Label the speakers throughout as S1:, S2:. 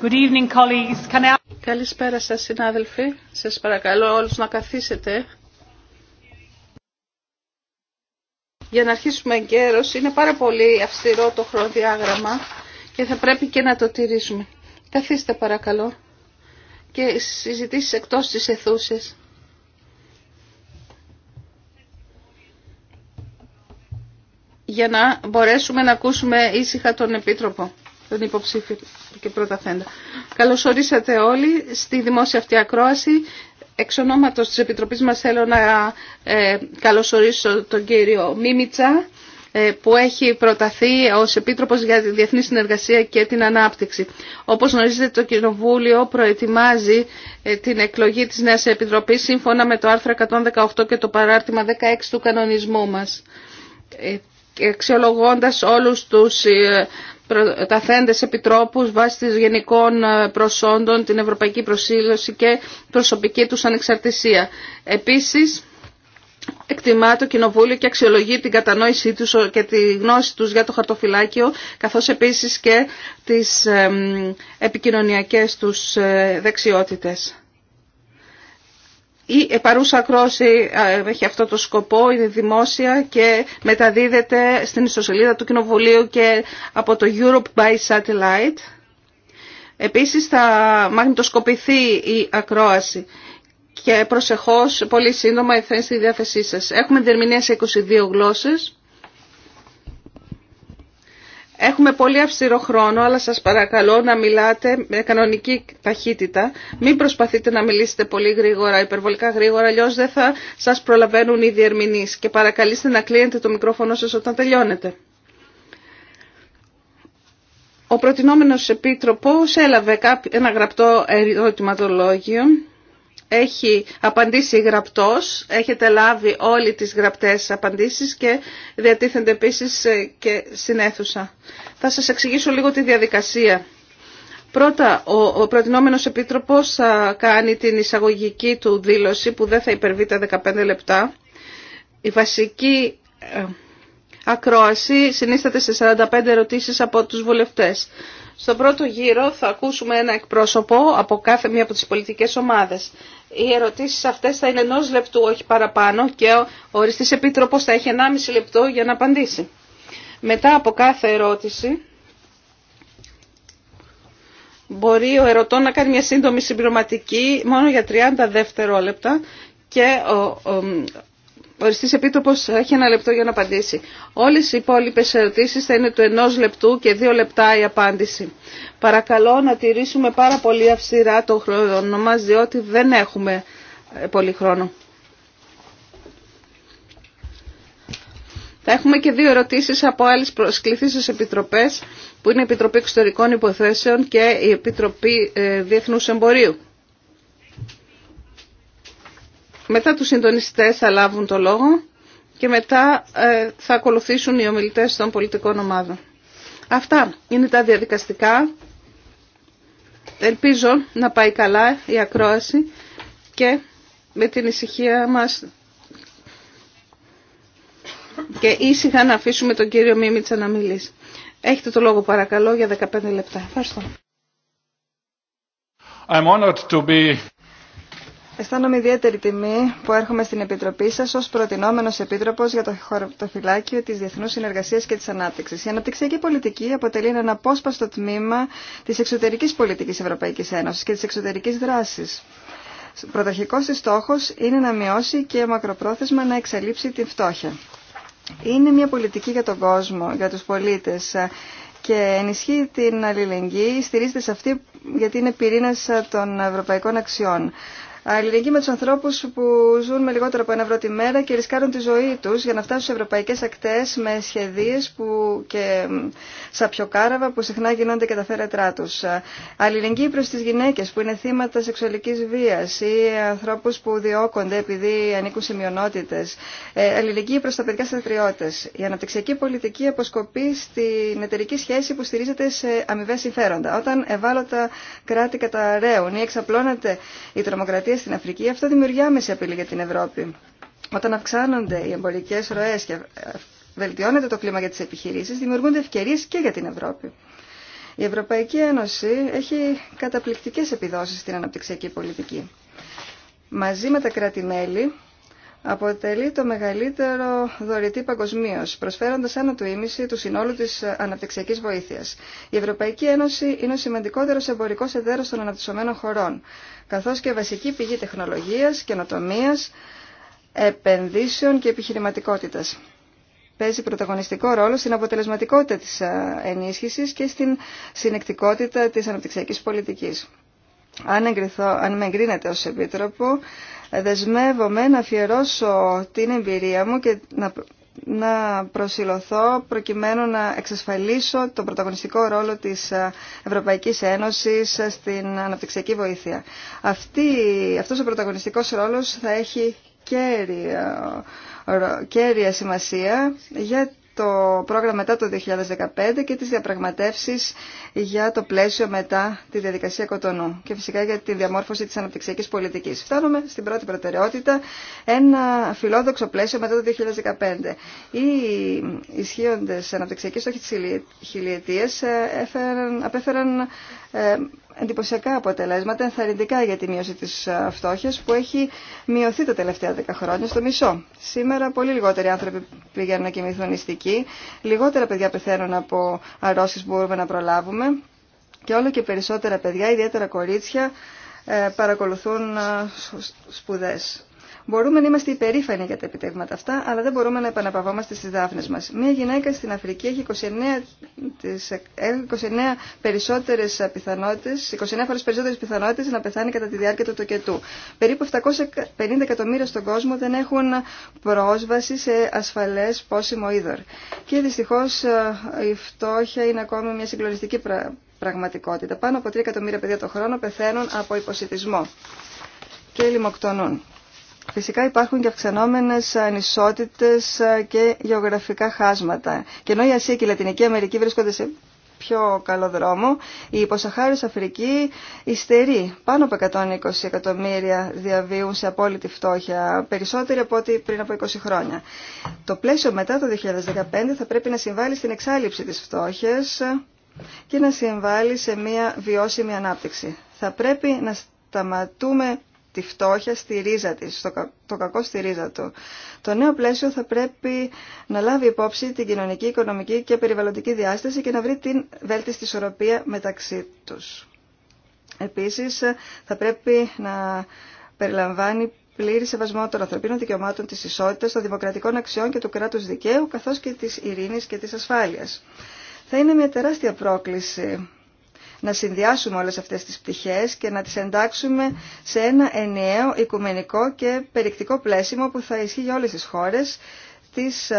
S1: Good evening, colleagues. Καλησπέρα σας συνάδελφοι. Σας παρακαλώ όλους να καθίσετε. Για να αρχίσουμε εγκαίρως, είναι πάρα πολύ αυστηρό το χρονοδιάγραμμα και θα πρέπει και να το τηρήσουμε. Καθίστε παρακαλώ και συζητήσεις εκτός της αιθούσης. για να μπορέσουμε να ακούσουμε ήσυχα τον Επίτροπο τον υποψήφιο και πρώτα Καλώς ορίσατε όλοι στη δημόσια αυτή ακρόαση. Εξ ονόματος της Επιτροπής μας θέλω να ε, καλωσορίσω τον κύριο Μίμητσα ε, που έχει προταθεί ως Επίτροπος για τη Διεθνή Συνεργασία και την Ανάπτυξη. Όπως γνωρίζετε το Κοινοβούλιο προετοιμάζει ε, την εκλογή της Νέας Επιτροπής σύμφωνα με το άρθρο 118 και το παράρτημα 16 του κανονισμού μας. Ε, αξιολογώντας όλους τους τα επιτρόπους βάσει της γενικών ε, προσόντων, την ευρωπαϊκή προσήλωση και προσωπική τους ανεξαρτησία. Επίσης, εκτιμά το Κοινοβούλιο και αξιολογεί την κατανόησή του και τη γνώση του για το χαρτοφυλάκιο, καθώς επίσης και τι επικοινωνιακές τους ε, δεξιότητες. Η παρούσα ακρόση έχει αυτό το σκοπό, είναι δημόσια και μεταδίδεται στην ιστοσελίδα του Κοινοβουλίου και από το Europe by Satellite. Επίσης θα μαγνητοσκοπηθεί η ακρόαση και προσεχώς πολύ σύντομα θα είναι στη διάθεσή σας. Έχουμε διερμηνία σε 22 γλώσσες. Έχουμε πολύ αυστηρό χρόνο, αλλά σας παρακαλώ να μιλάτε με κανονική ταχύτητα. Μην προσπαθείτε να μιλήσετε πολύ γρήγορα, υπερβολικά γρήγορα, αλλιώ δεν θα σας προλαβαίνουν οι διερμηνείς. Και παρακαλείστε να κλείνετε το μικρόφωνο σας όταν τελειώνετε. Ο προτινόμενος επίτροπος έλαβε ένα γραπτό ερωτηματολόγιο έχει απαντήσει γραπτός, έχετε λάβει όλοι τις γραπτές απαντήσεις και διατίθενται επίσης ε, και στην Θα σας εξηγήσω λίγο τη διαδικασία. Πρώτα, ο, ο προτινόμενος επίτροπος θα κάνει την εισαγωγική του δήλωση που δεν θα υπερβεί τα 15 λεπτά. Η βασική ε, ακρόαση συνίσταται σε 45 ερωτήσεις από τους βουλευτές. Στο πρώτο γύρο θα ακούσουμε ένα εκπρόσωπο από κάθε μία από τις πολιτικές ομάδες οι ερωτήσεις αυτές θα είναι ενός λεπτού, όχι παραπάνω και ο οριστής επίτροπος θα έχει 1,5 λεπτό για να απαντήσει. Μετά από κάθε ερώτηση μπορεί ο ερωτών να κάνει μια σύντομη συμπληρωματική μόνο για 30 δευτερόλεπτα και ο, ο, Οριστή Επίτροπο έχει ένα λεπτό για να απαντήσει. Όλε οι υπόλοιπε ερωτήσει θα είναι του ενό λεπτού και δύο λεπτά η απάντηση. Παρακαλώ να τηρήσουμε πάρα πολύ αυστηρά το χρόνο μα, διότι δεν έχουμε ε, πολύ χρόνο. Θα έχουμε και δύο ερωτήσει από άλλε προσκληθήσει επιτροπέ, που είναι η Επιτροπή Εξωτερικών Υποθέσεων και η Επιτροπή ε, Διεθνού Εμπορίου. Μετά τους συντονιστές θα λάβουν το λόγο και μετά ε, θα ακολουθήσουν οι ομιλητές των πολιτικών ομάδων. Αυτά είναι τα διαδικαστικά. Ελπίζω να πάει καλά η ακρόαση και με την ησυχία μας και ήσυχα να αφήσουμε τον κύριο Μίμητσα να μιλήσει. Έχετε το λόγο παρακαλώ για 15 λεπτά. Ευχαριστώ. Αισθάνομαι
S2: ιδιαίτερη τιμή που έρχομαι στην Επιτροπή σα ω προτινόμενο Επίτροπο για το φυλάκιο τη Διεθνού Συνεργασία και τη Ανάπτυξη. Η αναπτυξιακή πολιτική αποτελεί ένα απόσπαστο τμήμα τη εξωτερική πολιτική Ευρωπαϊκή Ένωση και τη εξωτερική δράση. Πρωταρχικό τη στόχο είναι να μειώσει και μακροπρόθεσμα να εξαλείψει την φτώχεια. Είναι μια πολιτική για τον κόσμο, για του πολίτε και ενισχύει την αλληλεγγύη, στηρίζεται σε αυτή γιατί είναι πυρήνα των ευρωπαϊκών αξιών αλληλεγγύη με του ανθρώπου που ζουν με λιγότερο από ένα ευρώ τη μέρα και ρισκάρουν τη ζωή του για να φτάσουν σε ευρωπαϊκέ ακτέ με σχεδίες που και σαπιοκάραβα που συχνά γινόνται και τα φέρετρά του. Αλληλεγγύη προ τι γυναίκε, που είναι θύματα σεξουαλική βία ή ανθρώπου που διώκονται επειδή ανήκουν σε μειονότητε. Ε, αλληλεγγύη προς τα παιδιά στρατιώτε. Η αναπτυξιακή πολιτική αποσκοπεί στην εταιρική σχέση που στηρίζεται σε αμοιβέ συμφέροντα. Όταν ευάλωτα κράτη καταραίουν ή εξαπλώνεται η τρομοκρατία στην Αφρική, αυτό δημιουργεί άμεση απειλή για την Ευρώπη. Όταν αυξάνονται οι εμπορικέ ροέ και βελτιώνεται το κλίμα για τι επιχειρήσει, δημιουργούνται ευκαιρίε και για την Ευρώπη. Η Ευρωπαϊκή Ένωση έχει καταπληκτικέ επιδόσει στην αναπτυξιακή πολιτική. Μαζί με τα κράτη-μέλη αποτελεί το μεγαλύτερο δωρητή παγκοσμίω, προσφέροντα ένα του ίμιση του συνόλου τη αναπτυξιακή βοήθεια. Η Ευρωπαϊκή Ένωση είναι ο σημαντικότερο εμπορικό εταίρο των αναπτυσσομένων χωρών, καθώ και βασική πηγή τεχνολογία, καινοτομία, επενδύσεων και επιχειρηματικότητα. Παίζει πρωταγωνιστικό ρόλο στην αποτελεσματικότητα τη ε, ενίσχυση και στην συνεκτικότητα τη αναπτυξιακή πολιτική. Αν, αν με εγκρίνετε ω Επίτροπο, δεσμεύομαι να αφιερώσω την εμπειρία μου και να, να προσιλωθώ προκειμένου να εξασφαλίσω τον πρωταγωνιστικό ρόλο της ε, Ευρωπαϊκής Ένωσης ε, στην αναπτυξιακή βοήθεια. Αυτή, αυτός ο πρωταγωνιστικός ρόλος θα έχει κέρια, ε, σημασία για το πρόγραμμα μετά το 2015 και τις διαπραγματεύσεις για το πλαίσιο μετά τη διαδικασία Κοτονού και φυσικά για τη διαμόρφωση της αναπτυξιακής πολιτικής. Φτάνουμε στην πρώτη προτεραιότητα, ένα φιλόδοξο πλαίσιο μετά το 2015. Οι ισχύοντες αναπτυξιακές στόχοι της χιλιετίας ε, απέφεραν ε, εντυπωσιακά αποτελέσματα, ενθαρρυντικά για τη μείωση της ε, φτώχεια που έχει μειωθεί τα τελευταία δέκα χρόνια στο μισό. Σήμερα πολύ λιγότεροι άνθρωποι πηγαίνουν να κοιμηθούν νηστικοί, λιγότερα παιδιά πεθαίνουν από αρρώσεις που μπορούμε να προλάβουμε και όλο και περισσότερα παιδιά, ιδιαίτερα κορίτσια, ε, παρακολουθούν ε, σπουδές. Μπορούμε να είμαστε υπερήφανοι για τα επιτεύγματα αυτά, αλλά δεν μπορούμε να επαναπαυόμαστε στι δάφνε μα. Μία γυναίκα στην Αφρική έχει 29, 29 ε, περισσότερες 29 φορές περισσότερες πιθανότητες να πεθάνει κατά τη διάρκεια του τοκετού. Περίπου 750 εκατομμύρια στον κόσμο δεν έχουν πρόσβαση σε ασφαλέ πόσιμο είδωρ. Και δυστυχώ ε, η φτώχεια είναι ακόμη μια συγκλονιστική πραγματικότητα. Πάνω από 3 εκατομμύρια παιδιά το χρόνο πεθαίνουν από υποσυτισμό και λιμοκτονούν. Φυσικά υπάρχουν και αυξανόμενες ανισότητες και γεωγραφικά χάσματα. Και ενώ η Ασία και η Λατινική Αμερική βρίσκονται σε πιο καλό δρόμο, η υποσαχάρης Αφρική υστερεί. Πάνω από 120 εκατομμύρια διαβίουν σε απόλυτη φτώχεια, περισσότεροι από ό,τι πριν από 20 χρόνια. Το πλαίσιο μετά το 2015 θα πρέπει να συμβάλλει στην εξάλληψη της φτώχειας και να συμβάλλει σε μια βιώσιμη ανάπτυξη. Θα πρέπει να σταματούμε τη φτώχεια στη ρίζα της, το κακό στη ρίζα του. Το νέο πλαίσιο θα πρέπει να λάβει υπόψη την κοινωνική, οικονομική και περιβαλλοντική διάσταση και να βρει την βέλτιστη ισορροπία μεταξύ τους. Επίσης, θα πρέπει να περιλαμβάνει πλήρη σεβασμό των ανθρωπίνων δικαιωμάτων, της ισότητας, των δημοκρατικών αξιών και του κράτους δικαίου, καθώς και της ειρήνης και της ασφάλειας. Θα είναι μια τεράστια πρόκληση να συνδυάσουμε όλες αυτές τις πτυχές και να τις εντάξουμε σε ένα ενιαίο, οικουμενικό και περιεκτικό πλαίσιο που θα ισχύει για όλες τις χώρες τις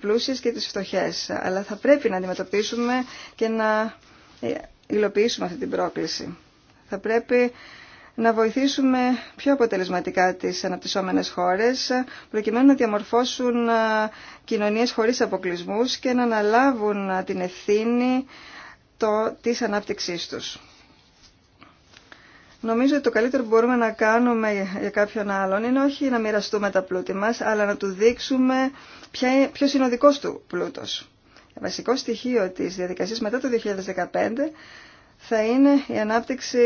S2: πλούσιες και τις φτωχές. Αλλά θα πρέπει να αντιμετωπίσουμε και να ε, υλοποιήσουμε αυτή την πρόκληση. Θα πρέπει να βοηθήσουμε πιο αποτελεσματικά τις αναπτυσσόμενες χώρες προκειμένου να διαμορφώσουν κοινωνίες χωρίς αποκλεισμούς και να αναλάβουν την ευθύνη το, της ανάπτυξής τους. Νομίζω ότι το καλύτερο που μπορούμε να κάνουμε για κάποιον άλλον είναι όχι να μοιραστούμε τα πλούτη μας, αλλά να του δείξουμε ποιος είναι ο δικός του πλούτος. Βασικό στοιχείο της διαδικασίας μετά το 2015 θα είναι η ανάπτυξη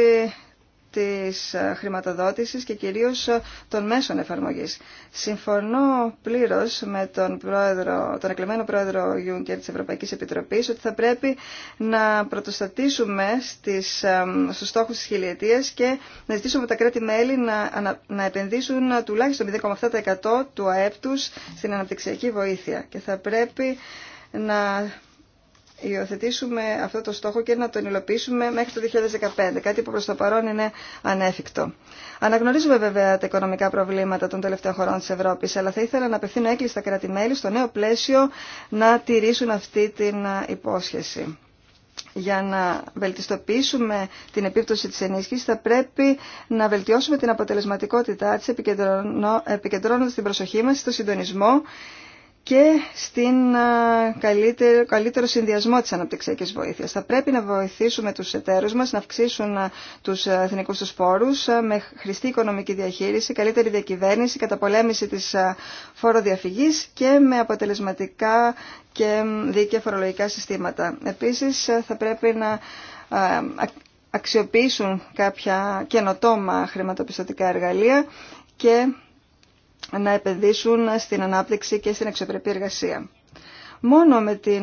S2: της χρηματοδότησης και κυρίως των μέσων εφαρμογής. Συμφωνώ πλήρως με τον, πρόεδρο, τον πρόεδρο Γιούνκερ της Ευρωπαϊκής Επιτροπής ότι θα πρέπει να πρωτοστατήσουμε στις, στους στόχους της χιλιετίας και να ζητήσουμε τα κράτη-μέλη να, να, επενδύσουν τουλάχιστον 0,7% του ΑΕΠ τους στην αναπτυξιακή βοήθεια. Και θα πρέπει να υιοθετήσουμε αυτό το στόχο και να τον υλοποιήσουμε μέχρι το 2015, κάτι που προς το παρόν είναι ανέφικτο. Αναγνωρίζουμε βέβαια τα οικονομικά προβλήματα των τελευταίων χωρών της Ευρώπης, αλλά θα ήθελα να απευθύνω έκλειστα στα στο νέο πλαίσιο να τηρήσουν αυτή την υπόσχεση. Για να βελτιστοποιήσουμε την επίπτωση της ενίσχυσης θα πρέπει να βελτιώσουμε την αποτελεσματικότητά της επικεντρώνοντας την προσοχή μας στο συντονισμό και στην καλύτερο, καλύτερο συνδυασμό της αναπτυξιακής βοήθειας. Θα πρέπει να βοηθήσουμε τους εταίρους μας να αυξήσουν τους εθνικούς τους πόρους με χρηστή οικονομική διαχείριση, καλύτερη διακυβέρνηση, καταπολέμηση της φοροδιαφυγής και με αποτελεσματικά και δίκαια φορολογικά συστήματα. Επίσης θα πρέπει να αξιοποιήσουν κάποια καινοτόμα χρηματοπιστωτικά εργαλεία και να επενδύσουν στην ανάπτυξη και στην αξιοπρεπή εργασία. Μόνο με τη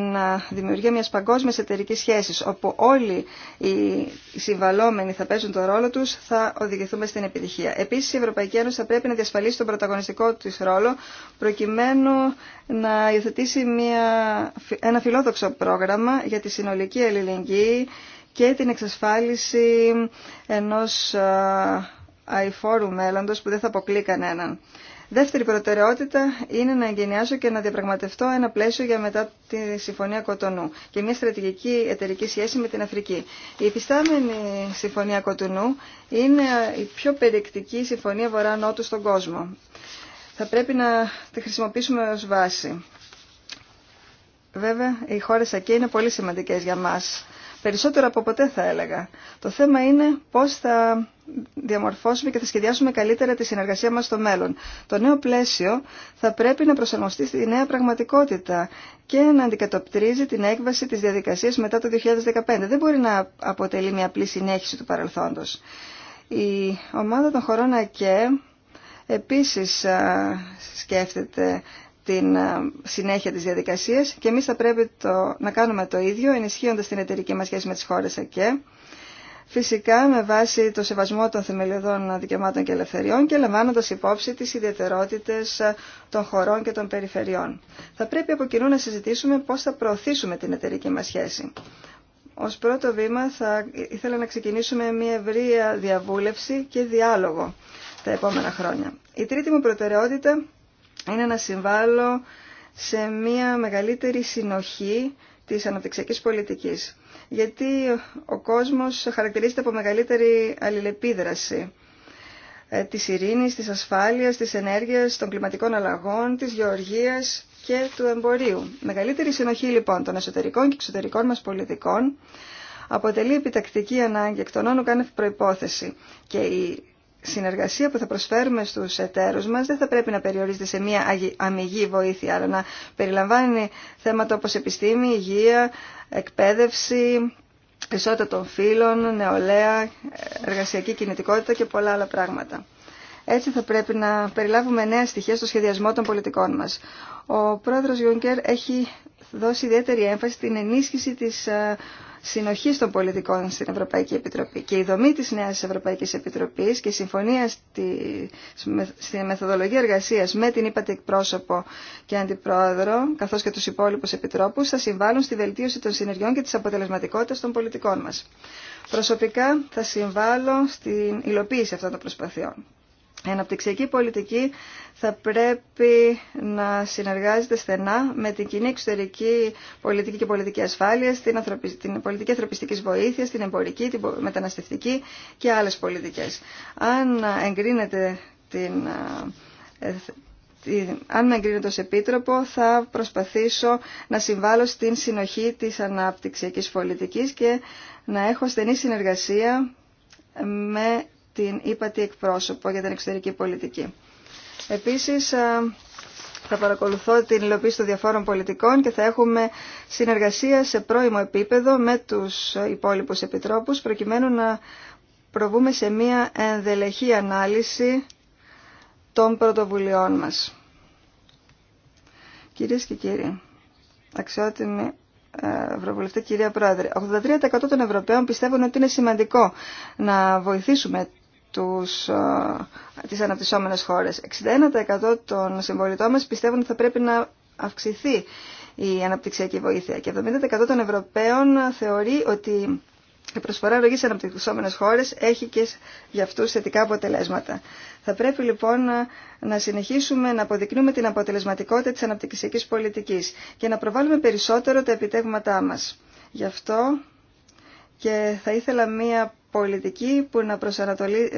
S2: δημιουργία μιας παγκόσμιας εταιρικής σχέσης, όπου όλοι οι συμβαλόμενοι θα παίζουν τον ρόλο τους, θα οδηγηθούμε στην επιτυχία. Επίσης, η Ευρωπαϊκή Ένωση θα πρέπει να διασφαλίσει τον πρωταγωνιστικό της ρόλο, προκειμένου να υιοθετήσει μια, ένα φιλόδοξο πρόγραμμα για τη συνολική ελληνική και την εξασφάλιση ενός αηφόρου μέλλοντος που δεν θα αποκλεί κανέναν. Δεύτερη προτεραιότητα είναι να εγκαινιάσω και να διαπραγματευτώ ένα πλαίσιο για μετά τη Συμφωνία Κοτονού και μια στρατηγική εταιρική σχέση με την Αφρική. Η υφιστάμενη Συμφωνία Κοτονού είναι η πιο περιεκτική συμφωνία βορρά-νότου στον κόσμο. Θα πρέπει να τη χρησιμοποιήσουμε ως βάση. Βέβαια, οι χώρες εκεί είναι πολύ σημαντικές για μας περισσότερο από ποτέ θα έλεγα. Το θέμα είναι πώς θα διαμορφώσουμε και θα σχεδιάσουμε καλύτερα τη συνεργασία μας στο μέλλον. Το νέο πλαίσιο θα πρέπει να προσαρμοστεί στη νέα πραγματικότητα και να αντικατοπτρίζει την έκβαση της διαδικασίας μετά το 2015. Δεν μπορεί να αποτελεί μια απλή συνέχιση του παρελθόντος. Η ομάδα των χωρών ΑΚΕ επίσης σκέφτεται την ε, συνέχεια της διαδικασίας και εμείς θα πρέπει το, να κάνουμε το ίδιο ενισχύοντας την εταιρική μας σχέση με τις χώρες ΑΚΕ φυσικά με βάση το σεβασμό των θεμελιωδών δικαιωμάτων και ελευθεριών και λαμβάνοντα υπόψη τι ιδιαιτερότητε ε, των χωρών και των περιφερειών. Θα πρέπει από κοινού να συζητήσουμε πώ θα προωθήσουμε την εταιρική μα σχέση. Ω πρώτο βήμα, θα ήθελα να ξεκινήσουμε μια ευρεία διαβούλευση και διάλογο τα επόμενα χρόνια. Η τρίτη μου προτεραιότητα είναι να συμβάλλω σε μια μεγαλύτερη συνοχή της αναπτυξιακής πολιτικής. Γιατί ο κόσμος χαρακτηρίζεται από μεγαλύτερη αλληλεπίδραση ε, της ειρήνης, της ασφάλειας, της ενέργειας, των κλιματικών αλλαγών, της γεωργίας και του εμπορίου. Μεγαλύτερη συνοχή λοιπόν των εσωτερικών και εξωτερικών μας πολιτικών αποτελεί επιτακτική ανάγκη εκ των όνων προϋπόθεση και η συνεργασία που θα προσφέρουμε στους εταίρους μας δεν θα πρέπει να περιορίζεται σε μια αμυγή βοήθεια, αλλά να περιλαμβάνει θέματα όπως επιστήμη, υγεία, εκπαίδευση, ισότητα των φύλων, νεολαία, εργασιακή κινητικότητα και πολλά άλλα πράγματα. Έτσι θα πρέπει να περιλάβουμε νέα στοιχεία στο σχεδιασμό των πολιτικών μας. Ο πρόεδρος Γιούνκερ έχει δώσει ιδιαίτερη έμφαση στην ενίσχυση της ε, συνοχή των πολιτικών στην Ευρωπαϊκή Επιτροπή. Και η δομή της νέας Ευρωπαϊκής Επιτροπής και η συμφωνία στη, μεθοδολογία εργασίας με την ΥΠΑΤΗΚ εκπρόσωπο και αντιπρόεδρο, καθώς και τους υπόλοιπους επιτρόπους, θα συμβάλλουν στη βελτίωση των συνεργειών και της αποτελεσματικότητας των πολιτικών μας. Προσωπικά θα συμβάλλω στην υλοποίηση αυτών των προσπαθειών. Η αναπτυξιακή πολιτική θα πρέπει να συνεργάζεται στενά με την κοινή εξωτερική πολιτική και πολιτική ασφάλεια, την, την πολιτική ανθρωπιστική βοήθεια, την εμπορική, την μεταναστευτική και άλλε πολιτικέ. Αν εγκρίνεται ε, την. Αν με εγκρίνεται ως επίτροπο θα προσπαθήσω να συμβάλλω στην συνοχή της αναπτυξιακής πολιτικής και να έχω στενή συνεργασία με την ύπατη εκπρόσωπο για την εξωτερική πολιτική. Επίσης, ε, θα παρακολουθώ την υλοποίηση των διαφόρων πολιτικών και θα έχουμε συνεργασία σε πρώιμο επίπεδο με τους υπόλοιπους επιτρόπους προκειμένου να προβούμε σε μία ενδελεχή ανάλυση των πρωτοβουλειών μας. Κυρίες και κύριοι, αξιότιμοι ε, Ευρωβουλευτή κυρία Πρόεδρε, 83% των Ευρωπαίων πιστεύουν ότι είναι σημαντικό να βοηθήσουμε τους, τις αναπτυσσόμενες χώρες. 61% των συμπολιτών μας πιστεύουν ότι θα πρέπει να αυξηθεί η αναπτυξιακή βοήθεια και 70% των Ευρωπαίων θεωρεί ότι η προσφορά ρογής σε αναπτυξόμενες χώρες έχει και για αυτούς θετικά αποτελέσματα. Θα πρέπει λοιπόν να συνεχίσουμε να αποδεικνύουμε την αποτελεσματικότητα της αναπτυξιακής πολιτικής και να προβάλλουμε περισσότερο τα επιτεύγματά μας. Γι' αυτό και θα ήθελα μία πολιτική που να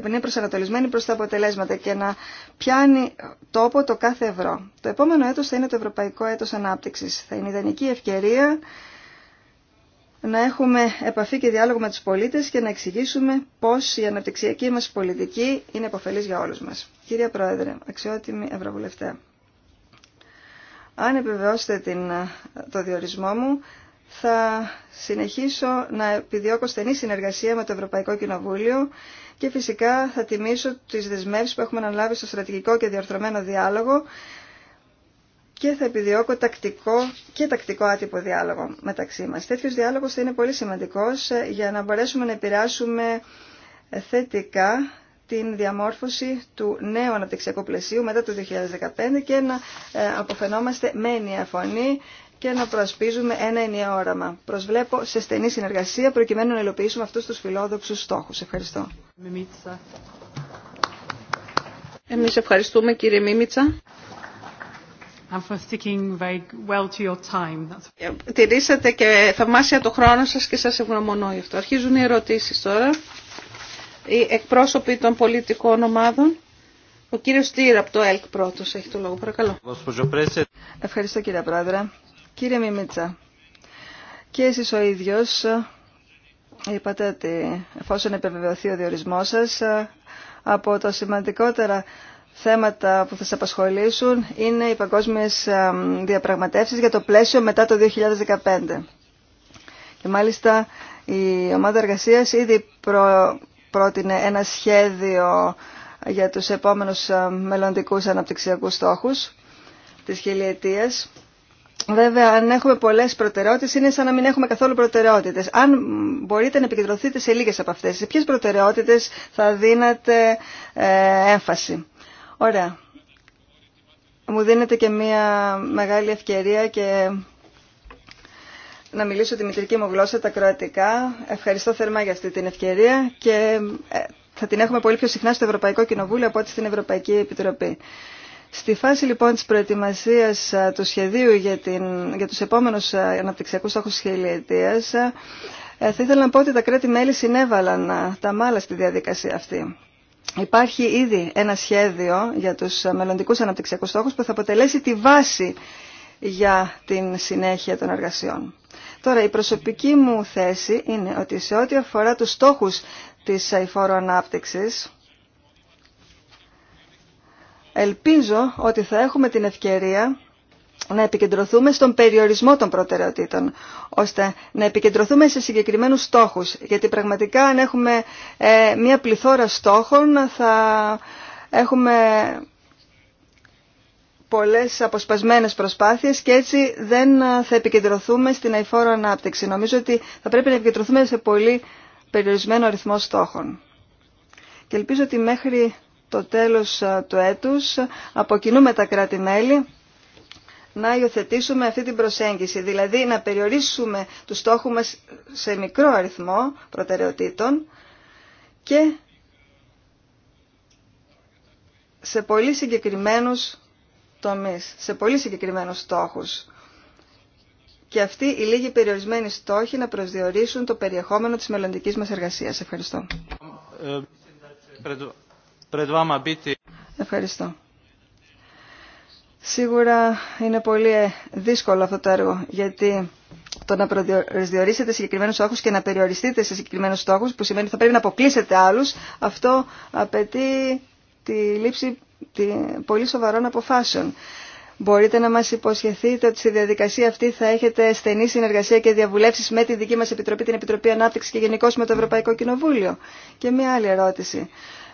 S2: είναι προσανατολισμένη προς τα αποτελέσματα και να πιάνει τόπο το κάθε ευρώ. Το επόμενο έτος θα είναι το Ευρωπαϊκό Έτος Ανάπτυξης. Θα είναι ιδανική ευκαιρία να έχουμε επαφή και διάλογο με τους πολίτες και να εξηγήσουμε πώς η αναπτυξιακή μας πολιτική είναι επωφελής για όλους μας. Κύριε Πρόεδρε, αξιότιμη Ευρωβουλευτέ, αν επιβεβαιώσετε την, το διορισμό μου, θα συνεχίσω να επιδιώκω στενή συνεργασία με το Ευρωπαϊκό Κοινοβούλιο και φυσικά θα τιμήσω τις δεσμεύσεις που έχουμε αναλάβει στο στρατηγικό και διορθωμένο διάλογο και θα επιδιώκω τακτικό και τακτικό άτυπο διάλογο μεταξύ μας. Τέτοιος διάλογος θα είναι πολύ σημαντικός ε, για να μπορέσουμε να επηρεάσουμε ε, θετικά την διαμόρφωση του νέου αναπτυξιακού πλαισίου μετά το 2015 και να ε, αποφαινόμαστε με ενιαφωνή και να προασπίζουμε ένα ενιαίο όραμα. Προσβλέπω σε στενή συνεργασία προκειμένου να υλοποιήσουμε αυτούς τους φιλόδοξους
S1: στόχους. Ευχαριστώ. Εμείς ευχαριστούμε κύριε Μίμητσα. And for sticking very well to your time. Ε, τηρήσατε και θαυμάσια το χρόνο σας και σας ευγνωμονώ γι' αυτό. Αρχίζουν οι ερωτήσεις τώρα. Οι εκπρόσωποι των πολιτικών ομάδων. Ο κύριος Στήρα από το ΕΛΚ πρώτος έχει το λόγο. Παρακαλώ. Ευχαριστώ κύριε Πρόεδρε. Κύριε
S2: Μιμίτσα, και εσείς ο ίδιος είπατε ότι εφόσον επιβεβαιωθεί ο διορισμός σας, από τα σημαντικότερα θέματα που θα σας απασχολήσουν είναι οι παγκόσμιες διαπραγματεύσεις για το πλαίσιο μετά το 2015. Και μάλιστα η ομάδα εργασίας ήδη προ... πρότεινε ένα σχέδιο για τους επόμενους μελλοντικούς αναπτυξιακούς στόχους της χιλιετίας Βέβαια, αν έχουμε πολλέ προτεραιότητε, είναι σαν να μην έχουμε καθόλου προτεραιότητε. Αν μπορείτε να επικεντρωθείτε σε λίγε από αυτέ, σε ποιε προτεραιότητε θα δίνατε ε, έμφαση. Ωραία. Μου δίνετε και μία μεγάλη ευκαιρία και να μιλήσω τη μητρική μου γλώσσα, τα κροατικά. Ευχαριστώ θερμά για αυτή την ευκαιρία και ε, θα την έχουμε πολύ πιο συχνά στο Ευρωπαϊκό Κοινοβούλιο από ό,τι στην Ευρωπαϊκή Επιτροπή. Στη φάση λοιπόν της προετοιμασίας του σχεδίου για, την, για τους επόμενους αναπτυξιακούς στόχους της χιλιετίας, ε, θα ήθελα να πω ότι τα κράτη-μέλη συνέβαλαν τα μάλα στη διαδικασία αυτή. Υπάρχει ήδη ένα σχέδιο για τους μελλοντικούς αναπτυξιακούς στόχους που θα αποτελέσει τη βάση για την συνέχεια των εργασιών. Τώρα, η προσωπική μου θέση είναι ότι σε ό,τι αφορά τους στόχους της αηφόρου ανάπτυξης, Ελπίζω ότι θα έχουμε την ευκαιρία να επικεντρωθούμε στον περιορισμό των προτεραιοτήτων, ώστε να επικεντρωθούμε σε συγκεκριμένους στόχους. Γιατί πραγματικά αν έχουμε ε, μια πληθώρα στόχων θα έχουμε πολλές αποσπασμένες προσπάθειες και έτσι δεν θα επικεντρωθούμε στην αηφόρο ανάπτυξη. Νομίζω ότι θα πρέπει να επικεντρωθούμε σε πολύ περιορισμένο αριθμό στόχων. Και ελπίζω ότι μέχρι το τέλος του έτους από τα κράτη-μέλη να υιοθετήσουμε αυτή την προσέγγιση, δηλαδή να περιορίσουμε τους στόχους μας σε μικρό αριθμό προτεραιοτήτων και σε πολύ συγκεκριμένους τομείς, σε πολύ συγκεκριμένους στόχους. Και αυτοί οι λίγοι περιορισμένοι στόχοι να προσδιορίσουν το περιεχόμενο της μελλοντικής μας εργασίας. Ευχαριστώ. Ε, Ευχαριστώ. Σίγουρα είναι πολύ ε, δύσκολο αυτό το έργο, γιατί το να προσδιορίσετε συγκεκριμένου στόχου και να περιοριστείτε σε συγκεκριμένου στόχου, που σημαίνει ότι θα πρέπει να αποκλείσετε άλλου, αυτό απαιτεί τη λήψη τη, πολύ σοβαρών αποφάσεων. Μπορείτε να μας υποσχεθείτε ότι στη διαδικασία αυτή θα έχετε στενή συνεργασία και διαβουλεύσεις με τη δική μας Επιτροπή, την Επιτροπή Ανάπτυξη και γενικώ με το Ευρωπαϊκό Κοινοβούλιο. Και μια άλλη ερώτηση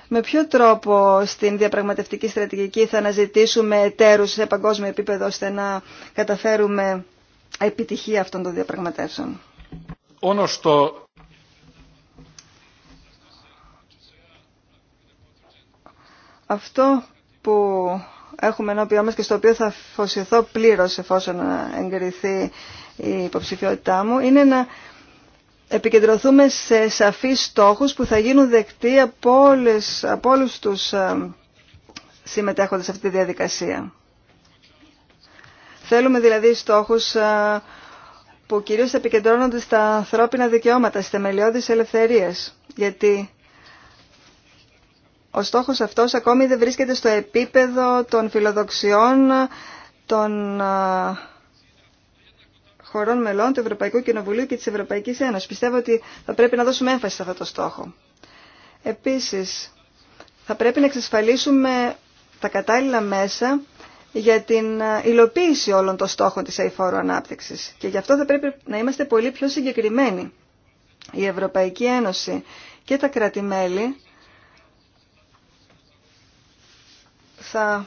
S2: με ποιο τρόπο στην διαπραγματευτική στρατηγική θα αναζητήσουμε εταίρους σε παγκόσμιο επίπεδο ώστε να καταφέρουμε επιτυχία αυτών των διαπραγματεύσεων. Αυτό που έχουμε ενώπιό μας και στο οποίο θα φωσιωθώ πλήρως εφόσον εγκριθεί η υποψηφιότητά μου είναι να επικεντρωθούμε σε σαφείς στόχους που θα γίνουν δεκτοί από, όλες, από όλους τους ε, συμμετέχοντες σε αυτή τη διαδικασία. Θέλουμε δηλαδή στόχους ε, που κυρίως επικεντρώνονται στα ανθρώπινα δικαιώματα, στις θεμελιώδεις ελευθερίες, γιατί ο στόχος αυτός ακόμη δεν βρίσκεται στο επίπεδο των φιλοδοξιών των ε, χωρών μελών του Ευρωπαϊκού Κοινοβουλίου και της Ευρωπαϊκής Ένωσης. Πιστεύω ότι θα πρέπει να δώσουμε έμφαση σε αυτό το στόχο. Επίσης, θα πρέπει να εξασφαλίσουμε τα κατάλληλα μέσα για την ε, υλοποίηση όλων των στόχων της αηφόρου ανάπτυξης. Και γι' αυτό θα πρέπει να είμαστε πολύ πιο συγκεκριμένοι. Η Ευρωπαϊκή Ένωση και τα κράτη-μέλη θα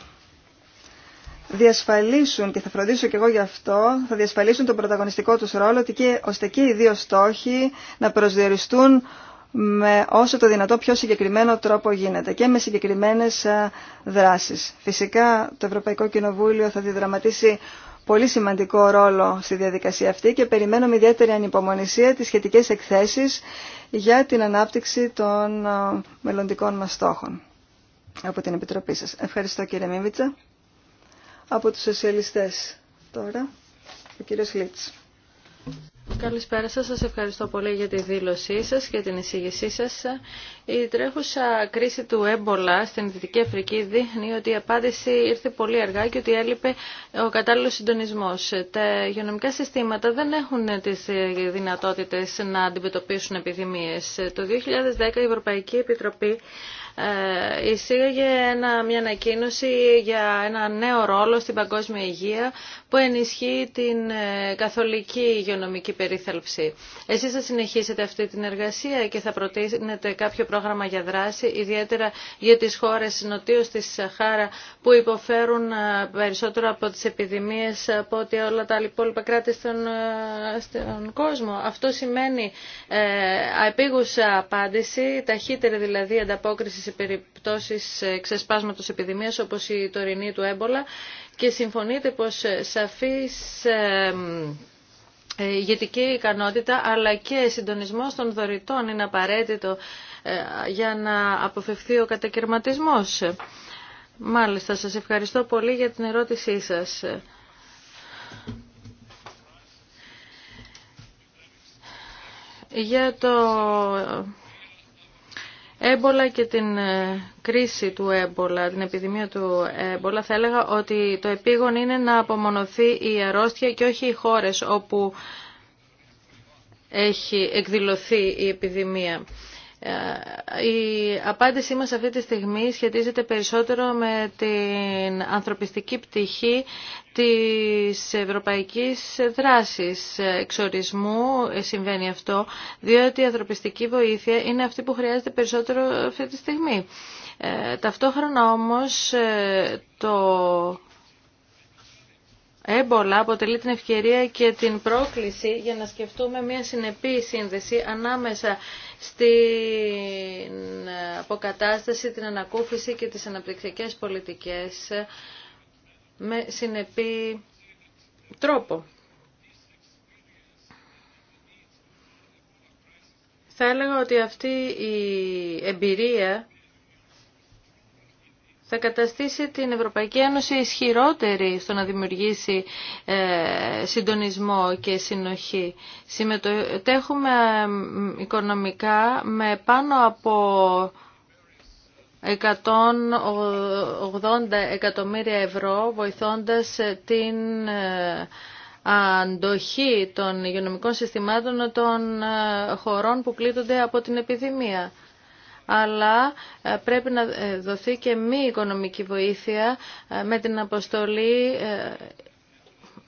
S2: διασφαλίσουν, και θα φροντίσω και εγώ γι' αυτό, θα διασφαλίσουν τον πρωταγωνιστικό τους ρόλο, και, ώστε και οι δύο στόχοι να προσδιοριστούν με όσο το δυνατό πιο συγκεκριμένο τρόπο γίνεται και με συγκεκριμένες δράσεις. Φυσικά το Ευρωπαϊκό Κοινοβούλιο θα διδραματίσει πολύ σημαντικό ρόλο στη διαδικασία αυτή και περιμένω με ιδιαίτερη ανυπομονησία τις σχετικές εκθέσεις για την ανάπτυξη των μελλοντικών μας στόχων από την Επιτροπή σας. Ευχαριστώ κύριε Μίμητσα από τους σοσιαλιστές. Τώρα, ο κύριος Λίτς.
S3: Καλησπέρα σας. Σας ευχαριστώ πολύ για τη δήλωσή σας και την εισήγησή σας. Η τρέχουσα κρίση του έμπολα στην Δυτική Αφρική δείχνει ότι η απάντηση ήρθε πολύ αργά και ότι έλειπε ο κατάλληλος συντονισμός. Τα υγειονομικά συστήματα δεν έχουν τις δυνατότητες να αντιμετωπίσουν επιδημίες. Το 2010 η Ευρωπαϊκή Επιτροπή ε, εισήγαγε ένα, μια ανακοίνωση για ένα νέο ρόλο στην παγκόσμια υγεία που ενισχύει την ε, καθολική υγειονομική περίθαλψη. Εσείς θα συνεχίσετε αυτή την εργασία και θα προτείνετε κάποιο πρόγραμμα για δράση, ιδιαίτερα για τις χώρες νοτίως της Σαχάρα που υποφέρουν ε, περισσότερο από τις επιδημίες από ότι όλα τα υπόλοιπα κράτη στον, κόσμο. Αυτό σημαίνει ε, απάντηση, ταχύτερη δηλαδή ανταπόκριση σε περιπτώσεις ξεσπάσματος επιδημίας όπως η τωρινή του έμπολα και συμφωνείτε πως σαφής ε, ηγετική ικανότητα αλλά και συντονισμός των δωρητών είναι απαραίτητο ε, για να αποφευθεί ο κατακαιρματισμός. Μάλιστα, σας ευχαριστώ πολύ για την ερώτησή σας. Για το έμπολα και την ε, κρίση του έμπολα, την επιδημία του έμπολα, θα έλεγα ότι το επίγον είναι να απομονωθεί η αρρώστια και όχι οι χώρες όπου έχει εκδηλωθεί η επιδημία. Ε, η απάντησή μας αυτή τη στιγμή σχετίζεται περισσότερο με την ανθρωπιστική πτυχή της ευρωπαϊκής δράσης εξορισμού ε, συμβαίνει αυτό, διότι η ανθρωπιστική βοήθεια είναι αυτή που χρειάζεται περισσότερο αυτή τη στιγμή. Ε, ταυτόχρονα όμως το έμπολα αποτελεί την ευκαιρία και την πρόκληση για να σκεφτούμε μια συνεπή σύνδεση ανάμεσα στην αποκατάσταση, την ανακούφιση και τις αναπτυξιακές πολιτικές με συνεπή τρόπο. Θα έλεγα ότι αυτή η εμπειρία θα καταστήσει την Ευρωπαϊκή Ένωση ισχυρότερη στο να δημιουργήσει ε, συντονισμό και συνοχή. Συμμετέχουμε οικονομικά με πάνω από 180 εκατομμύρια ευρώ βοηθώντας ε, την ε, αντοχή των υγειονομικών συστημάτων των χωρών που πλήττονται από την επιδημία αλλά ε, πρέπει να ε, δοθεί και μη οικονομική βοήθεια ε, με την αποστολή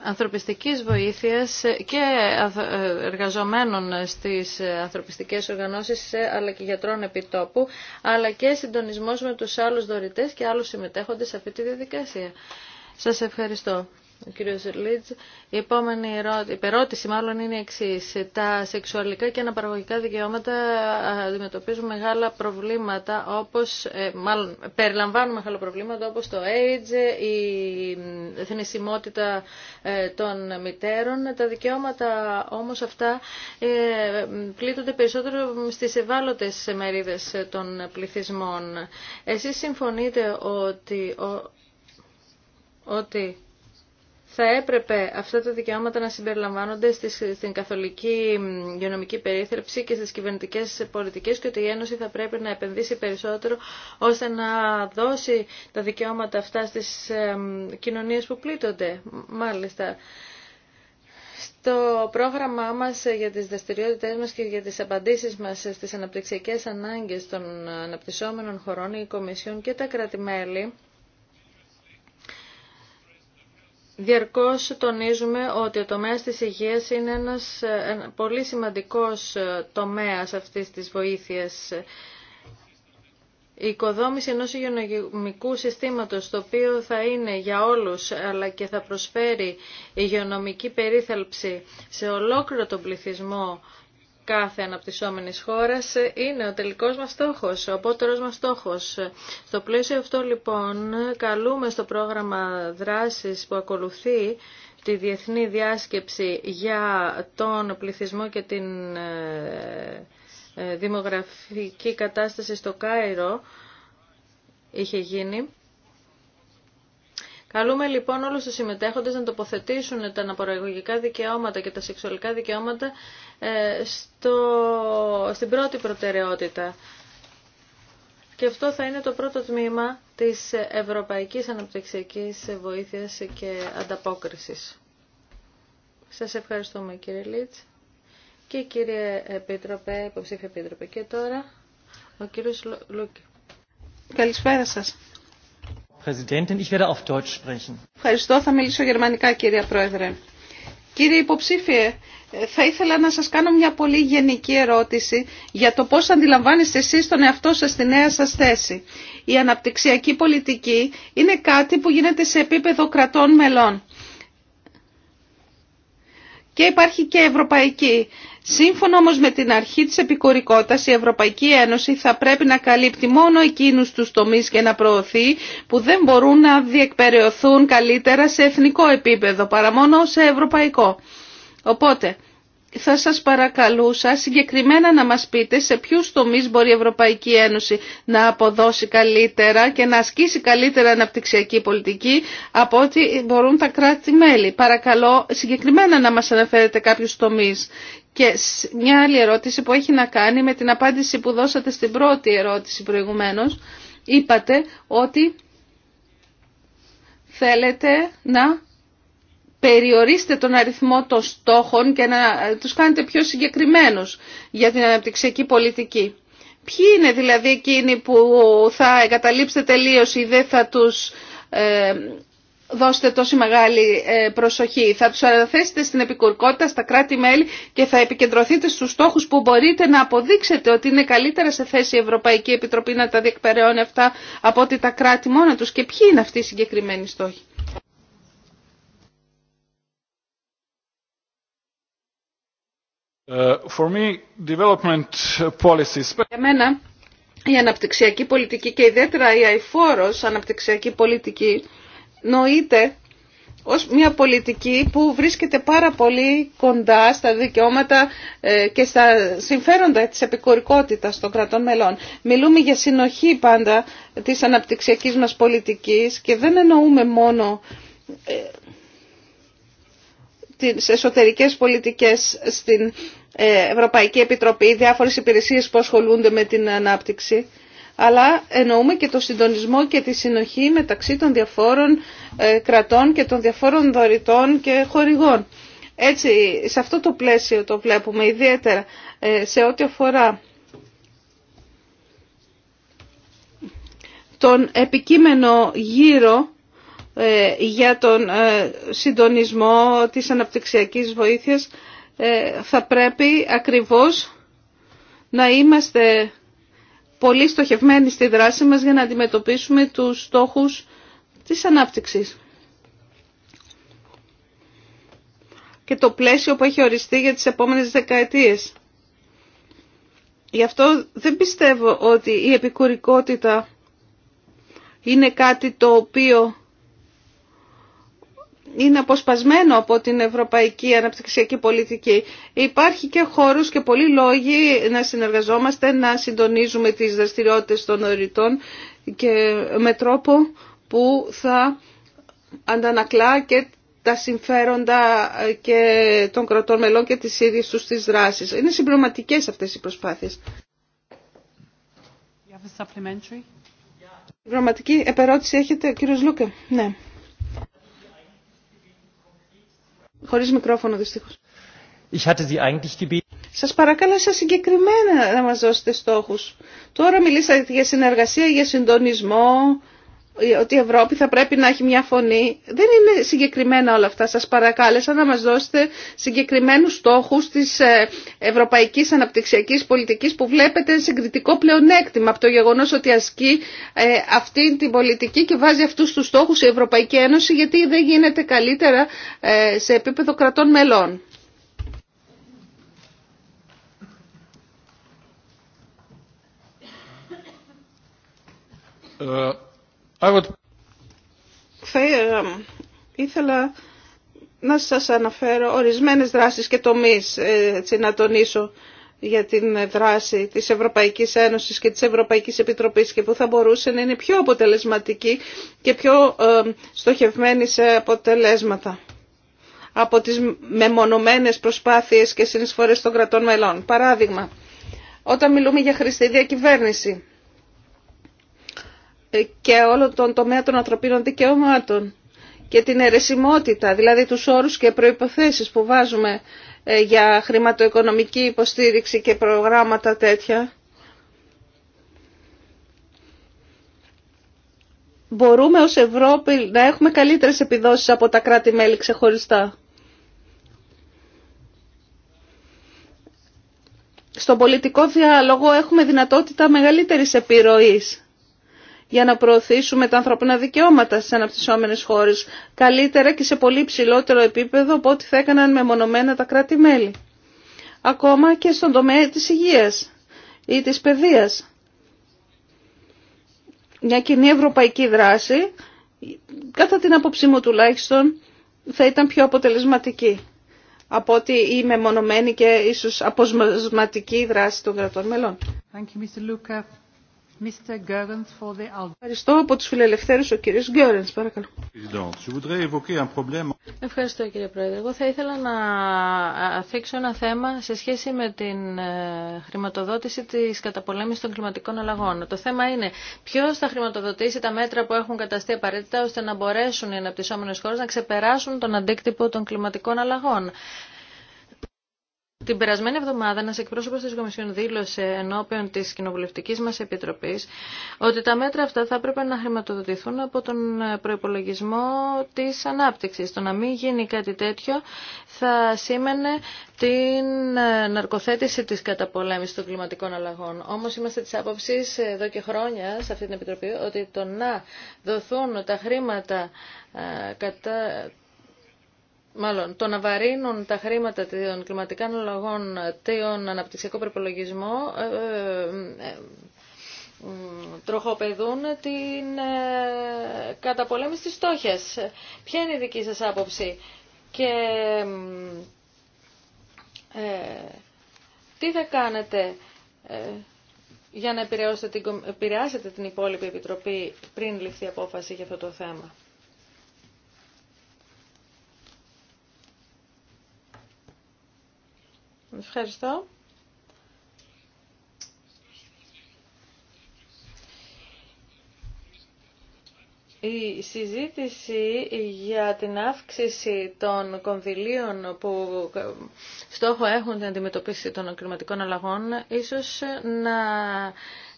S3: ανθρωπιστικής βοήθειας και εργαζομένων στις ανθρωπιστικές οργανώσεις αλλά και γιατρών επιτόπου αλλά και συντονισμός με τους άλλους δωρητές και άλλους συμμετέχοντες σε αυτή τη διαδικασία. Σας ευχαριστώ ο κύριος Λίτζ. Η επόμενη ερώτηση μάλλον είναι η εξή. Τα σεξουαλικά και αναπαραγωγικά δικαιώματα αντιμετωπίζουν μεγάλα προβλήματα όπως, ε, μάλλον περιλαμβάνουν μεγάλα προβλήματα όπως το AIDS, η θνησιμότητα ε, των μητέρων. Τα δικαιώματα όμως αυτά ε, πλήττονται περισσότερο στις ευάλωτες μερίδες των πληθυσμών. Εσείς συμφωνείτε ότι θα έπρεπε αυτά τα δικαιώματα να συμπεριλαμβάνονται στην καθολική υγειονομική περίθαλψη και στις κυβερνητικές πολιτικές και ότι η Ένωση θα πρέπει να επενδύσει περισσότερο ώστε να δώσει τα δικαιώματα αυτά στις ε, κοινωνίες που πλήττονται. Μάλιστα. στο πρόγραμμά μας για τις δραστηριότητε μας και για τις απαντήσεις μας στις αναπτυξιακές ανάγκες των αναπτυσσόμενων χωρών, η Κομισιόν και τα κράτη-μέλη Διαρκώς τονίζουμε ότι ο τομέας της υγείας είναι ένας πολύ σημαντικός ε, τομέας αυτής της βοήθειας. Η οικοδόμηση ενός υγειονομικού συστήματος, το οποίο θα είναι για όλους, αλλά και θα προσφέρει υγειονομική περίθαλψη σε ολόκληρο τον πληθυσμό κάθε αναπτυσσόμενης χώρας είναι ο τελικός μας στόχος, ο απότερος μας στόχος. Στο πλαίσιο αυτό λοιπόν καλούμε στο πρόγραμμα δράσης που ακολουθεί τη διεθνή διάσκεψη για τον πληθυσμό και την ε, ε, δημογραφική κατάσταση στο Κάιρο είχε γίνει Καλούμε λοιπόν όλους τους συμμετέχοντες να τοποθετήσουν τα αναπαραγωγικά δικαιώματα και τα σεξουαλικά δικαιώματα ε, στο, στην πρώτη προτεραιότητα. Και αυτό θα είναι το πρώτο τμήμα της Ευρωπαϊκής Αναπτυξιακής Βοήθειας και Ανταπόκρισης. Σας ευχαριστούμε κύριε Λίτς και κύριε Επίτροπε, υποψήφια Επίτροπε. Και τώρα
S1: ο κύριος Λούκη. Καλησπέρα σας. Ευχαριστώ. Θα μιλήσω γερμανικά, κύριε Πρόεδρε. Κύριε Υποψήφιε, θα ήθελα να σας κάνω μια πολύ γενική ερώτηση για το πώς αντιλαμβάνεστε εσείς τον εαυτό σας στη νέα σας θέση. Η αναπτυξιακή πολιτική είναι κάτι που γίνεται σε επίπεδο κρατών μελών. Και υπάρχει και ευρωπαϊκή Σύμφωνα όμως με την αρχή της επικορικότητας, η Ευρωπαϊκή Ένωση θα πρέπει να καλύπτει μόνο εκείνους τους τομείς και να προωθεί που δεν μπορούν να διεκπεραιωθούν καλύτερα σε εθνικό επίπεδο παρά μόνο σε ευρωπαϊκό. Οπότε, θα σας παρακαλούσα συγκεκριμένα να μας πείτε σε ποιους τομείς μπορεί η Ευρωπαϊκή Ένωση να αποδώσει καλύτερα και να ασκήσει καλύτερα αναπτυξιακή πολιτική από ό,τι μπορούν τα κράτη-μέλη. Παρακαλώ συγκεκριμένα να μας αναφέρετε κάποιους τομείς και μια άλλη ερώτηση που έχει να κάνει με την απάντηση που δώσατε στην πρώτη ερώτηση προηγουμένως. Είπατε ότι θέλετε να περιορίσετε τον αριθμό των στόχων και να ε, τους κάνετε πιο συγκεκριμένους για την αναπτυξιακή πολιτική. Ποιοι είναι δηλαδή εκείνοι που θα εγκαταλείψετε τελείως ή δεν θα τους ε, Δώστε τόση μεγάλη ε, προσοχή. Θα τους αναθέσετε στην επικουρκότητα στα κράτη-μέλη και θα επικεντρωθείτε στους στόχους που μπορείτε να αποδείξετε ότι είναι καλύτερα σε θέση η Ευρωπαϊκή Επιτροπή να τα διεκπεραιώνει αυτά από ότι τα κράτη μόνα τους. Και ποιοι είναι αυτοί οι συγκεκριμένοι στόχοι.
S4: Ε, for me, development policies... Για
S1: μένα η αναπτυξιακή πολιτική και ιδιαίτερα η αηφόρος αναπτυξιακή πολιτική νοείται ως μια πολιτική που βρίσκεται πάρα πολύ κοντά στα δικαιώματα ε, και στα συμφέροντα της επικουρικότητας των κρατών μελών. Μιλούμε για συνοχή πάντα της αναπτυξιακής μας πολιτικής και δεν εννοούμε μόνο ε, τις εσωτερικές πολιτικές στην ε, Ευρωπαϊκή Επιτροπή, διάφορες υπηρεσίες που ασχολούνται με την ανάπτυξη αλλά εννοούμε και το συντονισμό και τη συνοχή μεταξύ των διαφόρων ε, κρατών και των διαφόρων δωρητών και χορηγών. Έτσι, σε αυτό το πλαίσιο το βλέπουμε ιδιαίτερα ε, σε ό,τι αφορά τον επικείμενο γύρο ε, για τον συντονισμό της αναπτυξιακής βοήθειας θα πρέπει ακριβώς να είμαστε πολύ στοχευμένοι στη δράση μας για να αντιμετωπίσουμε τους στόχους της ανάπτυξης. Και το πλαίσιο που έχει οριστεί για τις επόμενες δεκαετίες. Γι' αυτό δεν πιστεύω ότι η επικουρικότητα είναι κάτι το οποίο είναι αποσπασμένο από την ευρωπαϊκή αναπτυξιακή πολιτική. Υπάρχει και χώρος και πολλοί λόγοι να συνεργαζόμαστε, να συντονίζουμε τις δραστηριότητες των οριτών και με τρόπο που θα αντανακλά και τα συμφέροντα και των κρατών μελών και τις ίδιες τους τις δράσεις. Είναι συμπληρωματικές αυτές οι προσπάθειες. Συμπληρωματική επερώτηση έχετε, κύριο Λούκε. Ναι. Χωρίς μικρόφωνο δυστυχώς.
S5: Ich hatte
S1: Σας παρακάλεσα συγκεκριμένα να μας δώσετε στόχους. Τώρα μιλήσατε για συνεργασία, για συντονισμό, ότι η Ευρώπη θα πρέπει να έχει μια φωνή. Δεν είναι συγκεκριμένα όλα αυτά. Σας παρακάλεσα να μας δώσετε συγκεκριμένους στόχους της ε, ευρωπαϊκής αναπτυξιακής πολιτικής που βλέπετε συγκριτικό πλεονέκτημα από το γεγονός ότι ασκεί ε, αυτή την πολιτική και βάζει αυτούς τους στόχους η Ευρωπαϊκή Ένωση γιατί δεν γίνεται καλύτερα ε, σε επίπεδο κρατών μελών.
S4: Άγω... Θα
S1: ε, ήθελα να σας αναφέρω ορισμένες δράσεις και τομείς, ε, έτσι, να τονίσω για την δράση της Ευρωπαϊκής Ένωσης και της Ευρωπαϊκής Επιτροπής και που θα μπορούσε να είναι πιο αποτελεσματική και πιο ε, στοχευμένη σε αποτελέσματα από τις μεμονωμένες προσπάθειες και συνεισφορές των κρατών μελών. Παράδειγμα, όταν μιλούμε για χρηστή διακυβέρνηση, και όλο τον τομέα των ανθρωπίνων δικαιωμάτων και την αιρεσιμότητα, δηλαδή τους όρους και προϋποθέσεις που βάζουμε ε, για χρηματοοικονομική υποστήριξη και προγράμματα τέτοια. Μπορούμε ως Ευρώπη να έχουμε καλύτερες επιδόσεις από τα κράτη-μέλη ξεχωριστά. Στον πολιτικό διάλογο έχουμε δυνατότητα μεγαλύτερης επιρροής για να προωθήσουμε τα ανθρώπινα δικαιώματα στι αναπτυσσόμενες χώρες καλύτερα και σε πολύ ψηλότερο επίπεδο από ό,τι θα έκαναν μεμονωμένα τα κράτη-μέλη. Ακόμα και στον τομέα της υγείας ή της παιδείας. Μια κοινή ευρωπαϊκή δράση, κατά την άποψή μου τουλάχιστον, θα ήταν πιο αποτελεσματική από ότι η μεμονωμένη και ίσως αποσμασματική δράση των κρατών μελών. Ευχαριστώ από τους φιλελευθέρους ο κύριος Γκέρενς, παρακαλώ.
S3: Ευχαριστώ κύριε Πρόεδρε. Εγώ θα ήθελα να αφήξω ένα θέμα σε σχέση με την ε, χρηματοδότηση της καταπολέμησης των κλιματικών αλλαγών. Το θέμα είναι ποιος θα χρηματοδοτήσει τα μέτρα που έχουν καταστεί απαραίτητα ώστε να μπορέσουν οι αναπτυσσόμενες χώρες να ξεπεράσουν τον αντίκτυπο των κλιματικών αλλαγών. Την περασμένη εβδομάδα, ένα εκπρόσωπο τη Κομισιόν δήλωσε ενώπιον τη κοινοβουλευτική μα επιτροπή ότι τα μέτρα αυτά θα έπρεπε να χρηματοδοτηθούν από τον προπολογισμό τη ανάπτυξη. Το να μην γίνει κάτι τέτοιο θα σήμαινε την ναρκοθέτηση τη καταπολέμηση των κλιματικών αλλαγών. Όμω είμαστε τη άποψη εδώ και χρόνια σε αυτή την επιτροπή ότι το να δοθούν τα χρήματα ε, κατά μάλλον το να βαρύνουν τα χρήματα των κλιματικών αλλαγών τον αναπτυξιακό προπολογισμό ε, ε, ε, τροχοπεδούν την καταπολέμηση της στόχιας. Ποια είναι η δική σας άποψη και ε, τι θα κάνετε για να επηρεάσετε την, επηρεάσετε την υπόλοιπη Επιτροπή πριν ληφθεί απόφαση για αυτό το θέμα. Ευχαριστώ. Η συζήτηση για την αύξηση των κονδυλίων που στόχο έχουν την αντιμετωπίση των κλιματικών αλλαγών ίσως να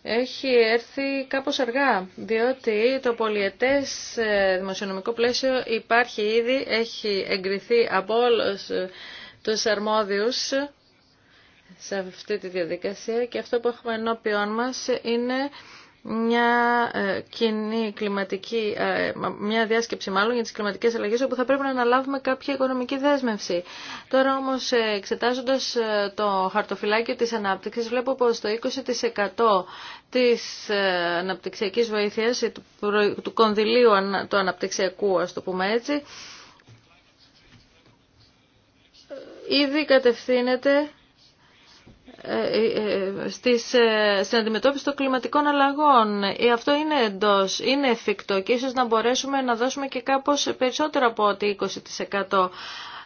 S3: έχει έρθει κάπως αργά, διότι το πολιετές ε, δημοσιονομικό πλαίσιο υπάρχει ήδη, έχει εγκριθεί από όλους τους αρμόδιους σε αυτή τη διαδικασία και αυτό που έχουμε ενώπιόν μας είναι μια ε, κοινή κλιματική, ε, μια διάσκεψη μάλλον για τις κλιματικές αλλαγές όπου θα πρέπει να αναλάβουμε κάποια οικονομική δέσμευση. Τώρα όμως ε, εξετάζοντας το χαρτοφυλάκιο της ανάπτυξης βλέπω πως το 20% της αναπτυξιακής βοήθειας του κονδυλίου του αναπτυξιακού ας το πούμε έτσι ήδη κατευθύνεται ε, ε, ε, στις, στην αντιμετώπιση των κλιματικών αλλαγών. Αυτό είναι εντό, είναι εφικτό και ίσως να μπορέσουμε να δώσουμε και κάπως περισσότερο από ότι 20%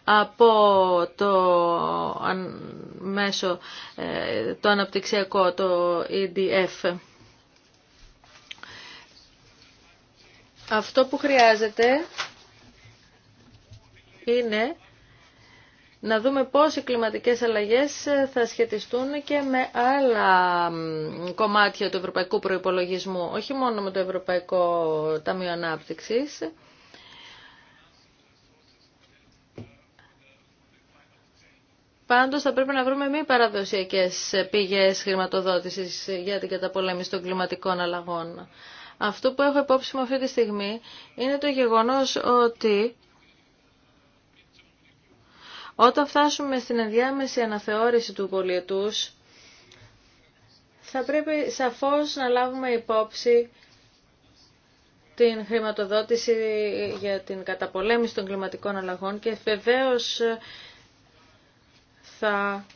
S3: από το μέσο το αναπτυξιακό, το EDF. Αυτό που χρειάζεται είναι να δούμε πώς οι κλιματικές αλλαγές ε, θα σχετιστούν και με άλλα κομμάτια του ευρωπαϊκού προϋπολογισμού, όχι μόνο με το Ευρωπαϊκό Ταμείο Ανάπτυξης. Πάντως θα πρέπει να βρούμε μη παραδοσιακές πηγές χρηματοδότησης για την καταπολέμηση των κλιματικών αλλαγών. Αυτό που έχω υπόψη μου αυτή τη στιγμή είναι το γεγονός ότι όταν φτάσουμε στην ενδιάμεση αναθεώρηση του πολιετούς, θα πρέπει σαφώς να λάβουμε υπόψη την χρηματοδότηση για την καταπολέμηση των κλιματικών αλλαγών και βεβαίως θα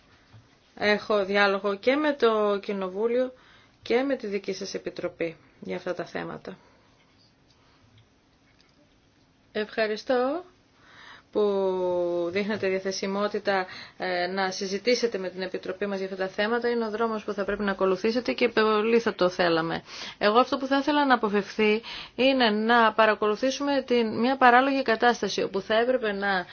S3: έχω διάλογο και με το Κοινοβούλιο και με τη δική σας Επιτροπή για αυτά τα θέματα. Ευχαριστώ που δείχνεται διαθεσιμότητα ε, να συζητήσετε με την Επιτροπή μας για αυτά τα θέματα είναι ο δρόμος που θα πρέπει να ακολουθήσετε και πολύ θα το θέλαμε. Εγώ αυτό που θα ήθελα να αποφευθεί είναι να παρακολουθήσουμε την, μια παράλογη κατάσταση όπου θα έπρεπε να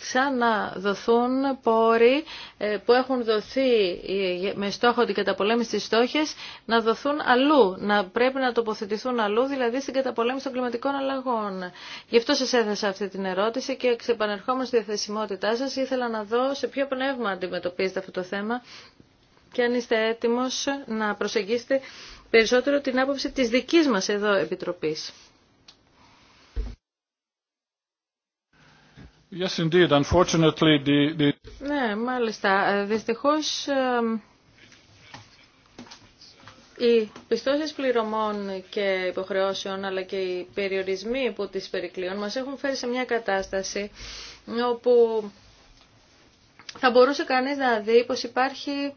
S3: ξαναδοθούν πόροι ε, που έχουν δοθεί ε, με στόχο την καταπολέμηση της στόχης να δοθούν αλλού, να πρέπει να τοποθετηθούν αλλού, δηλαδή στην καταπολέμηση των κλιματικών αλλαγών. Γι' αυτό σας έθεσα αυτή την ερώτηση και ξεπανερχόμενο στη διαθεσιμότητά σας ήθελα να δω σε ποιο πνεύμα αντιμετωπίζετε αυτό το θέμα και αν είστε έτοιμος να προσεγγίσετε περισσότερο την άποψη της δικής μας εδώ Επιτροπής. Ναι, μάλιστα. Ε, δυστυχώς ε, οι πιστώσεις πληρωμών και υποχρεώσεων αλλά και οι περιορισμοί που τις περικλείουν μας έχουν φέρει σε μια κατάσταση όπου θα μπορούσε κανείς να δει πως υπάρχει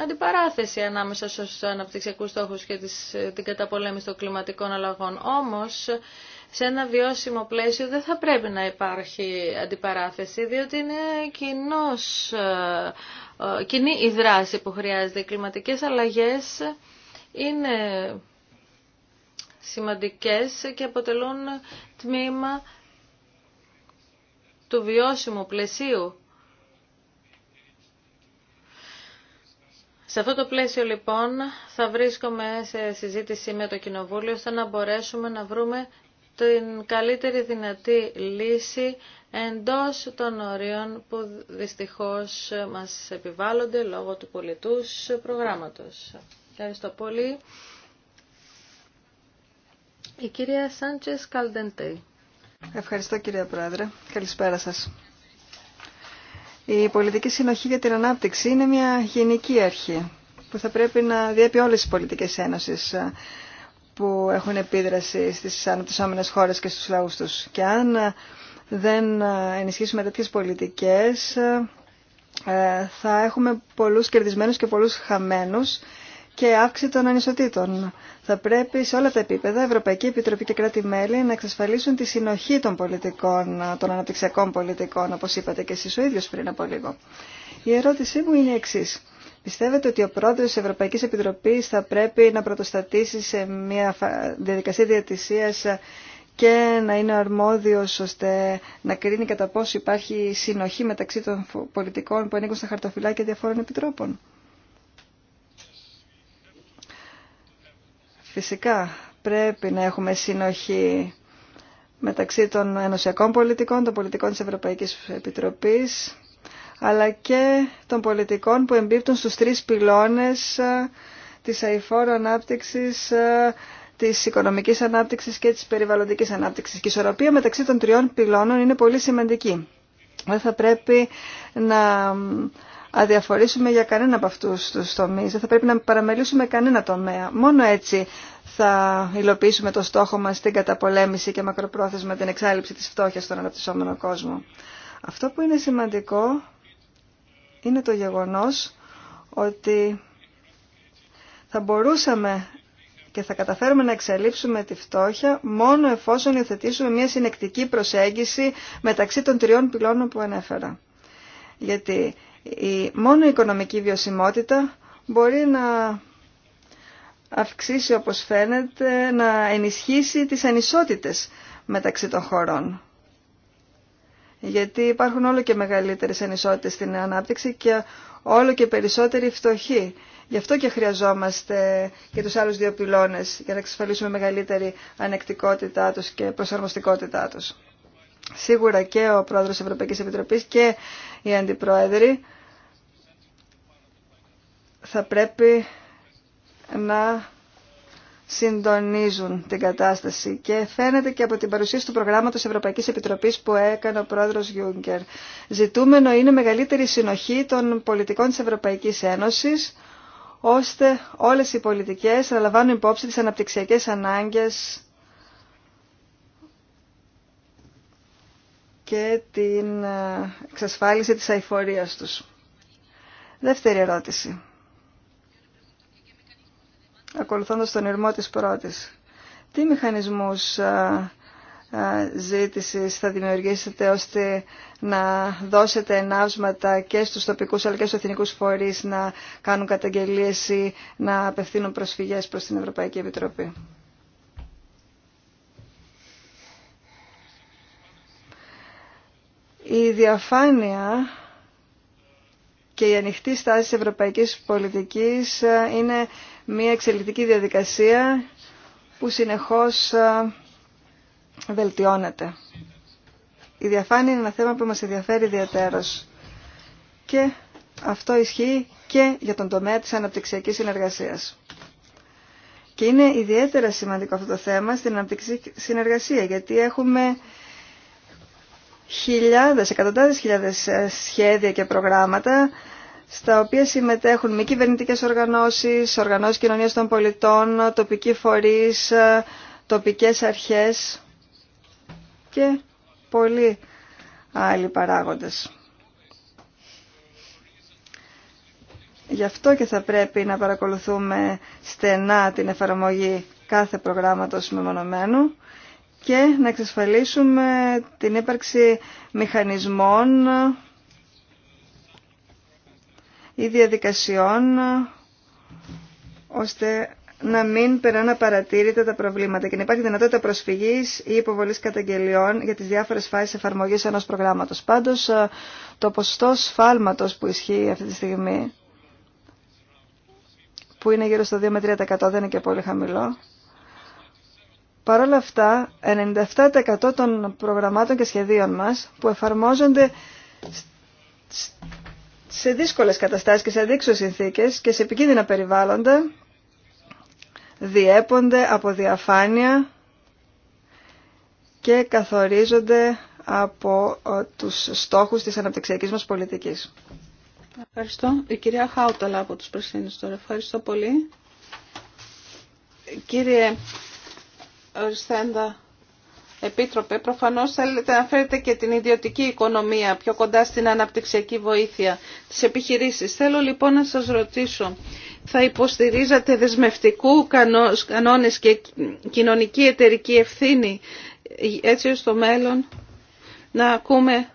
S3: αντιπαράθεση ανάμεσα στους αναπτυξιακούς στόχους και την καταπολέμηση των κλιματικών αλλαγών. Όμως, σε ένα βιώσιμο πλαίσιο δεν θα πρέπει να υπάρχει αντιπαράθεση, διότι είναι κοινός, ε, ε, κοινή η δράση που χρειάζεται. Οι κλιματικές αλλαγές είναι σημαντικές και αποτελούν τμήμα του βιώσιμου πλαισίου. Σε αυτό το πλαίσιο λοιπόν θα βρίσκομαι σε συζήτηση με το Κοινοβούλιο ώστε να μπορέσουμε να βρούμε την καλύτερη δυνατή λύση εντός των ορίων που δυστυχώς μας επιβάλλονται λόγω του πολιτούς προγράμματος. Ευχαριστώ πολύ. Η κυρία Σάντσες Καλδεντέη.
S2: Ευχαριστώ κυρία Πρόεδρε. Καλησπέρα σας. Η πολιτική συνοχή για την ανάπτυξη είναι μια γενική αρχή που θα πρέπει να διέπει όλες τις πολιτικές ένωσες που έχουν επίδραση στις αναπτυσσόμενες χώρες και στους λαούς τους. Και αν ε, δεν ε, ενισχύσουμε τέτοιες πολιτικές, ε, θα έχουμε πολλούς κερδισμένους και πολλούς χαμένους και αύξηση των ανισοτήτων. Θα πρέπει σε όλα τα επίπεδα, Ευρωπαϊκή Επιτροπή και κράτη-μέλη, να εξασφαλίσουν τη συνοχή των πολιτικών, των αναπτυξιακών πολιτικών, όπως είπατε και εσείς ο ίδιος πριν από λίγο. Η ερώτησή μου είναι εξής. Πιστεύετε ότι ο πρόεδρος της Ευρωπαϊκής Επιτροπής θα πρέπει να πρωτοστατήσει σε μια διαδικασία διατησίας και να είναι αρμόδιος ώστε να κρίνει κατά πόσο υπάρχει συνοχή μεταξύ των πολιτικών που ανήκουν στα χαρτοφυλάκια διαφόρων επιτρόπων. Φυσικά πρέπει να έχουμε συνοχή μεταξύ των ενωσιακών πολιτικών, των πολιτικών της Ευρωπαϊκής Επιτροπής αλλά και των πολιτικών που εμπίπτουν στους τρεις πυλώνες ε, της αηφόρου ανάπτυξης, ε, της οικονομικής ανάπτυξης και της περιβαλλοντικής ανάπτυξης. Και η ισορροπία μεταξύ των τριών πυλώνων είναι πολύ σημαντική. Δεν θα πρέπει να αδιαφορήσουμε για κανένα από αυτούς τους τομείς. Δεν θα πρέπει να παραμελήσουμε κανένα τομέα. Μόνο έτσι θα υλοποιήσουμε το στόχο μας στην καταπολέμηση και μακροπρόθεσμα την εξάλληψη της φτώχειας στον αναπτυσσόμενο κόσμο. Αυτό που είναι σημαντικό είναι το γεγονός ότι θα μπορούσαμε και θα καταφέρουμε να εξαλείψουμε τη φτώχεια μόνο εφόσον υιοθετήσουμε μια συνεκτική προσέγγιση μεταξύ των τριών πυλώνων που ανέφερα. Γιατί η, μόνο η οικονομική βιωσιμότητα μπορεί να αυξήσει όπως φαίνεται, να ενισχύσει τις ανισότητες μεταξύ των χωρών γιατί υπάρχουν όλο και μεγαλύτερες ανισότητες στην ανάπτυξη και όλο και περισσότερη φτωχή. Γι' αυτό και χρειαζόμαστε και τους άλλους δύο πυλώνες για να εξασφαλίσουμε μεγαλύτερη ανεκτικότητά τους και προσαρμοστικότητά τους. Σίγουρα και ο Πρόεδρος της Ευρωπαϊκής Επιτροπής και οι Αντιπρόεδροι θα πρέπει να συντονίζουν την κατάσταση και φαίνεται και από την παρουσίαση του προγράμματος Ευρωπαϊκής Επιτροπής που έκανε ο πρόεδρος Γιούγκερ. Ζητούμενο είναι μεγαλύτερη συνοχή των πολιτικών της Ευρωπαϊκής Ένωσης ώστε όλες οι πολιτικές να λαμβάνουν υπόψη τις αναπτυξιακές ανάγκες και την ε, εξασφάλιση της αηφορίας τους. Δεύτερη ερώτηση ακολουθώντας τον ερμό της πρώτης. Τι μηχανισμούς ε, ε, ζήτησης θα δημιουργήσετε ώστε να δώσετε ενάυσματα και στους τοπικούς αλλά και στους εθνικούς φορείς να κάνουν καταγγελίες ή να απευθύνουν προσφυγές προς την Ευρωπαϊκή Επιτροπή. Η διαφάνεια και η ανοιχτή στάση της ευρωπαϊκής πολιτικής ε, είναι μια εξελικτική διαδικασία που συνεχώς ε, βελτιώνεται. Η διαφάνεια είναι ένα θέμα που μας ενδιαφέρει ιδιαίτερος. Και αυτό ισχύει και για τον τομέα της αναπτυξιακής συνεργασίας. Και είναι ιδιαίτερα σημαντικό αυτό το θέμα στην αναπτυξιακή συνεργασία, γιατί έχουμε χιλιάδες, εκατοντάδες χιλιάδες ε, σχέδια και προγράμματα στα οποία συμμετέχουν μη κυβερνητικές οργανώσεις, οργανώσεις κοινωνίας των πολιτών, τοπικοί φορείς, ε, τοπικές αρχές και πολλοί άλλοι παράγοντες. Γι' αυτό και θα πρέπει να παρακολουθούμε στενά την εφαρμογή κάθε προγράμματος μεμονωμένου και να εξασφαλίσουμε την ύπαρξη μηχανισμών ή διαδικασιών ώστε να μην περνάνε παρατήρητε τα προβλήματα και να υπάρχει δυνατότητα προσφυγής ή υποβολής καταγγελιών για τις διάφορες φάσεις εφαρμογής ενός προγράμματος. Πάντως, το ποσοστό σφάλματος που ισχύει αυτή τη στιγμή, που είναι γύρω στο 2 με 3% δεν είναι και πολύ χαμηλό, Παρ' όλα αυτά, 97% των προγραμμάτων και σχεδίων μας που εφαρμόζονται σε δύσκολες καταστάσεις και σε αδίξιες συνθήκες και σε επικίνδυνα περιβάλλοντα διέπονται από διαφάνεια και καθορίζονται από ε, τους στόχους της αναπτυξιακής μας πολιτικής.
S1: Ευχαριστώ. Η κυρία Χάουταλα από τους Πρεσίνους τώρα. Ευχαριστώ πολύ οριστέντα επίτροπε, προφανώς θέλετε να φέρετε και την ιδιωτική οικονομία πιο κοντά στην αναπτυξιακή βοήθεια της επιχειρήσης. Θέλω λοιπόν να σας ρωτήσω, θα υποστηρίζατε δεσμευτικού κανόνες και κοινωνική εταιρική ευθύνη έτσι ώστε στο μέλλον να ακούμε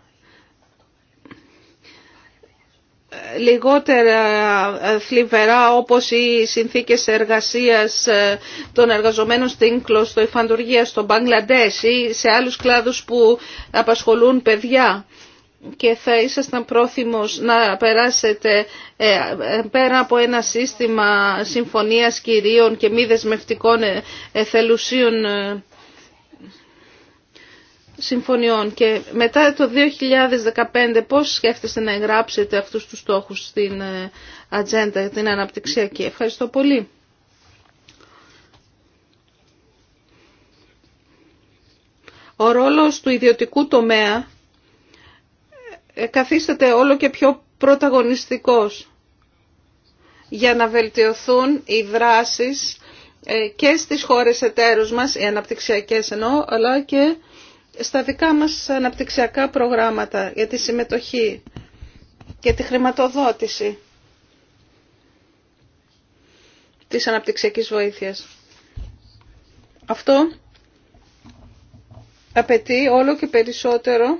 S1: λιγότερα θλιβερά όπως οι συνθήκες εργασίας των εργαζομένων στην κλωστοϊφαντουργία στο Μπαγκλαντές ή σε άλλους κλάδους που απασχολούν παιδιά και θα ήσασταν πρόθυμος να περάσετε ε, πέρα από ένα σύστημα συμφωνίας κυρίων και μη δεσμευτικών ε, εθελουσίων ε, συμφωνιών και μετά το 2015 πώς σκέφτεστε να εγγράψετε αυτούς τους στόχους στην ε, ατζέντα, την αναπτυξιακή. Ευχαριστώ πολύ. Ο ρόλος του ιδιωτικού τομέα ε, καθίσταται όλο και πιο πρωταγωνιστικός για να βελτιωθούν οι δράσεις ε, και στις χώρες εταίρους μας, οι αναπτυξιακές εννοώ, αλλά και στα δικά μας αναπτυξιακά προγράμματα για τη συμμετοχή και τη χρηματοδότηση της αναπτυξιακής βοήθειας. Αυτό απαιτεί όλο και περισσότερο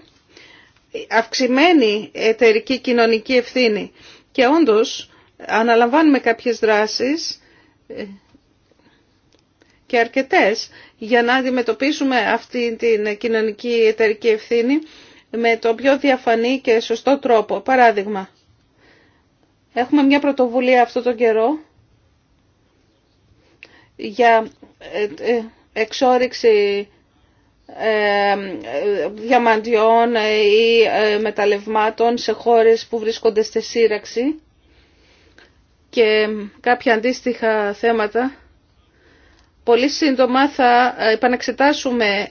S1: αυξημένη εταιρική κοινωνική ευθύνη. Και όντως αναλαμβάνουμε κάποιες δράσεις ε, και αρκετές για να αντιμετωπίσουμε αυτή την κοινωνική εταιρική ευθύνη με το πιο διαφανή και σωστό τρόπο. Παράδειγμα, έχουμε μια πρωτοβουλία αυτό τον καιρό για ε, ε, εξόριξη ε, διαμαντιών ή μεταλλευμάτων σε χώρες που βρίσκονται στη σύραξη και κάποια αντίστοιχα θέματα Πολύ σύντομα θα επαναξετάσουμε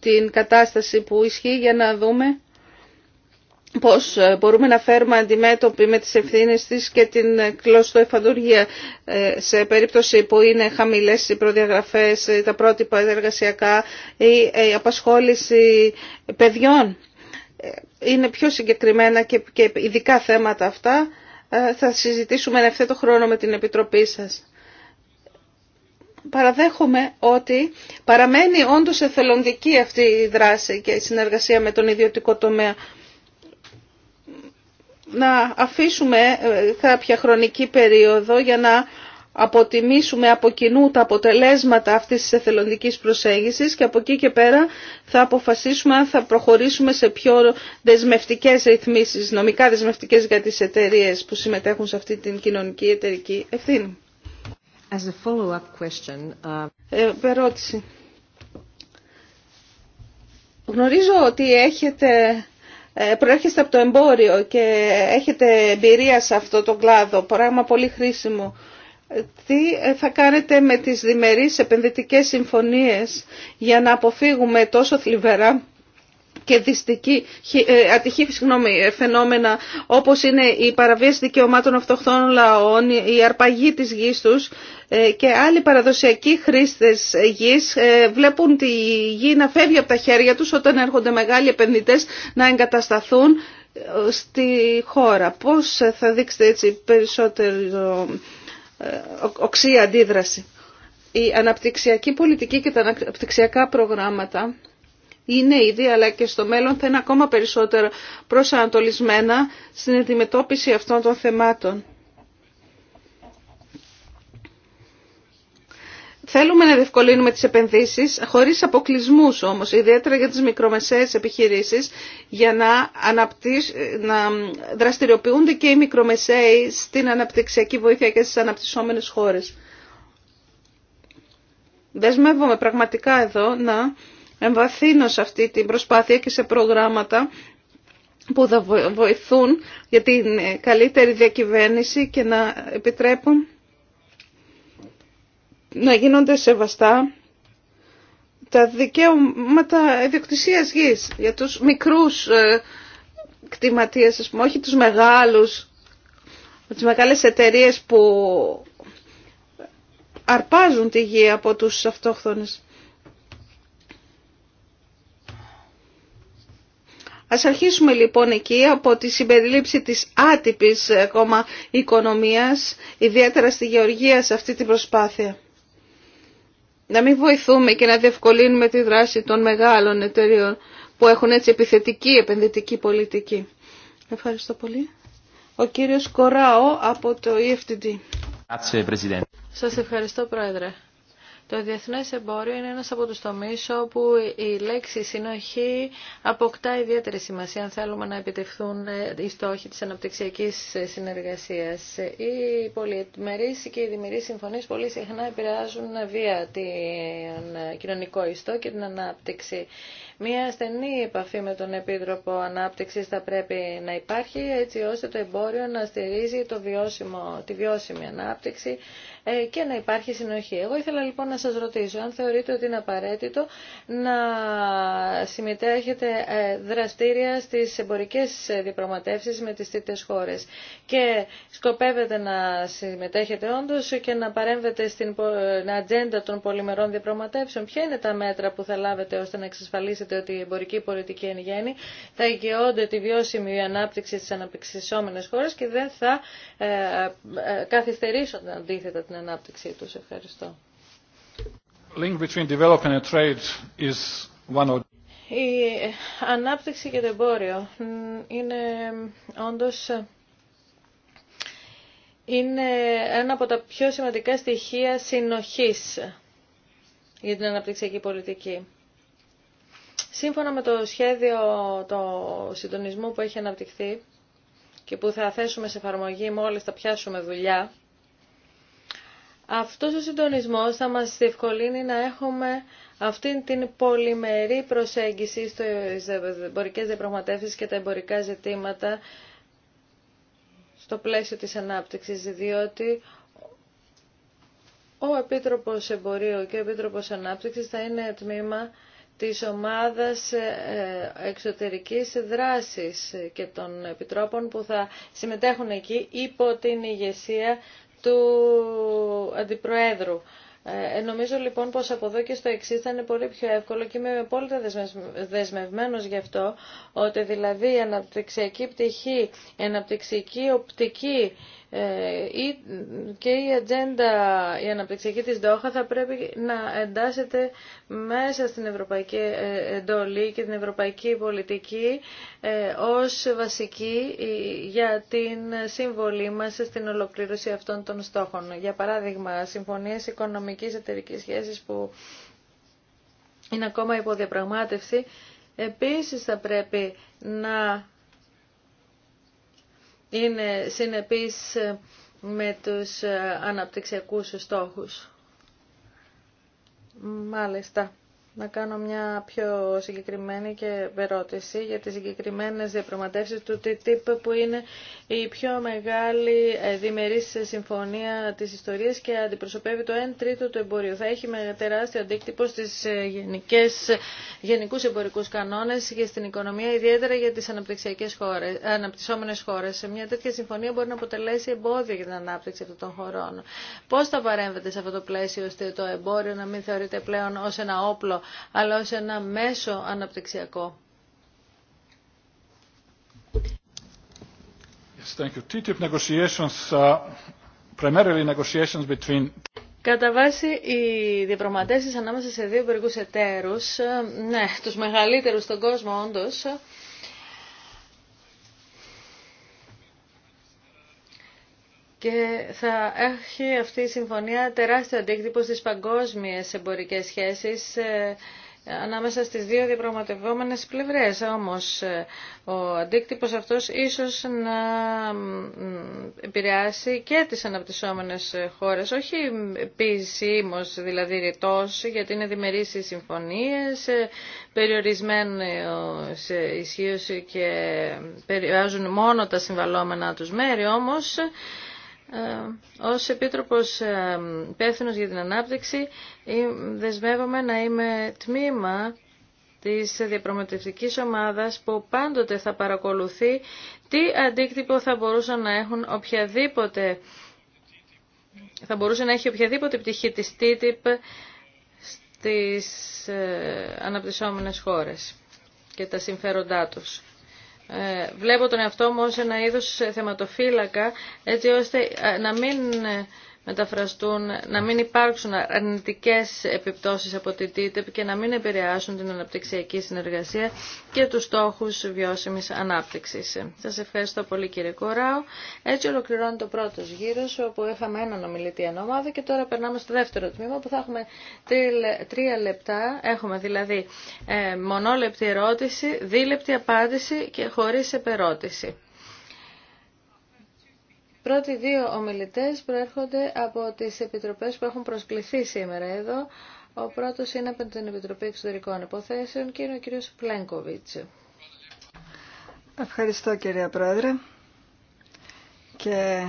S1: την κατάσταση που ισχύει για να δούμε πώς μπορούμε να φέρουμε αντιμέτωποι με τις ευθύνες της και την κλωστοεφαντουργία ε, σε περίπτωση που είναι χαμηλές οι προδιαγραφές, ε, τα πρότυπα εργασιακά ή ε, η απασχόληση παιδιών. Είναι πιο συγκεκριμένα και ειδικά θέματα αυτά. Θα συζητήσουμε ευθέτω χρόνο με την Επιτροπή σας παραδέχομαι ότι παραμένει όντως εθελοντική αυτή η δράση και η συνεργασία με τον ιδιωτικό τομέα. Να αφήσουμε ε, κάποια χρονική περίοδο για να αποτιμήσουμε από κοινού τα αποτελέσματα αυτής της εθελοντικής προσέγγισης και από εκεί και πέρα θα αποφασίσουμε αν θα προχωρήσουμε σε πιο δεσμευτικές ρυθμίσεις, νομικά δεσμευτικές για τις εταιρείες που συμμετέχουν σε αυτή την κοινωνική εταιρική ευθύνη. Uh, ε, ερώτηση. Γνωρίζω ότι έχετε, ε, προέρχεστε από το εμπόριο και έχετε εμπειρία σε αυτό το κλάδο, πράγμα πολύ χρήσιμο. Τι ε, θα κάνετε με τις διμερείς επενδυτικές συμφωνίες για να αποφύγουμε τόσο θλιβερά και δυστική, ε, ατυχή ε, φαινόμενα όπως είναι η παραβίαση δικαιωμάτων αυτοχθών λαών, η αρπαγή της γης τους ε, και άλλοι παραδοσιακοί χρήστες γης βλέπουν τη γη να φεύγει από τα χέρια τους όταν έρχονται μεγάλοι επενδυτές να εγκατασταθούν στη χώρα. Πώς θα δείξετε έτσι περισσότερο οξύ αντίδραση. Η αναπτυξιακή πολιτική και τα αναπτυξιακά προγράμματα είναι ήδη αλλά και στο μέλλον θα είναι ακόμα περισσότερο προσανατολισμένα στην αντιμετώπιση αυτών των θεμάτων. Θέλουμε να διευκολύνουμε τις επενδύσεις χωρίς αποκλεισμούς όμως, ιδιαίτερα για τις μικρομεσαίες επιχειρήσεις, για να, να δραστηριοποιούνται και οι μικρομεσαίοι στην αναπτυξιακή βοήθεια και στις αναπτυσσόμενες χώρες. Δεσμεύομαι πραγματικά εδώ να εμβαθύνω σε αυτή την προσπάθεια και σε προγράμματα που θα βοηθούν για την καλύτερη διακυβέρνηση και να επιτρέπουν να γίνονται σεβαστά τα δικαίωματα ιδιοκτησίας γης για τους μικρούς ε, κτηματίες, πούμε, όχι τους μεγάλους, τις μεγάλες εταιρείες που αρπάζουν τη γη από τους αυτόχθονες. Ας αρχίσουμε λοιπόν εκεί από τη συμπεριλήψη της άτυπης ακόμα ε, οικονομίας, ιδιαίτερα στη γεωργία σε αυτή την προσπάθεια. Να μην βοηθούμε και να διευκολύνουμε τη δράση των μεγάλων εταιρείων που έχουν έτσι επιθετική επενδυτική πολιτική. Ευχαριστώ πολύ. Ο κύριος Κοράο από το EFTD. Σας ευχαριστώ
S3: Πρόεδρε. Το διεθνές εμπόριο είναι ένας από τους τομείς όπου η λέξη συνοχή αποκτά ιδιαίτερη σημασία αν θέλουμε να επιτευχθούν οι στόχοι της αναπτυξιακής συνεργασίας. Οι πολυμερείς και οι διμερείς συμφωνίες πολύ συχνά επηρεάζουν βία την κοινωνικό ιστό και την ανάπτυξη. Μία στενή επαφή με τον Επίτροπο Ανάπτυξης θα πρέπει να υπάρχει έτσι ώστε το εμπόριο να στηρίζει το βιώσιμο, τη βιώσιμη ανάπτυξη ε, και να υπάρχει συνοχή. Εγώ ήθελα λοιπόν να σας ρωτήσω αν θεωρείτε ότι είναι απαραίτητο να συμμετέχετε ε, δραστήρια στις εμπορικές διπλωματεύσεις με τις τρίτες χώρες και σκοπεύετε να συμμετέχετε όντως και να παρέμβετε στην ε, ατζέντα των πολυμερών διαπραγματεύσεων. Ποια είναι τα μέτρα που θα λάβετε ώστε να εξασφαλίσετε ότι η εμπορική πολιτική εν γέννη θα εγγυώνται τη βιώσιμη ανάπτυξη στις αναπτυξισόμενες χώρες και δεν θα ε, ε, ε, καθυστερήσουν αντίθετα την ανάπτυξή τους. Ευχαριστώ.
S4: Link between development and trade is one of...
S3: Η ανάπτυξη και το εμπόριο είναι όντως είναι ένα από τα πιο σημαντικά στοιχεία συνοχής για την αναπτυξιακή πολιτική. Σύμφωνα με το σχέδιο το συντονισμού που έχει αναπτυχθεί και που θα θέσουμε σε εφαρμογή μόλις θα πιάσουμε δουλειά, αυτός ο συντονισμός θα μας διευκολύνει να έχουμε αυτή την πολυμερή προσέγγιση στις εμπορικές διαπραγματεύσει και τα εμπορικά ζητήματα στο πλαίσιο της ανάπτυξης, διότι ο Επίτροπος Εμπορίου και ο Επίτροπος Ανάπτυξης θα είναι τμήμα της ομάδας ε, ε, εξωτερικής δράσης και των επιτρόπων που θα συμμετέχουν εκεί υπό την ηγεσία του Αντιπροέδρου. Ε, ε νομίζω λοιπόν πως από εδώ και στο εξή θα είναι πολύ πιο εύκολο και είμαι απόλυτα δεσμευμένος γι' αυτό, ότι δηλαδή η αναπτυξιακή πτυχή, η αναπτυξιακή οπτική ε, και η ατζέντα η αναπτυξιακή της Δόχα θα πρέπει να εντάσσεται μέσα στην ευρωπαϊκή ε, εντολή και την ευρωπαϊκή πολιτική ε, ως βασική για την συμβολή μας στην ολοκλήρωση αυτών των στόχων. Για παράδειγμα, συμφωνίες οικονομικής εταιρικής σχέσης που είναι ακόμα υποδιαπραγμάτευση, επίσης θα πρέπει να είναι συνεπής ε, με τους ε, αναπτυξιακούς στόχους. Μάλιστα να κάνω μια πιο συγκεκριμένη και ερώτηση για τις συγκεκριμένες διαπραγματεύσει του TTIP που είναι η πιο μεγάλη ε, διμερής συμφωνία της ιστορίας και αντιπροσωπεύει το 1 τρίτο του εμπορίου. Θα έχει με τεράστιο αντίκτυπο στις ε, γενικές, ε, γενικούς εμπορικούς κανόνες και στην οικονομία, ιδιαίτερα για τις αναπτυξιακές χώρες, αναπτυσσόμενες χώρες. Μια τέτοια συμφωνία μπορεί να αποτελέσει εμπόδιο για την ανάπτυξη αυτών των χωρών. Πώς θα παρέμβετε σε αυτό το πλαίσιο ώστε το εμπόριο να μην θεωρείται πλέον ως ένα όπλο αλλά ως ένα μέσο αναπτυξιακό. Yes, Κατά βάση οι διαπραγματεύσει ανάμεσα σε δύο υπεργούς εταίρους, ε, ναι, τους μεγαλύτερους στον κόσμο όντως, και θα έχει αυτή η συμφωνία τεράστιο αντίκτυπο στις παγκόσμιες εμπορικές σχέσεις ε, ανάμεσα στις δύο διαπραγματευόμενες πλευρές. Όμως ε, ο αντίκτυπος αυτός ίσως να επηρεάσει και τις αναπτυσσόμενες χώρες, όχι ποιησίμως δηλαδή ρητός, γιατί είναι διμερείς οι συμφωνίες, ε, σε ισχύωση και περιορίζουν μόνο τα συμβαλόμενα τους μέρη, όμως ε, ως Επίτροπος ε, υπεύθυνο για την Ανάπτυξη ε, δεσμεύομαι να είμαι τμήμα της διαπραγματευτικής ομάδας που πάντοτε θα παρακολουθεί τι αντίκτυπο θα μπορούσαν να έχουν οποιαδήποτε θα μπορούσε να έχει οποιαδήποτε πτυχή της TTIP στις αναπτυσσόμενες χώρες και τα συμφέροντά τους. Ε, βλέπω τον εαυτό μου ως ένα είδος θεματοφύλακα έτσι ώστε ε, να μην ε, μεταφραστούν, να μην υπάρξουν αρνητικές επιπτώσεις από την TTIP και να μην επηρεάσουν την αναπτυξιακή συνεργασία και τους στόχους βιώσιμης ανάπτυξης. Σας ευχαριστώ πολύ κύριε Κοράου. Έτσι ολοκληρώνει το πρώτος γύρος όπου είχαμε έναν ομιλητή εν ομάδα και τώρα περνάμε στο δεύτερο τμήμα που θα έχουμε τρία λεπτά. Έχουμε δηλαδή ε, μονόλεπτη ερώτηση, δίλεπτη απάντηση και χωρίς επερώτηση πρώτοι δύο ομιλητές προέρχονται από τις επιτροπές που έχουν προσκληθεί σήμερα εδώ. Ο πρώτος είναι από την Επιτροπή Εξωτερικών Υποθέσεων και είναι ο κύριος Πλένκοβιτς.
S2: Ευχαριστώ κυρία Πρόεδρε και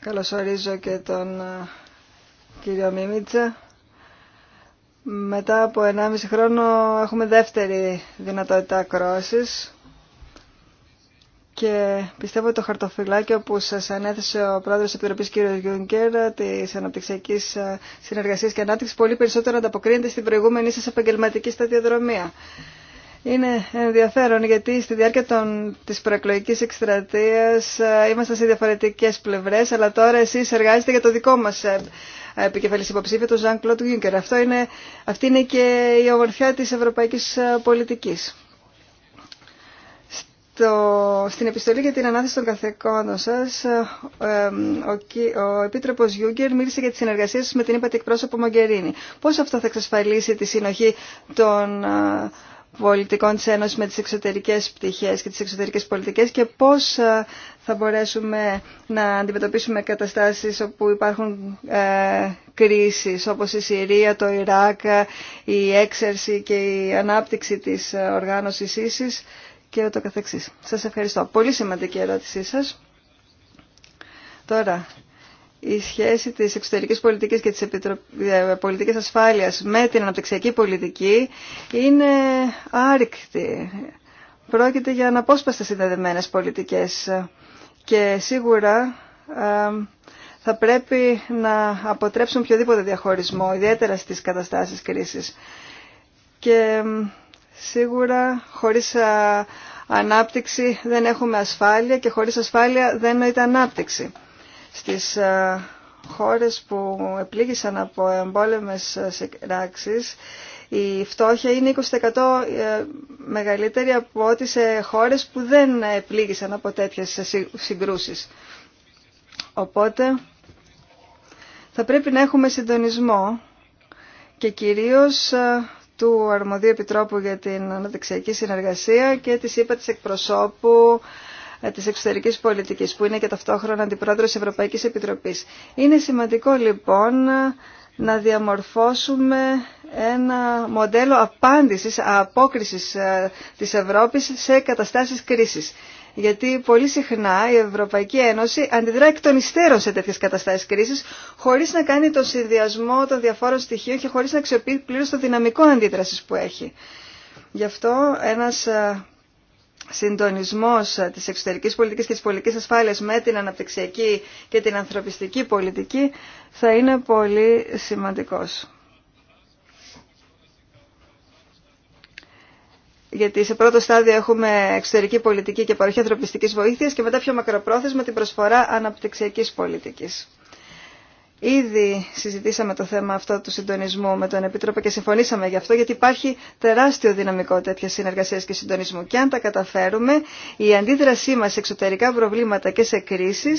S2: καλωσορίζω και τον ε, κύριο Μίμιτσα. Μετά από 1,5 χρόνο έχουμε δεύτερη δυνατότητα ακρόασης και πιστεύω ότι το χαρτοφυλάκιο που σας ανέθεσε ο πρόεδρος της Επιτροπής κ. Γιούνκερ της Αναπτυξιακής ε, Συνεργασίας και Ανάπτυξης πολύ περισσότερο ανταποκρίνεται στην προηγούμενη σας επαγγελματική σταδιοδρομία. Είναι ενδιαφέρον γιατί στη διάρκεια των, της προεκλογικής εκστρατείας ήμασταν ε, σε διαφορετικές πλευρές, αλλά τώρα εσείς εργάζεστε για το δικό μας ε, επικεφαλής υποψήφιο, τον Ζαν Κλοντ Γιούγκερ. αυτή είναι και η ομορφιά της ευρωπαϊκής πολιτικής στο, στην επιστολή για την ανάθεση των καθεκόντων σας, ε, ε, ο, ο Επίτροπος Γιούγκερ μίλησε για τις συνεργασίες με την ύπατη εκπρόσωπο Μογκερίνη. Πώς αυτό θα εξασφαλίσει τη συνοχή των ε, πολιτικών τη Ένωση με τις εξωτερικές πτυχέ και τις εξωτερικές πολιτικές και πώς θα μπορέσουμε να αντιμετωπίσουμε καταστάσει όπου υπάρχουν ε, κρίσεις όπως η Συρία, το Ιράκ, η έξαρση και η ανάπτυξη της οργάνωσης ίσης και ούτω καθεξής. Σας ευχαριστώ. Πολύ σημαντική ερώτησή σας. Τώρα, η σχέση της εξωτερικής πολιτικής και της ε, πολιτικής ασφάλειας με την αναπτυξιακή πολιτική είναι άρρηκτη. Πρόκειται για αναπόσπαστα συνδεδεμένες πολιτικές και σίγουρα θα πρέπει να αποτρέψουν οποιοδήποτε διαχωρισμό, ιδιαίτερα στις καταστάσεις κρίσης. Και Σίγουρα χωρίς ανάπτυξη δεν έχουμε ασφάλεια και χωρίς ασφάλεια δεν νοείται ανάπτυξη. Στις χώρες που επλήγησαν από εμπόλεμες σειράξεις η φτώχεια είναι 20% ε, μεγαλύτερη από ό,τι σε χώρες που δεν επλήγησαν από τέτοιες ε, συγκρούσεις. Οπότε θα πρέπει να έχουμε συντονισμό και κυρίως του Αρμοδίου Επιτρόπου για την Αναδεξιακή Συνεργασία και της ΥΠΑ της εκπροσώπου ε, της εξωτερικής πολιτικής, που είναι και ταυτόχρονα αντιπρόεδρος της Ευρωπαϊκής Επιτροπής. Είναι σημαντικό λοιπόν να διαμορφώσουμε ένα μοντέλο απάντησης, απόκρισης ε, της Ευρώπης σε καταστάσεις κρίσης γιατί πολύ συχνά η Ευρωπαϊκή Ένωση αντιδρά εκ των υστέρων σε τέτοιε καταστάσεις κρίση χωρίς να κάνει τον συνδυασμό των διαφόρων στοιχείων και χωρίς να αξιοποιεί πλήρως το δυναμικό αντίδρασης που έχει. Γι' αυτό ένας ε, συντονισμό ε, της εξωτερικής πολιτικής και της πολιτικής ασφάλειας με την αναπτυξιακή και την ανθρωπιστική πολιτική θα είναι πολύ σημαντικό. γιατί σε πρώτο στάδιο έχουμε εξωτερική πολιτική και παροχή ανθρωπιστικής βοήθειας και μετά πιο μακροπρόθεσμα την προσφορά αναπτυξιακής πολιτικής. Ήδη συζητήσαμε το θέμα αυτό του συντονισμού με τον Επίτροπο και συμφωνήσαμε γι' αυτό γιατί υπάρχει τεράστιο δυναμικό τέτοια συνεργασία και συντονισμού. Και αν τα καταφέρουμε, η αντίδρασή μα σε εξωτερικά προβλήματα και σε κρίσει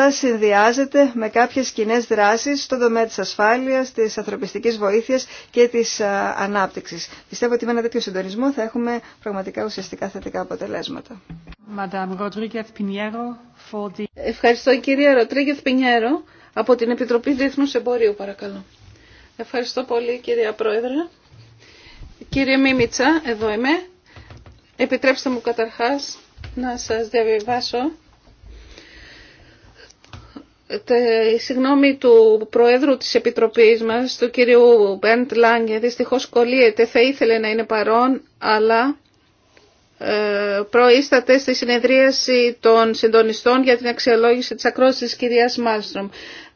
S2: θα συνδυάζεται με κάποιες κοινέ δράσεις στον τομέα της ασφάλειας, της ανθρωπιστικής βοήθειας και της ανάπτυξης. Πιστεύω ότι με ένα τέτοιο συντονισμό θα έχουμε πραγματικά ουσιαστικά θετικά αποτελέσματα.
S1: Ευχαριστώ κυρία Ροτρίγκεθ Πινιέρο από την Επιτροπή Διεθνούς Εμπορίου παρακαλώ. Ευχαριστώ πολύ κυρία Πρόεδρε. Κύριε Μίμητσα, εδώ είμαι. Επιτρέψτε μου καταρχάς να σας διαβιβάσω συγγνώμη του Προέδρου της Επιτροπής μας, του κυρίου Μπέντ Λάγκε, δυστυχώς κολλείεται, θα ήθελε να είναι παρόν, αλλά ε, προείσταται στη συνεδρίαση των συντονιστών για την αξιολόγηση της ακρόσης της κυρίας Μάστρομ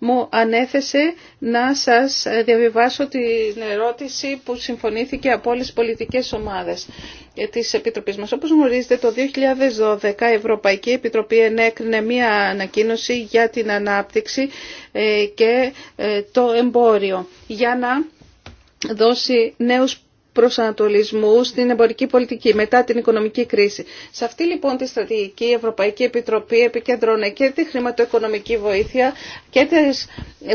S1: μου ανέθεσε να σας διαβιβάσω την ερώτηση που συμφωνήθηκε από όλες τις πολιτικές ομάδες της Επιτροπής μας. Όπως γνωρίζετε, το 2012 η Ευρωπαϊκή Επιτροπή ενέκρινε μία ανακοίνωση για την ανάπτυξη ε, και ε, το εμπόριο για να δώσει νέους προσανατολισμού στην εμπορική πολιτική μετά την οικονομική κρίση. Σε αυτή λοιπόν τη στρατηγική η Ευρωπαϊκή Επιτροπή επικεντρώνε και τη χρηματοοικονομική βοήθεια και τις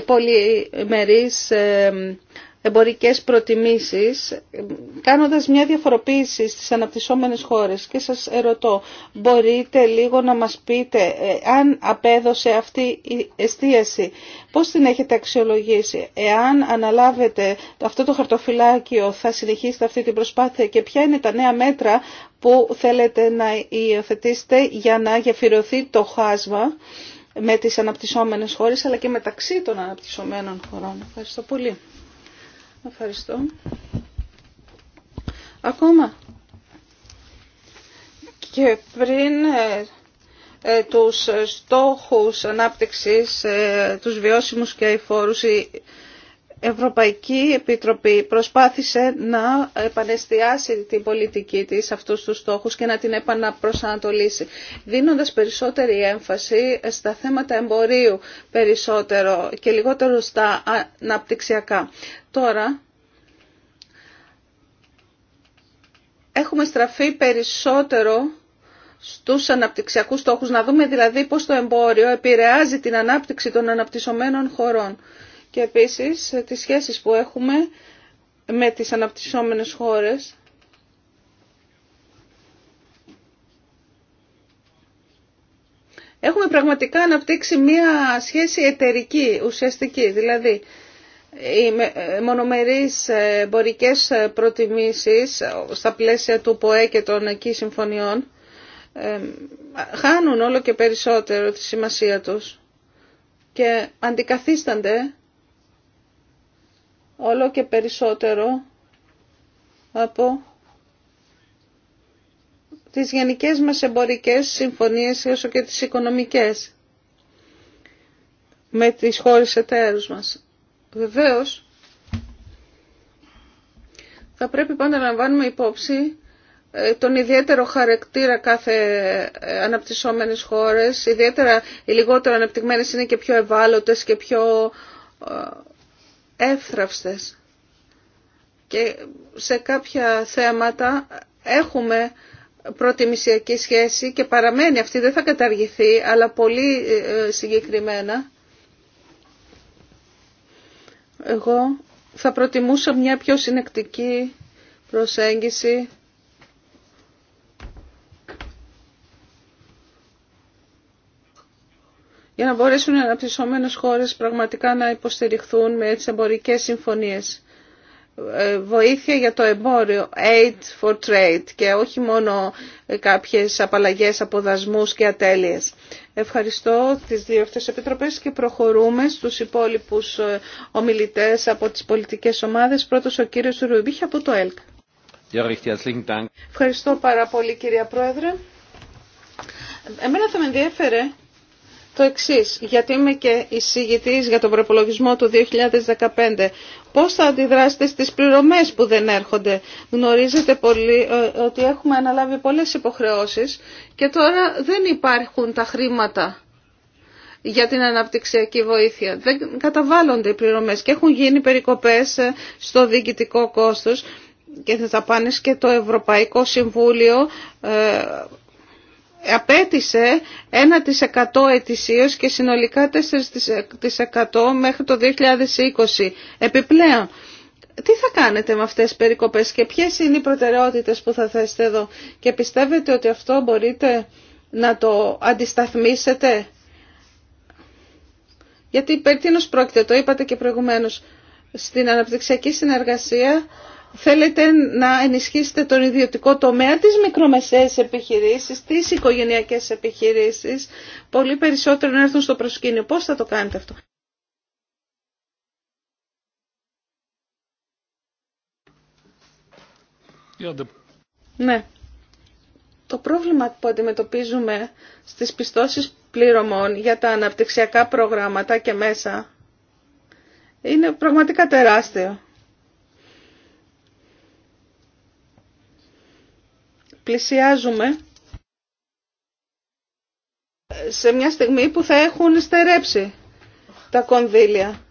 S1: πολυμερείς ε, εμπορικές προτιμήσεις, κάνοντας μια διαφοροποίηση στις αναπτυσσόμενες χώρες. Και σας ερωτώ, μπορείτε λίγο να μας πείτε ε, αν απέδωσε αυτή η εστίαση, πώς την έχετε αξιολογήσει, εάν αναλάβετε αυτό το χαρτοφυλάκιο, θα συνεχίσετε αυτή την προσπάθεια και ποια είναι τα νέα μέτρα που θέλετε να υιοθετήσετε για να γεφυρωθεί το χάσμα με τις αναπτυσσόμενες χώρες αλλά και μεταξύ των αναπτυσσομένων χωρών. Ευχαριστώ πολύ. Ευχαριστώ. Ακόμα και πριν ε, ε, τους στόχους ανάπτυξης, ε, τους βιώσιμους και αιφόρους Ευρωπαϊκή Επιτροπή προσπάθησε να επανεστιάσει την πολιτική της αυτούς τους στόχους και να την επαναπροσανατολίσει, δίνοντας περισσότερη έμφαση στα θέματα εμπορίου περισσότερο και λιγότερο στα αναπτυξιακά. Τώρα έχουμε στραφεί περισσότερο στους αναπτυξιακούς στόχους, να δούμε δηλαδή πώς το εμπόριο επηρεάζει την ανάπτυξη των αναπτυσσομένων χωρών και επίσης τις σχέσεις που έχουμε με τις αναπτυσσόμενες χώρες. Έχουμε πραγματικά αναπτύξει μία σχέση εταιρική, ουσιαστική, δηλαδή οι ε, μονομερείς ε, εμπορικές ε, προτιμήσεις στα πλαίσια του ΠΟΕ και των εκεί συμφωνιών χάνουν όλο και περισσότερο τη σημασία τους και αντικαθίστανται όλο και περισσότερο από τις γενικές μας εμπορικές συμφωνίες όσο και τις οικονομικές με τις χώρες εταίρους μας. Βεβαίως, θα πρέπει πάντα να λαμβάνουμε υπόψη ε, τον ιδιαίτερο χαρακτήρα κάθε ε, αναπτυσσόμενης χώρες, ιδιαίτερα οι λιγότερο αναπτυγμένες είναι και πιο ευάλωτες και πιο ε, εύθραυστες και σε κάποια θέματα έχουμε προτιμησιακή σχέση και παραμένει αυτή, δεν θα καταργηθεί, αλλά πολύ ε, συγκεκριμένα. Εγώ θα προτιμούσα μια πιο συνεκτική προσέγγιση για να μπορέσουν οι αναπτυσσόμενες χώρες πραγματικά να υποστηριχθούν με τις εμπορικές συμφωνίες. Ε, βοήθεια για το εμπόριο, aid for trade και όχι μόνο κάποιες απαλλαγές από δασμούς και ατέλειες. Ευχαριστώ τις δύο αυτές επιτροπές και προχωρούμε στους υπόλοιπους ε, ομιλητές από τις πολιτικές ομάδες. Πρώτος ο κύριος Ρουμπίχ από το ΕΛΚ. Ευχαριστώ πάρα πολύ κυρία Πρόεδρε. Εμένα θα με ενδιαφέρε το εξή, γιατί είμαι και εισηγητή για τον προπολογισμό του 2015. Πώ θα αντιδράσετε στι πληρωμές που δεν έρχονται. Γνωρίζετε πολύ ε, ότι έχουμε αναλάβει πολλέ υποχρεώσει και τώρα δεν υπάρχουν τα χρήματα για την αναπτυξιακή βοήθεια. Δεν καταβάλλονται οι πληρωμές και έχουν γίνει περικοπές ε, στο διοικητικό κόστος και θα πάνε και το Ευρωπαϊκό Συμβούλιο ε, απέτησε 1% ετησίως και συνολικά 4% μέχρι το 2020. Επιπλέον, τι θα κάνετε με αυτές τις περικοπές και ποιες είναι οι προτεραιότητες που θα θέσετε εδώ και πιστεύετε ότι αυτό μπορείτε να το αντισταθμίσετε. Γιατί περί πρόκειται, το είπατε και προηγουμένως, στην αναπτυξιακή συνεργασία θέλετε να ενισχύσετε τον ιδιωτικό τομέα, τις μικρομεσαίες επιχειρήσεις, τις οικογενειακές επιχειρήσεις, πολύ περισσότερο να έρθουν στο προσκήνιο. Πώς θα το κάνετε αυτό. Ναι. Το πρόβλημα που αντιμετωπίζουμε στις πιστώσεις πληρωμών για τα αναπτυξιακά προγράμματα και μέσα είναι πραγματικά τεράστιο. πλησιάζουμε σε μια στιγμή που θα έχουν στερέψει τα κονδύλια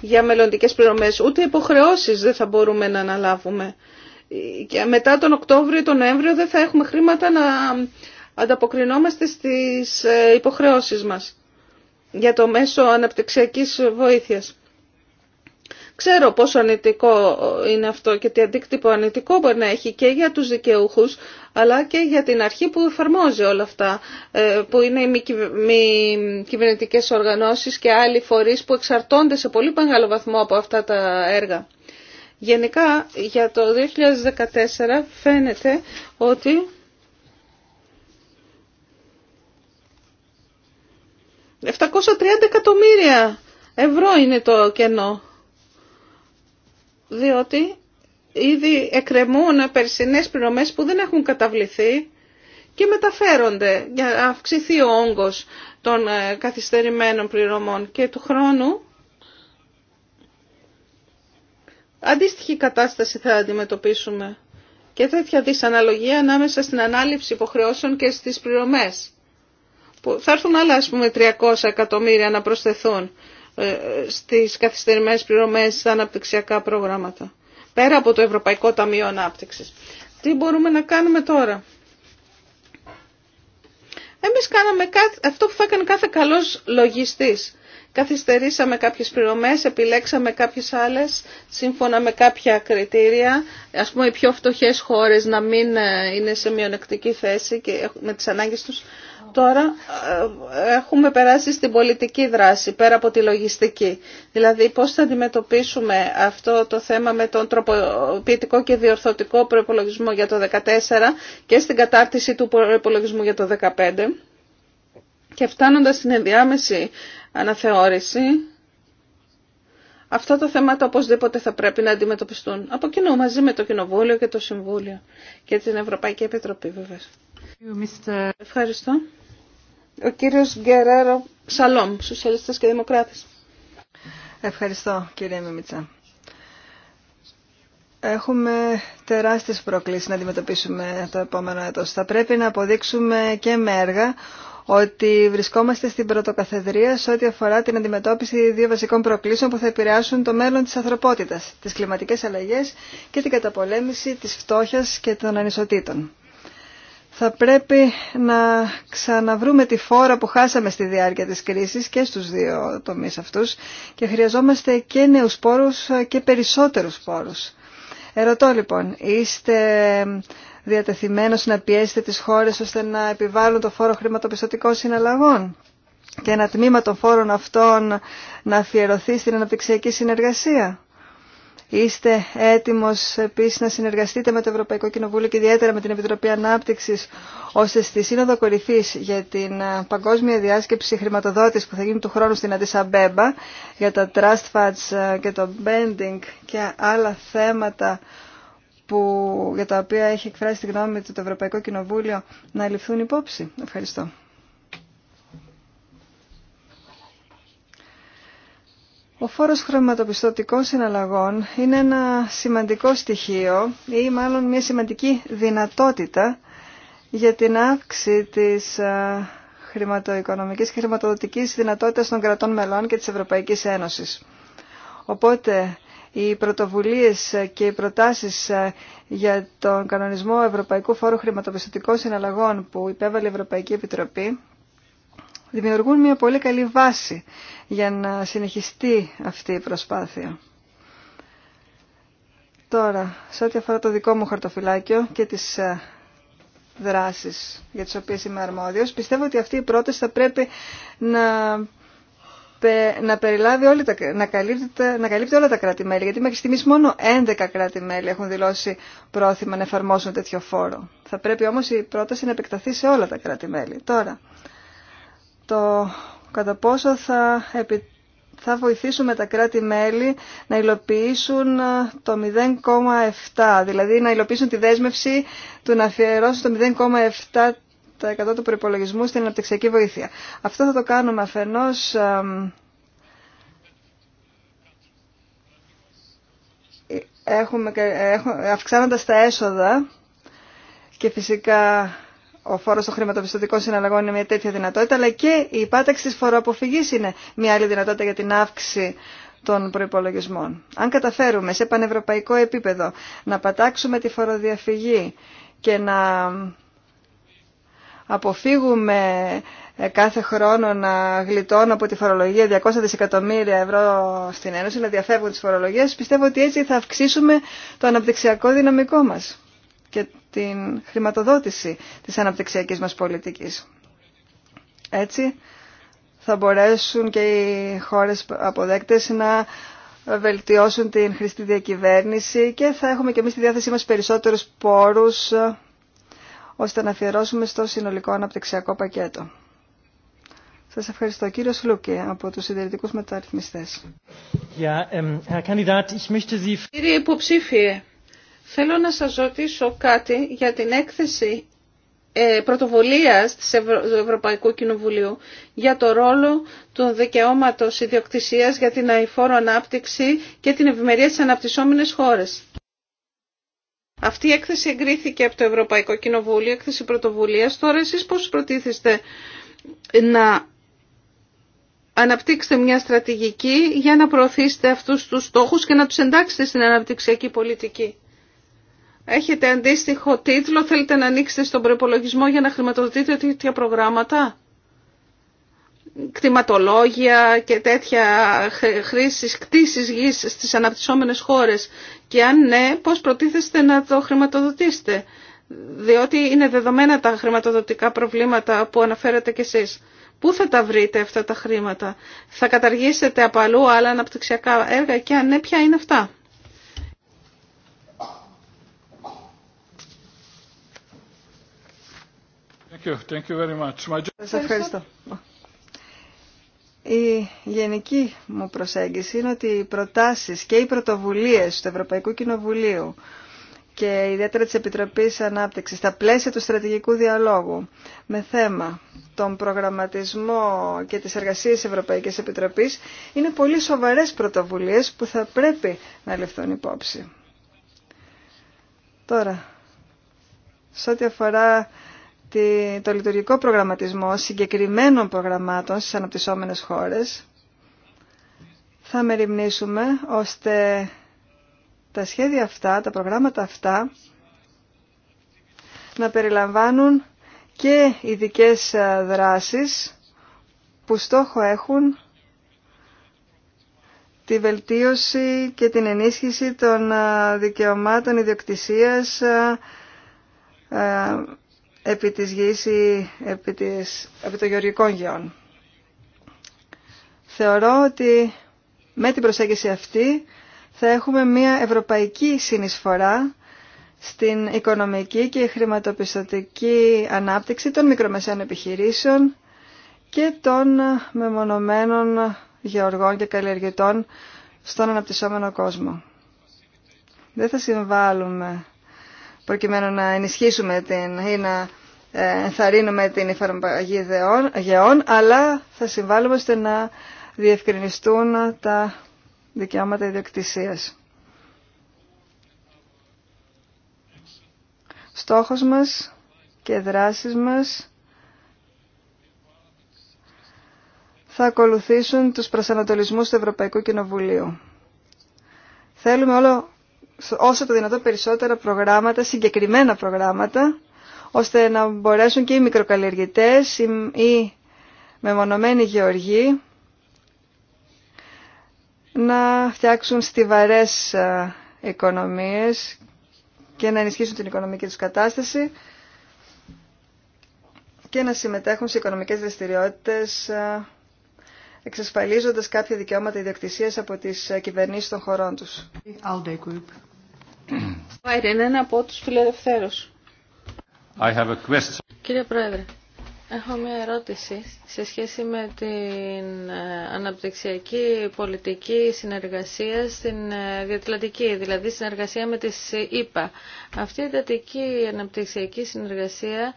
S1: για μελλοντικές πληρωμές. Ούτε υποχρεώσεις δεν θα μπορούμε να αναλάβουμε. Και μετά τον Οκτώβριο ή τον Νοέμβριο δεν θα έχουμε χρήματα να ανταποκρινόμαστε στις ε, υποχρεώσεις μας για το μέσο αναπτυξιακής βοήθειας. Ξέρω πόσο ανητικό είναι αυτό και τι αντίκτυπο ανητικό μπορεί να έχει και για τους δικαιούχους αλλά και για την αρχή που εφαρμόζει όλα αυτά, ε, που είναι οι μη κυβερνητικές οργανώσεις και άλλοι φορείς που εξαρτώνται σε πολύ μεγάλο βαθμό από αυτά τα έργα. Γενικά για το 2014 φαίνεται ότι ...730 εκατομμύρια ευρώ είναι το κενό διότι ήδη εκκρεμούν περσινές πληρωμές που δεν έχουν καταβληθεί και μεταφέρονται για να αυξηθεί ο όγκος των ε, καθυστερημένων πληρωμών και του χρόνου. Αντίστοιχη κατάσταση θα αντιμετωπίσουμε και τέτοια δυσαναλογία ανάμεσα στην ανάληψη υποχρεώσεων και στις πληρωμές. Που θα έρθουν άλλα ας πούμε 300 εκατομμύρια να προσθεθούν ε, στις καθυστερημένες πληρωμές στα αναπτυξιακά προγράμματα. Πέρα από το Ευρωπαϊκό Ταμείο Ανάπτυξης. Τι μπορούμε να κάνουμε τώρα. Εμείς κάναμε αυτό που θα έκανε κάθε καλός λογιστής. Καθυστερήσαμε κάποιες πληρωμές, επιλέξαμε κάποιες άλλες, σύμφωνα με κάποια κριτήρια. Ας πούμε οι πιο φτωχές χώρες να μην ε, είναι σε μειονεκτική θέση και με τις ανάγκες τους Τώρα ε, έχουμε περάσει στην πολιτική δράση, πέρα από τη λογιστική. Δηλαδή πώς θα αντιμετωπίσουμε αυτό το θέμα με τον τροποποιητικό και διορθωτικό προϋπολογισμό για το 2014 και στην κατάρτιση του προϋπολογισμού για το 2015. Και φτάνοντας στην ενδιάμεση αναθεώρηση, αυτά τα θέματα οπωσδήποτε θα πρέπει να αντιμετωπιστούν από κοινό μαζί με το Κοινοβούλιο και το Συμβούλιο και την Ευρωπαϊκή Επιτροπή βέβαια. Ευχαριστώ. Ο κύριος Γκεράρο Σαλόμ, Σοσιαλιστές και Δημοκράτες.
S2: Ευχαριστώ κύριε Μιμίτσα. Έχουμε τεράστιες προκλήσεις να αντιμετωπίσουμε το επόμενο έτος. Θα πρέπει να αποδείξουμε και με έργα ότι βρισκόμαστε στην πρωτοκαθεδρία σε ό,τι αφορά την αντιμετώπιση δύο βασικών προκλήσεων που θα επηρεάσουν το μέλλον της ανθρωπότητας, τις κλιματικές αλλαγές και την καταπολέμηση της φτώχειας και των ανισοτήτων θα πρέπει να ξαναβρούμε τη φόρα που χάσαμε στη διάρκεια της κρίσης και στους δύο τομείς αυτούς και χρειαζόμαστε και νέους πόρους και περισσότερους πόρους. Ερωτώ λοιπόν, είστε διατεθειμένος να πιέσετε τις χώρες ώστε να επιβάλλουν το φόρο χρηματοπιστωτικών συναλλαγών και ένα τμήμα των φόρων αυτών να αφιερωθεί στην αναπτυξιακή συνεργασία. Είστε έτοιμος επίσης να συνεργαστείτε με το Ευρωπαϊκό Κοινοβούλιο και ιδιαίτερα με την Επιτροπή Ανάπτυξης, ώστε στη Σύνοδο Κορυφής για την Παγκόσμια Διάσκεψη Χρηματοδότης που θα γίνει του χρόνου στην Αντισαμπέμπα για τα Trust Funds και το Bending και άλλα θέματα που, για τα οποία έχει εκφράσει τη γνώμη του το Ευρωπαϊκό Κοινοβούλιο να ληφθούν υπόψη. Ευχαριστώ. Ο φόρος χρηματοπιστωτικών συναλλαγών είναι ένα σημαντικό στοιχείο ή μάλλον μια σημαντική δυνατότητα για την αύξηση της ε, χρηματοοικονομικής και χρηματοδοτικής δυνατότητας των κρατών μελών και της Ευρωπαϊκής Ένωσης. Οπότε οι πρωτοβουλίες και οι προτάσεις ε, για τον κανονισμό Ευρωπαϊκού Φόρου Χρηματοπιστωτικών Συναλλαγών που υπέβαλε η Ευρωπαϊκή Επιτροπή δημιουργούν μια πολύ καλή βάση για να συνεχιστεί αυτή η προσπάθεια. Τώρα, σε ό,τι αφορά το δικό μου χαρτοφυλάκιο και τις ε, δράσεις για τις οποίες είμαι αρμόδιος, πιστεύω ότι αυτή η πρόταση θα πρέπει να, να περιλάβει όλη τα, να, καλύπτει, να καλύπτει όλα τα κράτη-μέλη, γιατί μέχρι στιγμής μόνο 11 κράτη-μέλη έχουν δηλώσει πρόθυμα να εφαρμόσουν τέτοιο φόρο. Θα πρέπει όμως η πρόταση να επεκταθεί σε όλα τα κράτη-μέλη. Τώρα, το κατά πόσο θα, θα βοηθήσουμε τα κράτη-μέλη να υλοποιήσουν ε, το 0,7, δηλαδή να υλοποιήσουν τη δέσμευση του να αφιερώσουν το 0,7% του προπολογισμού στην αναπτυξιακή βοήθεια. Αυτό θα το κάνουμε αφενός ε, ε, έχουμε, αυξάνοντας τα έσοδα και φυσικά ο φόρος των χρηματοπιστωτικών συναλλαγών είναι μια τέτοια δυνατότητα, αλλά και η υπάταξη της φοροαποφυγής είναι μια άλλη δυνατότητα για την αύξηση των προϋπολογισμών. Αν καταφέρουμε σε πανευρωπαϊκό επίπεδο να πατάξουμε τη φοροδιαφυγή και να αποφύγουμε ε, κάθε χρόνο να γλιτώνω από τη φορολογία 200 δισεκατομμύρια ευρώ στην Ένωση, να δηλαδή διαφεύγουν τις φορολογίες, πιστεύω ότι έτσι θα αυξήσουμε το αναπτυξιακό δυναμικό μας την χρηματοδότηση της αναπτυξιακής μας πολιτικής. Έτσι θα μπορέσουν και οι χώρες αποδέκτες να βελτιώσουν την χρηστή διακυβέρνηση και θα έχουμε και εμείς στη διάθεσή μας περισσότερους πόρους ώστε να αφιερώσουμε στο συνολικό αναπτυξιακό πακέτο. Σας ευχαριστώ. Κύριος Λούκη, από τους συντηρητικούς μεταρρυθμιστές.
S5: Ähm,
S1: Κύριε υποψήφιε, Θέλω να σας ρωτήσω κάτι για την έκθεση ε, πρωτοβουλίας της του Ευρωπαϊκού Κοινοβουλίου για το ρόλο του δικαιώματος ιδιοκτησίας για την αηφόρο ανάπτυξη και την ευημερία στις αναπτυσσόμενες χώρες. Αυτή η έκθεση εγκρίθηκε από το Ευρωπαϊκό Κοινοβούλιο, έκθεση πρωτοβουλίας. Τώρα εσείς πώς προτίθεστε να αναπτύξετε μια στρατηγική για να προωθήσετε αυτούς τους στόχους και να τους εντάξετε στην αναπτυξιακή πολιτική. Έχετε αντίστοιχο τίτλο, θέλετε να ανοίξετε στον προπολογισμό για να χρηματοδοτείτε τέτοια προγράμματα. Κτηματολόγια και τέτοια χρήση κτήσεις γης στις αναπτυσσόμενες χώρες. Και αν ναι, πώς προτίθεστε να το χρηματοδοτήσετε. Διότι είναι δεδομένα τα χρηματοδοτικά προβλήματα που αναφέρατε κι εσείς. Πού θα τα βρείτε αυτά τα χρήματα. Θα καταργήσετε απαλού άλλα αναπτυξιακά έργα και αν ναι, ποια είναι αυτά.
S4: ευχαριστώ.
S2: Η γενική μου προσέγγιση είναι ότι οι προτάσεις και οι πρωτοβουλίες του Ευρωπαϊκού Κοινοβουλίου και ιδιαίτερα της Επιτροπής Ανάπτυξης στα πλαίσια του στρατηγικού διαλόγου με θέμα τον προγραμματισμό και τις εργασίες Ευρωπαϊκής Επιτροπής είναι πολύ σοβαρές πρωτοβουλίες που θα πρέπει να ληφθούν υπόψη. Τώρα, σε ό,τι αφορά το λειτουργικό προγραμματισμό συγκεκριμένων προγραμμάτων στις αναπτυσσόμενες χώρες θα μεριμνήσουμε ώστε τα σχέδια αυτά, τα προγράμματα αυτά να περιλαμβάνουν και ειδικέ ε, δράσεις που στόχο έχουν τη βελτίωση και την ενίσχυση των ε, δικαιωμάτων ιδιοκτησίας ε, επί της γης ή επί, επί των γεωργικών γεών. Θεωρώ ότι με την προσέγγιση αυτή θα έχουμε μια ευρωπαϊκή συνεισφορά στην οικονομική και χρηματοπιστωτική ανάπτυξη των μικρομεσαίων επιχειρήσεων και των μεμονωμένων γεωργών και καλλιεργητών στον αναπτυσσόμενο κόσμο. Δεν θα συμβάλλουμε προκειμένου να ενισχύσουμε την, ή να ε, ενθαρρύνουμε την εφαρμογή γεών, αλλά θα συμβάλλουμε ώστε να διευκρινιστούν τα δικαιώματα ιδιοκτησίας. Στόχος μας και δράσεις μας θα ακολουθήσουν τους προσανατολισμούς του Ευρωπαϊκού Κοινοβουλίου. Θέλουμε όλο όσο το δυνατόν περισσότερα προγράμματα, συγκεκριμένα προγράμματα, ώστε να μπορέσουν και οι μικροκαλλιεργητές ή μεμονωμένοι γεωργοί να φτιάξουν στιβαρές ε, οικονομίες και να ενισχύσουν την οικονομική τους κατάσταση και να συμμετέχουν σε οικονομικές δραστηριότητες ε, εξασφαλίζοντας κάποια δικαιώματα ιδιοκτησίας από τις ε, κυβερνήσεις των χωρών τους ένα
S1: από
S3: Κύριε Πρόεδρε, έχω μια ερώτηση σε σχέση με την ε, αναπτυξιακή πολιτική συνεργασία στην ε, Διατλαντική, δηλαδή συνεργασία με τις ε, ΗΠΑ. Αυτή η εντατική αναπτυξιακή συνεργασία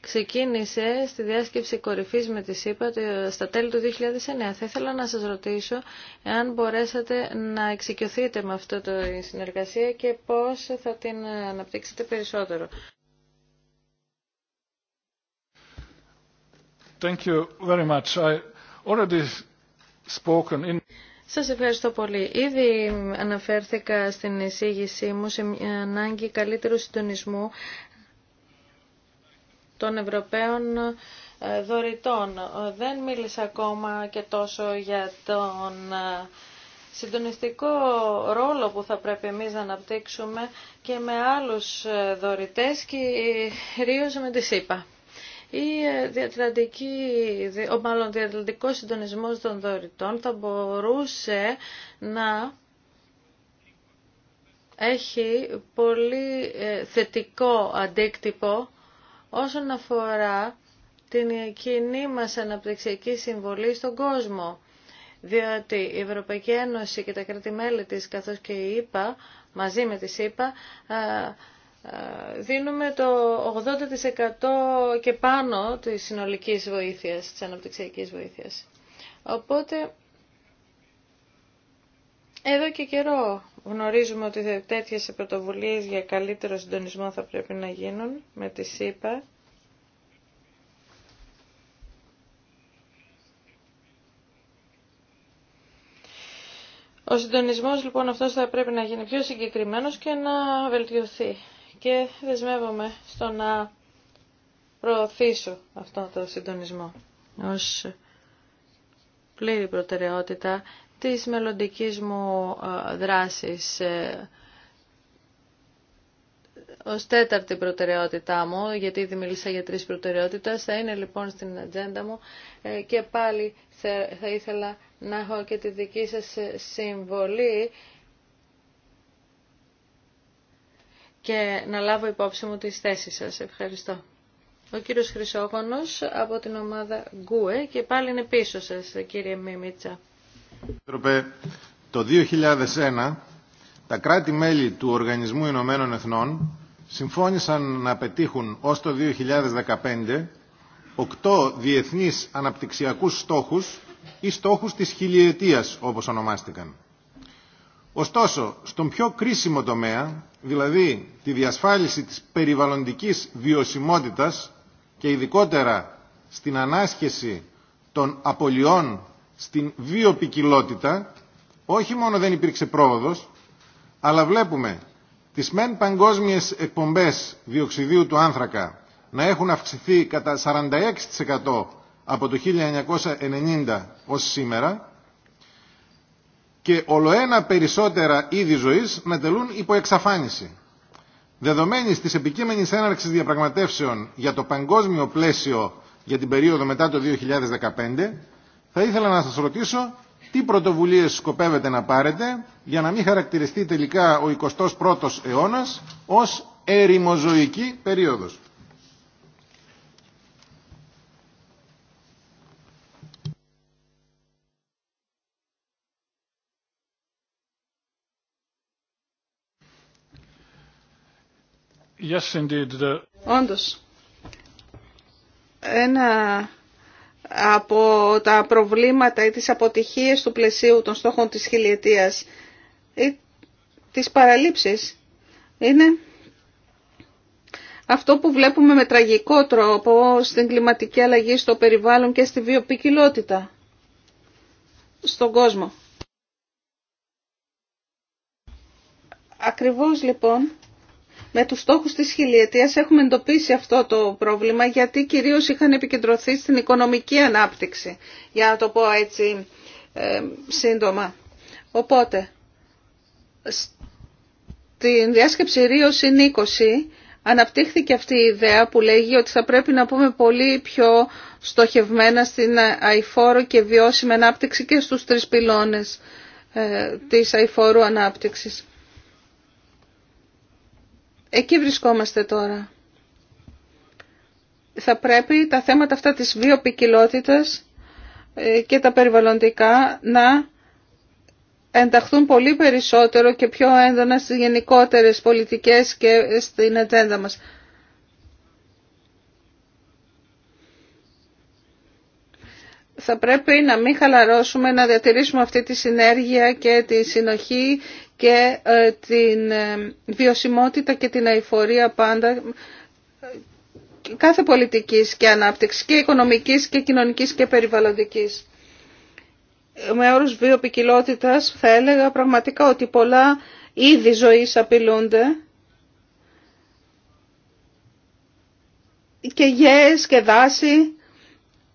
S3: ξεκίνησε στη διάσκεψη κορυφής με τη ΣΥΠΑ στα τέλη του 2009. Θα ήθελα να σας ρωτήσω αν μπορέσατε να εξοικειωθείτε με αυτή τη συνεργασία και πώς θα την αναπτύξετε περισσότερο.
S4: Thank you very much. I already spoken in...
S3: Σας ευχαριστώ πολύ. Ήδη αναφέρθηκα στην εισήγησή μου σε μια ανάγκη καλύτερου συντονισμού των Ευρωπαίων ε, δωρητών. Δεν μίλησα ακόμα και τόσο για τον ε, συντονιστικό ρόλο που θα πρέπει εμείς να αναπτύξουμε και με άλλους ε, δωρητές και ρίως με τη ΣΥΠΑ. Η διατλαντική, ο μάλλον διατλαντικός συντονισμός των δωρητών θα μπορούσε να έχει πολύ θετικό αντίκτυπο όσον αφορά την κοινή μας αναπτυξιακή συμβολή στον κόσμο. Διότι η Ευρωπαϊκή Ένωση και τα κράτη-μέλη της, καθώς και η ΕΠΑ, μαζί με τις ΕΠΑ, δίνουμε το 80% και πάνω της συνολικής βοήθειας, της αναπτυξιακής βοήθειας. Οπότε, εδώ και καιρό Γνωρίζουμε ότι τέτοιες πρωτοβουλίες για καλύτερο συντονισμό θα πρέπει να γίνουν με τη ΣΥΠΑ. Ο συντονισμός λοιπόν αυτός θα πρέπει να γίνει πιο συγκεκριμένος και να βελτιωθεί. Και δεσμεύομαι στο να προωθήσω αυτό το συντονισμό ως πλήρη προτεραιότητα της μελλοντική μου ε, δράσης ε, ως τέταρτη προτεραιότητά μου, γιατί ήδη μιλήσα για τρεις προτεραιότητες, θα είναι λοιπόν στην ατζέντα μου ε, και πάλι θα ήθελα να έχω και τη δική σας συμβολή και να λάβω υπόψη μου τις θέσεις σας. Ευχαριστώ. Ο κύριος Χρυσόγονος από την ομάδα Γκουε και πάλι είναι πίσω σας, κύριε Μίμητσα.
S5: Το 2001 τα κράτη-μέλη του Οργανισμού Ηνωμένων Εθνών συμφώνησαν να πετύχουν ως το 2015 οκτώ διεθνείς αναπτυξιακούς στόχους ή στόχους της χιλιετίας όπως ονομάστηκαν. Ωστόσο, στον πιο κρίσιμο τομέα, δηλαδή τη διασφάλιση της περιβαλλοντικής βιωσιμότητας και ειδικότερα στην ανάσχεση των απολειών στην βιοπικιλότητα όχι μόνο δεν υπήρξε πρόοδος, αλλά βλέπουμε τις μεν παγκόσμιες εκπομπές διοξιδίου του άνθρακα να έχουν αυξηθεί κατά 46% από το 1990 ως σήμερα και ολοένα περισσότερα είδη ζωής να τελούν υπό εξαφάνιση. Δεδομένης της επικείμενης έναρξης διαπραγματεύσεων για το παγκόσμιο πλαίσιο για την περίοδο μετά το 2015, θα ήθελα να σας ρωτήσω τι πρωτοβουλίες σκοπεύετε να πάρετε για να μην χαρακτηριστεί τελικά ο 21ος αιώνας ως ερημοζωική περίοδος.
S4: Yes, indeed. Όντως,
S1: ένα από τα προβλήματα ή τις αποτυχίες του πλαισίου των στόχων της χιλιετίας ή τις παραλήψεις. Είναι αυτό που βλέπουμε με τραγικό τρόπο στην κλιματική αλλαγή, στο περιβάλλον και στη βιοπικιλότητα στον κόσμο. Ακριβώς λοιπόν με τους στόχους της χιλιετίας έχουμε εντοπίσει αυτό το πρόβλημα γιατί κυρίως είχαν επικεντρωθεί στην οικονομική ανάπτυξη, για να το πω έτσι ε, σύντομα. Οπότε, στην διάσκεψη Ρίο συν 20 αναπτύχθηκε αυτή η ιδέα που λέγει ότι θα πρέπει να πούμε πολύ πιο στοχευμένα στην αηφόρο και βιώσιμη ανάπτυξη και στους τρεις πυλώνες ε, της αηφόρου ανάπτυξης. Εκεί βρισκόμαστε τώρα. Θα πρέπει τα θέματα αυτά της βιοπικιλότητας ε, και τα περιβαλλοντικά να ενταχθούν πολύ περισσότερο και πιο έντονα στις γενικότερες πολιτικές και στην ατζέντα μας. θα πρέπει να μην χαλαρώσουμε, να διατηρήσουμε αυτή τη συνέργεια και τη συνοχή και ε, την ε, βιωσιμότητα και την αηφορία πάντα ε, κάθε πολιτικής και ανάπτυξης και οικονομικής και κοινωνικής και περιβαλλοντικής. Με όρους βιοπικιλότητας θα έλεγα πραγματικά ότι πολλά είδη ζωής απειλούνται και γέες και δάση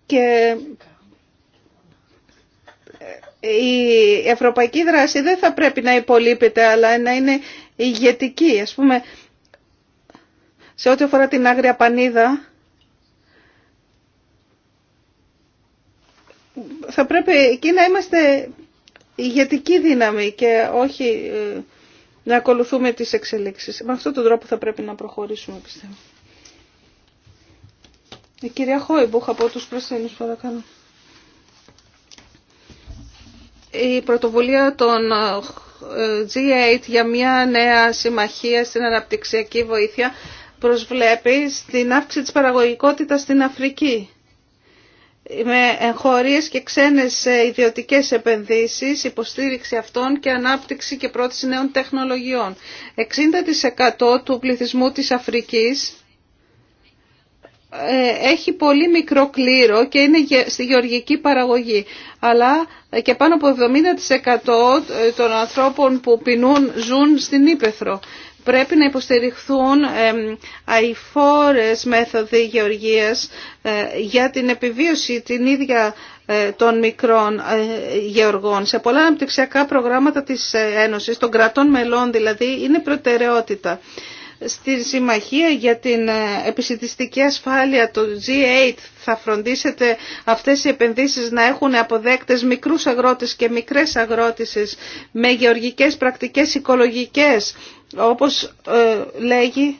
S1: και η ευρωπαϊκή δράση δεν θα πρέπει να υπολείπεται αλλά να είναι ηγετική. Ας πούμε, σε ό,τι αφορά την Άγρια Πανίδα, θα πρέπει εκεί να είμαστε ηγετική δύναμη και όχι ε, να ακολουθούμε τις εξελίξεις. Με αυτόν τον τρόπο θα πρέπει να προχωρήσουμε, πιστεύω. Η κυρία Χόιμπουχ από τους Πρεσίνους, παρακαλώ η πρωτοβουλία των ε, G8 για μια νέα συμμαχία στην αναπτυξιακή βοήθεια προσβλέπει στην αύξηση της παραγωγικότητας στην Αφρική με εγχωρίες και ξένες ε, ιδιωτικές επενδύσεις, υποστήριξη αυτών και ανάπτυξη και πρόθεση νέων τεχνολογιών. 60% του πληθυσμού της Αφρικής ε, έχει πολύ μικρό κλήρο και είναι στη γεωργική παραγωγή. Αλλά ε, και πάνω από 70% ε, των ανθρώπων που πεινούν ζουν στην Ήπεθρο. Πρέπει να υποστηριχθούν αηφόρες μέθοδοι γεωργίας για την επιβίωση την ίδια των μικρών γεωργών. Σε πολλά αναπτυξιακά προγράμματα της Ένωσης, των κρατών μελών δηλαδή, είναι προτεραιότητα στη συμμαχία για την ε, επισητιστική ασφάλεια, το G8, θα φροντίσετε αυτές οι επενδύσεις να έχουν αποδέκτες μικρούς αγρότες και μικρές αγρότησες με γεωργικές πρακτικές οικολογικές, όπως ε, λέγει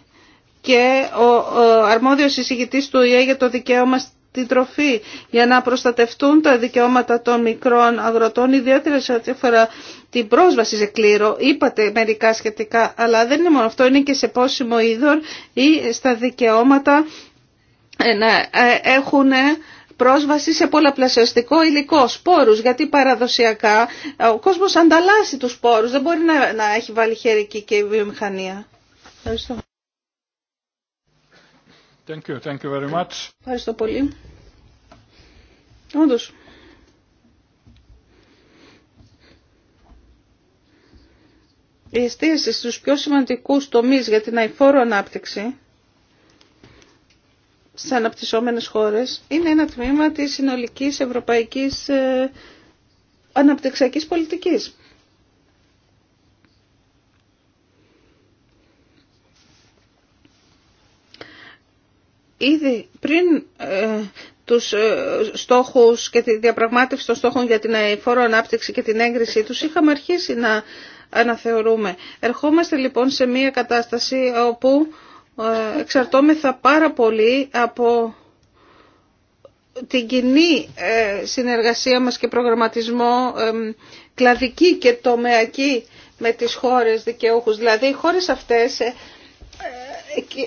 S1: και ο ε, αρμόδιος εισηγητής του ΙΕ για το δικαίωμα την τροφή για να προστατευτούν τα δικαιώματα των μικρών αγροτών, ιδιαίτερα σε ό,τι αφορά την πρόσβαση σε κλήρο. Είπατε μερικά σχετικά, αλλά δεν είναι μόνο αυτό, είναι και σε πόσιμο είδωρ ή στα δικαιώματα ε, να ε, έχουν ε, πρόσβαση σε πολλαπλασιαστικό υλικό, σπόρους, γιατί παραδοσιακά ο κόσμος ανταλλάσσει τους σπόρους, δεν μπορεί να, έχει βάλει χέρι και η βιομηχανία. Ευχαριστώ.
S4: Ευχαριστώ πολύ.
S1: Όντως. Η εστίαση στους πιο σημαντικούς τομείς για την αηφόρο ανάπτυξη στις αναπτυσσόμενες χώρες είναι ένα τμήμα της συνολικής ευρωπαϊκής ε, αναπτυξιακής πολιτικής. ήδη πριν ε, τους ε, στόχους και τη διαπραγμάτευση των στόχων για την ε, φόρο ανάπτυξη και την έγκρισή τους είχαμε αρχίσει να αναθεωρούμε. Ερχόμαστε λοιπόν σε μια κατάσταση όπου ε, εξαρτώμεθα πάρα πολύ από την κοινή ε, συνεργασία μας και προγραμματισμό κλαδική και τομεακή με τις χώρες δικαιούχους. Δηλαδή οι χώρες αυτές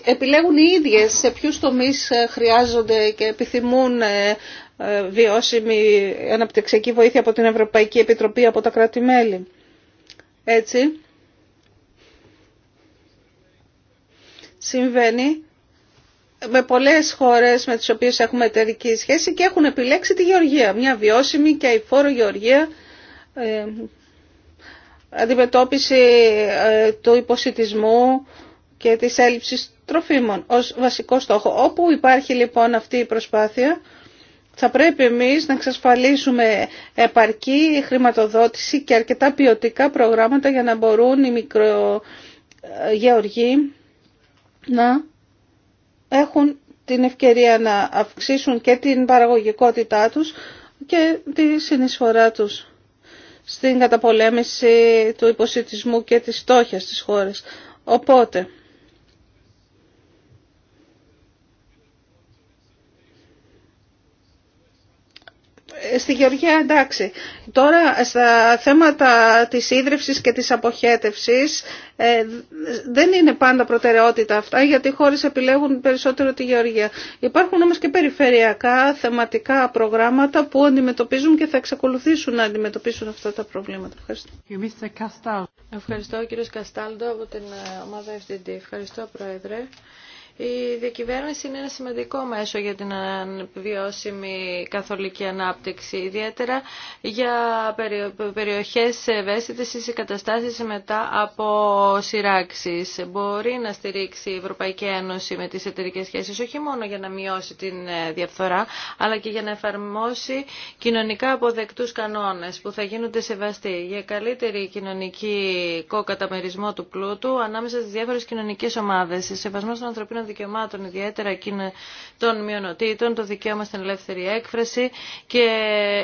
S1: επιλέγουν οι ίδιες σε ποιους τομείς ε, χρειάζονται και επιθυμούν ε, ε, βιώσιμη αναπτυξιακή βοήθεια από την Ευρωπαϊκή Επιτροπή, από τα κράτη-μέλη. Έτσι, συμβαίνει με πολλές χώρες με τις οποίες έχουμε εταιρική σχέση και έχουν επιλέξει τη γεωργία, μια βιώσιμη και αηφόρο γεωργία, αντιμετώπιση του υποσυτισμού, και της έλλειψης τροφίμων ως βασικό στόχο. Όπου υπάρχει λοιπόν αυτή η προσπάθεια, θα πρέπει εμείς να εξασφαλίσουμε επαρκή χρηματοδότηση και αρκετά ποιοτικά προγράμματα για να μπορούν οι μικρογεωργοί να έχουν την ευκαιρία να αυξήσουν και την παραγωγικότητά τους και τη συνεισφορά τους στην καταπολέμηση του υποσυτισμού και της στόχιας της χώρας. Οπότε, στη Γεωργία εντάξει. Τώρα στα θέματα της ίδρυυσης και της αποχέτευσης ε, δεν είναι πάντα προτεραιότητα αυτά γιατί οι χώρες επιλέγουν περισσότερο τη Γεωργία. Υπάρχουν όμως και περιφερειακά θεματικά προγράμματα που αντιμετωπίζουν και θα εξακολουθήσουν να αντιμετωπίσουν αυτά τα προβλήματα.
S4: Ευχαριστώ.
S3: Ευχαριστώ κύριο Καστάλντο από την ε, ομάδα FDD. Ευχαριστώ Πρόεδρε. Η διακυβέρνηση είναι ένα σημαντικό μέσο για την βιώσιμη καθολική ανάπτυξη, ιδιαίτερα για περιοχές ευαίσθητες ή καταστάσεις μετά από σειράξεις. Μπορεί να στηρίξει η Ευρωπαϊκή Ένωση με τις εταιρικές σχέσεις, όχι μόνο για να μειώσει την ε, διαφθορά, αλλά και για να εφαρμόσει κοινωνικά αποδεκτούς κανόνες που θα γίνονται σεβαστοί για καλύτερη κοινωνική κοκαταμερισμό του πλούτου ανάμεσα στις διάφορες κοινωνικές ομάδες, σεβασμό δικαιωμάτων, ιδιαίτερα εκείνων των μειονοτήτων, το δικαίωμα στην ελεύθερη έκφραση και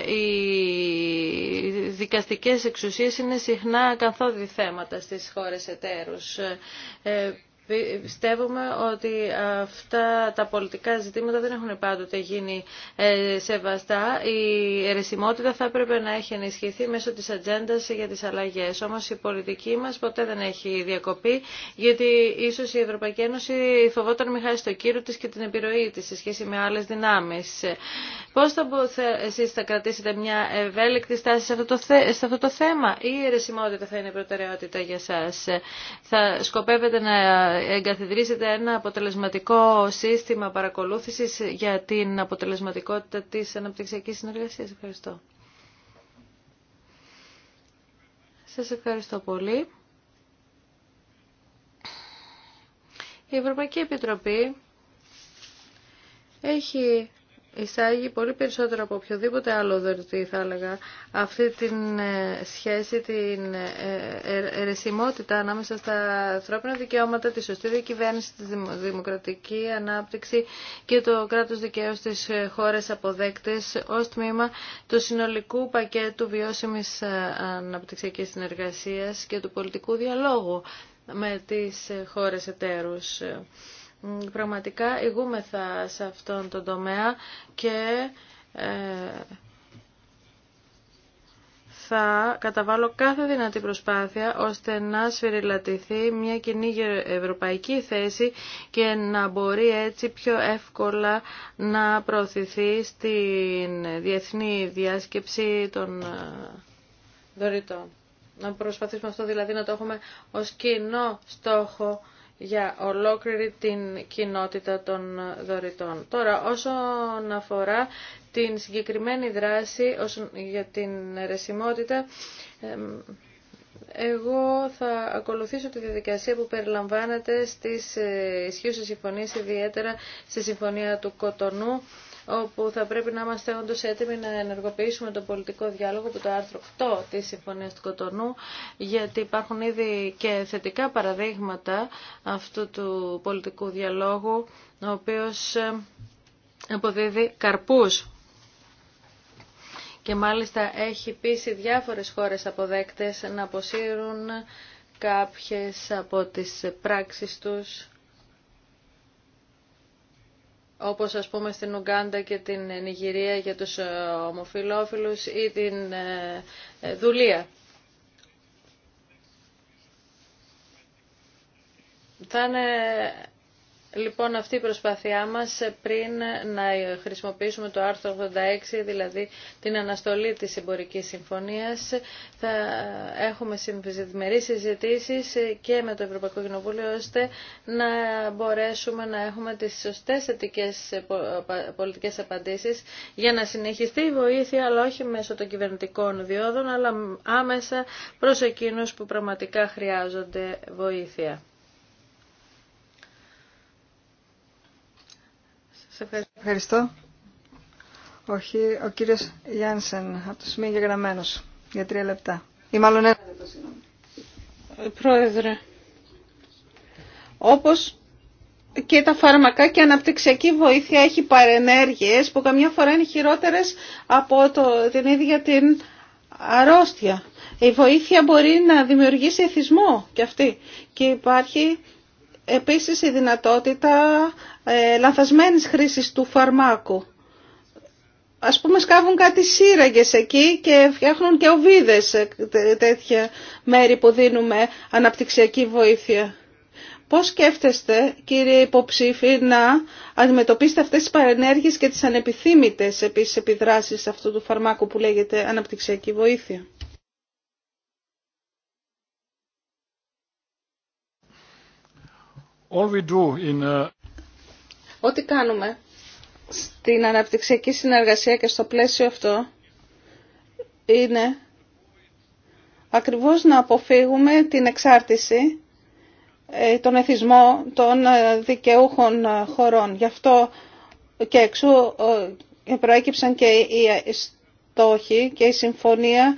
S3: οι δικαστικές εξουσίες είναι συχνά καθόδη θέματα στις χώρες εταίρους. Ε, Δηλαδή, πιστεύουμε ότι αυτά τα πολιτικά ζητήματα δεν έχουν πάντοτε γίνει ε, σεβαστά. Η ερεσιμότητα θα έπρεπε να έχει ενισχυθεί μέσω της ατζέντα για τις αλλαγές. Όμως η πολιτική μας ποτέ δεν έχει διακοπεί, γιατί ίσως η Ευρωπαϊκή Ένωση φοβόταν μη χάσει το κύριο της και την επιρροή της σε σχέση με άλλες δυνάμεις. Πώς θα, εσείς θα κρατήσετε μια ευέλικτη στάση σε αυτό το, θέμα ή η ερεσιμότητα θα είναι προτεραιότητα για σας. Θα σκοπεύετε να εγκαθιδρύσετε ένα αποτελεσματικό σύστημα παρακολούθησης για την αποτελεσματικότητα της αναπτυξιακής συνεργασίας. Ευχαριστώ. Σας ευχαριστώ πολύ. Η Ευρωπαϊκή Επιτροπή έχει εισάγει πολύ περισσότερο από οποιοδήποτε άλλο δωρητή θα έλεγα αυτή την ε, σχέση, την ερεσιμότητα ε, ανάμεσα στα ανθρώπινα δικαιώματα, τη σωστή διακυβέρνηση, τη δημοκρατική ανάπτυξη και το κράτος δικαίου στις ε, χώρες αποδέκτες ως τμήμα του συνολικού πακέτου βιώσιμης αναπτυξιακής συνεργασίας και του πολιτικού διαλόγου με τις χώρες εταίρους. Πραγματικά ηγούμεθα σε αυτόν τον τομέα και ε, θα καταβάλω κάθε δυνατή προσπάθεια ώστε να σφυριλατηθεί μια κοινή ευρωπαϊκή θέση και να μπορεί έτσι πιο εύκολα να προωθηθεί στην διεθνή διάσκεψη των ε, δωρητών. Να προσπαθήσουμε αυτό δηλαδή να το έχουμε ως κοινό στόχο για ολόκληρη την κοινότητα των δωρητών. Τώρα, όσον αφορά την συγκεκριμένη δράση όσον, για την αιρεσιμότητα, εγώ θα ακολουθήσω τη διαδικασία που περιλαμβάνεται στις ε, ισχύουσες συμφωνίες, ιδιαίτερα στη Συμφωνία του Κοτονού, όπου θα πρέπει να είμαστε όντως έτοιμοι να ενεργοποιήσουμε τον πολιτικό διάλογο που το άρθρο 8 της Συμφωνίας του Κοτονού, γιατί υπάρχουν ήδη και θετικά παραδείγματα αυτού του πολιτικού διαλόγου, ο οποίος ε, αποδίδει καρπούς και μάλιστα έχει πείσει διάφορες χώρες αποδέκτες να αποσύρουν κάποιες από τις πράξεις τους όπως ας πούμε στην Ουγκάντα και την Νιγηρία για τους ε, ομοφιλόφιλους ή την ε, ε, δουλεία. Θα είναι Λοιπόν, αυτή η προσπάθειά μας πριν να χρησιμοποιήσουμε το άρθρο 86, δηλαδή την αναστολή της εμπορική συμφωνίας, θα έχουμε συμφιζημερείς συζητήσει και με το Ευρωπαϊκό Κοινοβούλιο, ώστε να μπορέσουμε να έχουμε τις σωστές θετικές πολιτικές απαντήσεις για να συνεχιστεί η βοήθεια, αλλά όχι μέσω των κυβερνητικών διόδων, αλλά άμεσα προς εκείνους που πραγματικά χρειάζονται βοήθεια.
S2: Ευχαριστώ. Όχι, ο κύριος Γιάνσεν από το σημείο γεγραμμένος, για τρία λεπτά. Ή μάλλον ένα λεπτό,
S1: Πρόεδρε, όπως και τα φάρμακα και αναπτυξιακή βοήθεια έχει παρενέργειες που καμιά φορά είναι χειρότερες από το, την ίδια την αρρώστια. Η βοήθεια μπορεί να δημιουργήσει εθισμό και αυτή. Και υπάρχει Επίσης η δυνατότητα ε, λανθασμένης χρήσης του φαρμάκου. Ας πούμε σκάβουν κάτι σύραγγες εκεί και φτιάχνουν και οβίδες ε, τέτοια μέρη που δίνουμε αναπτυξιακή βοήθεια. Πώς σκέφτεστε, κύριε υποψήφι, να αντιμετωπίσετε αυτές τις παρενέργειες και τις ανεπιθύμητες επίσης επιδράσεις αυτού του φαρμάκου που λέγεται αναπτυξιακή βοήθεια.
S4: Uh,
S1: Ό,τι κάνουμε στην αναπτυξιακή συνεργασία και στο πλαίσιο αυτό είναι ακριβώς να αποφύγουμε την εξάρτηση, ε, τον εθισμό των ε, δικαιούχων ε, χωρών. Γι' αυτό και εξού προέκυψαν και οι στόχοι και η συμφωνία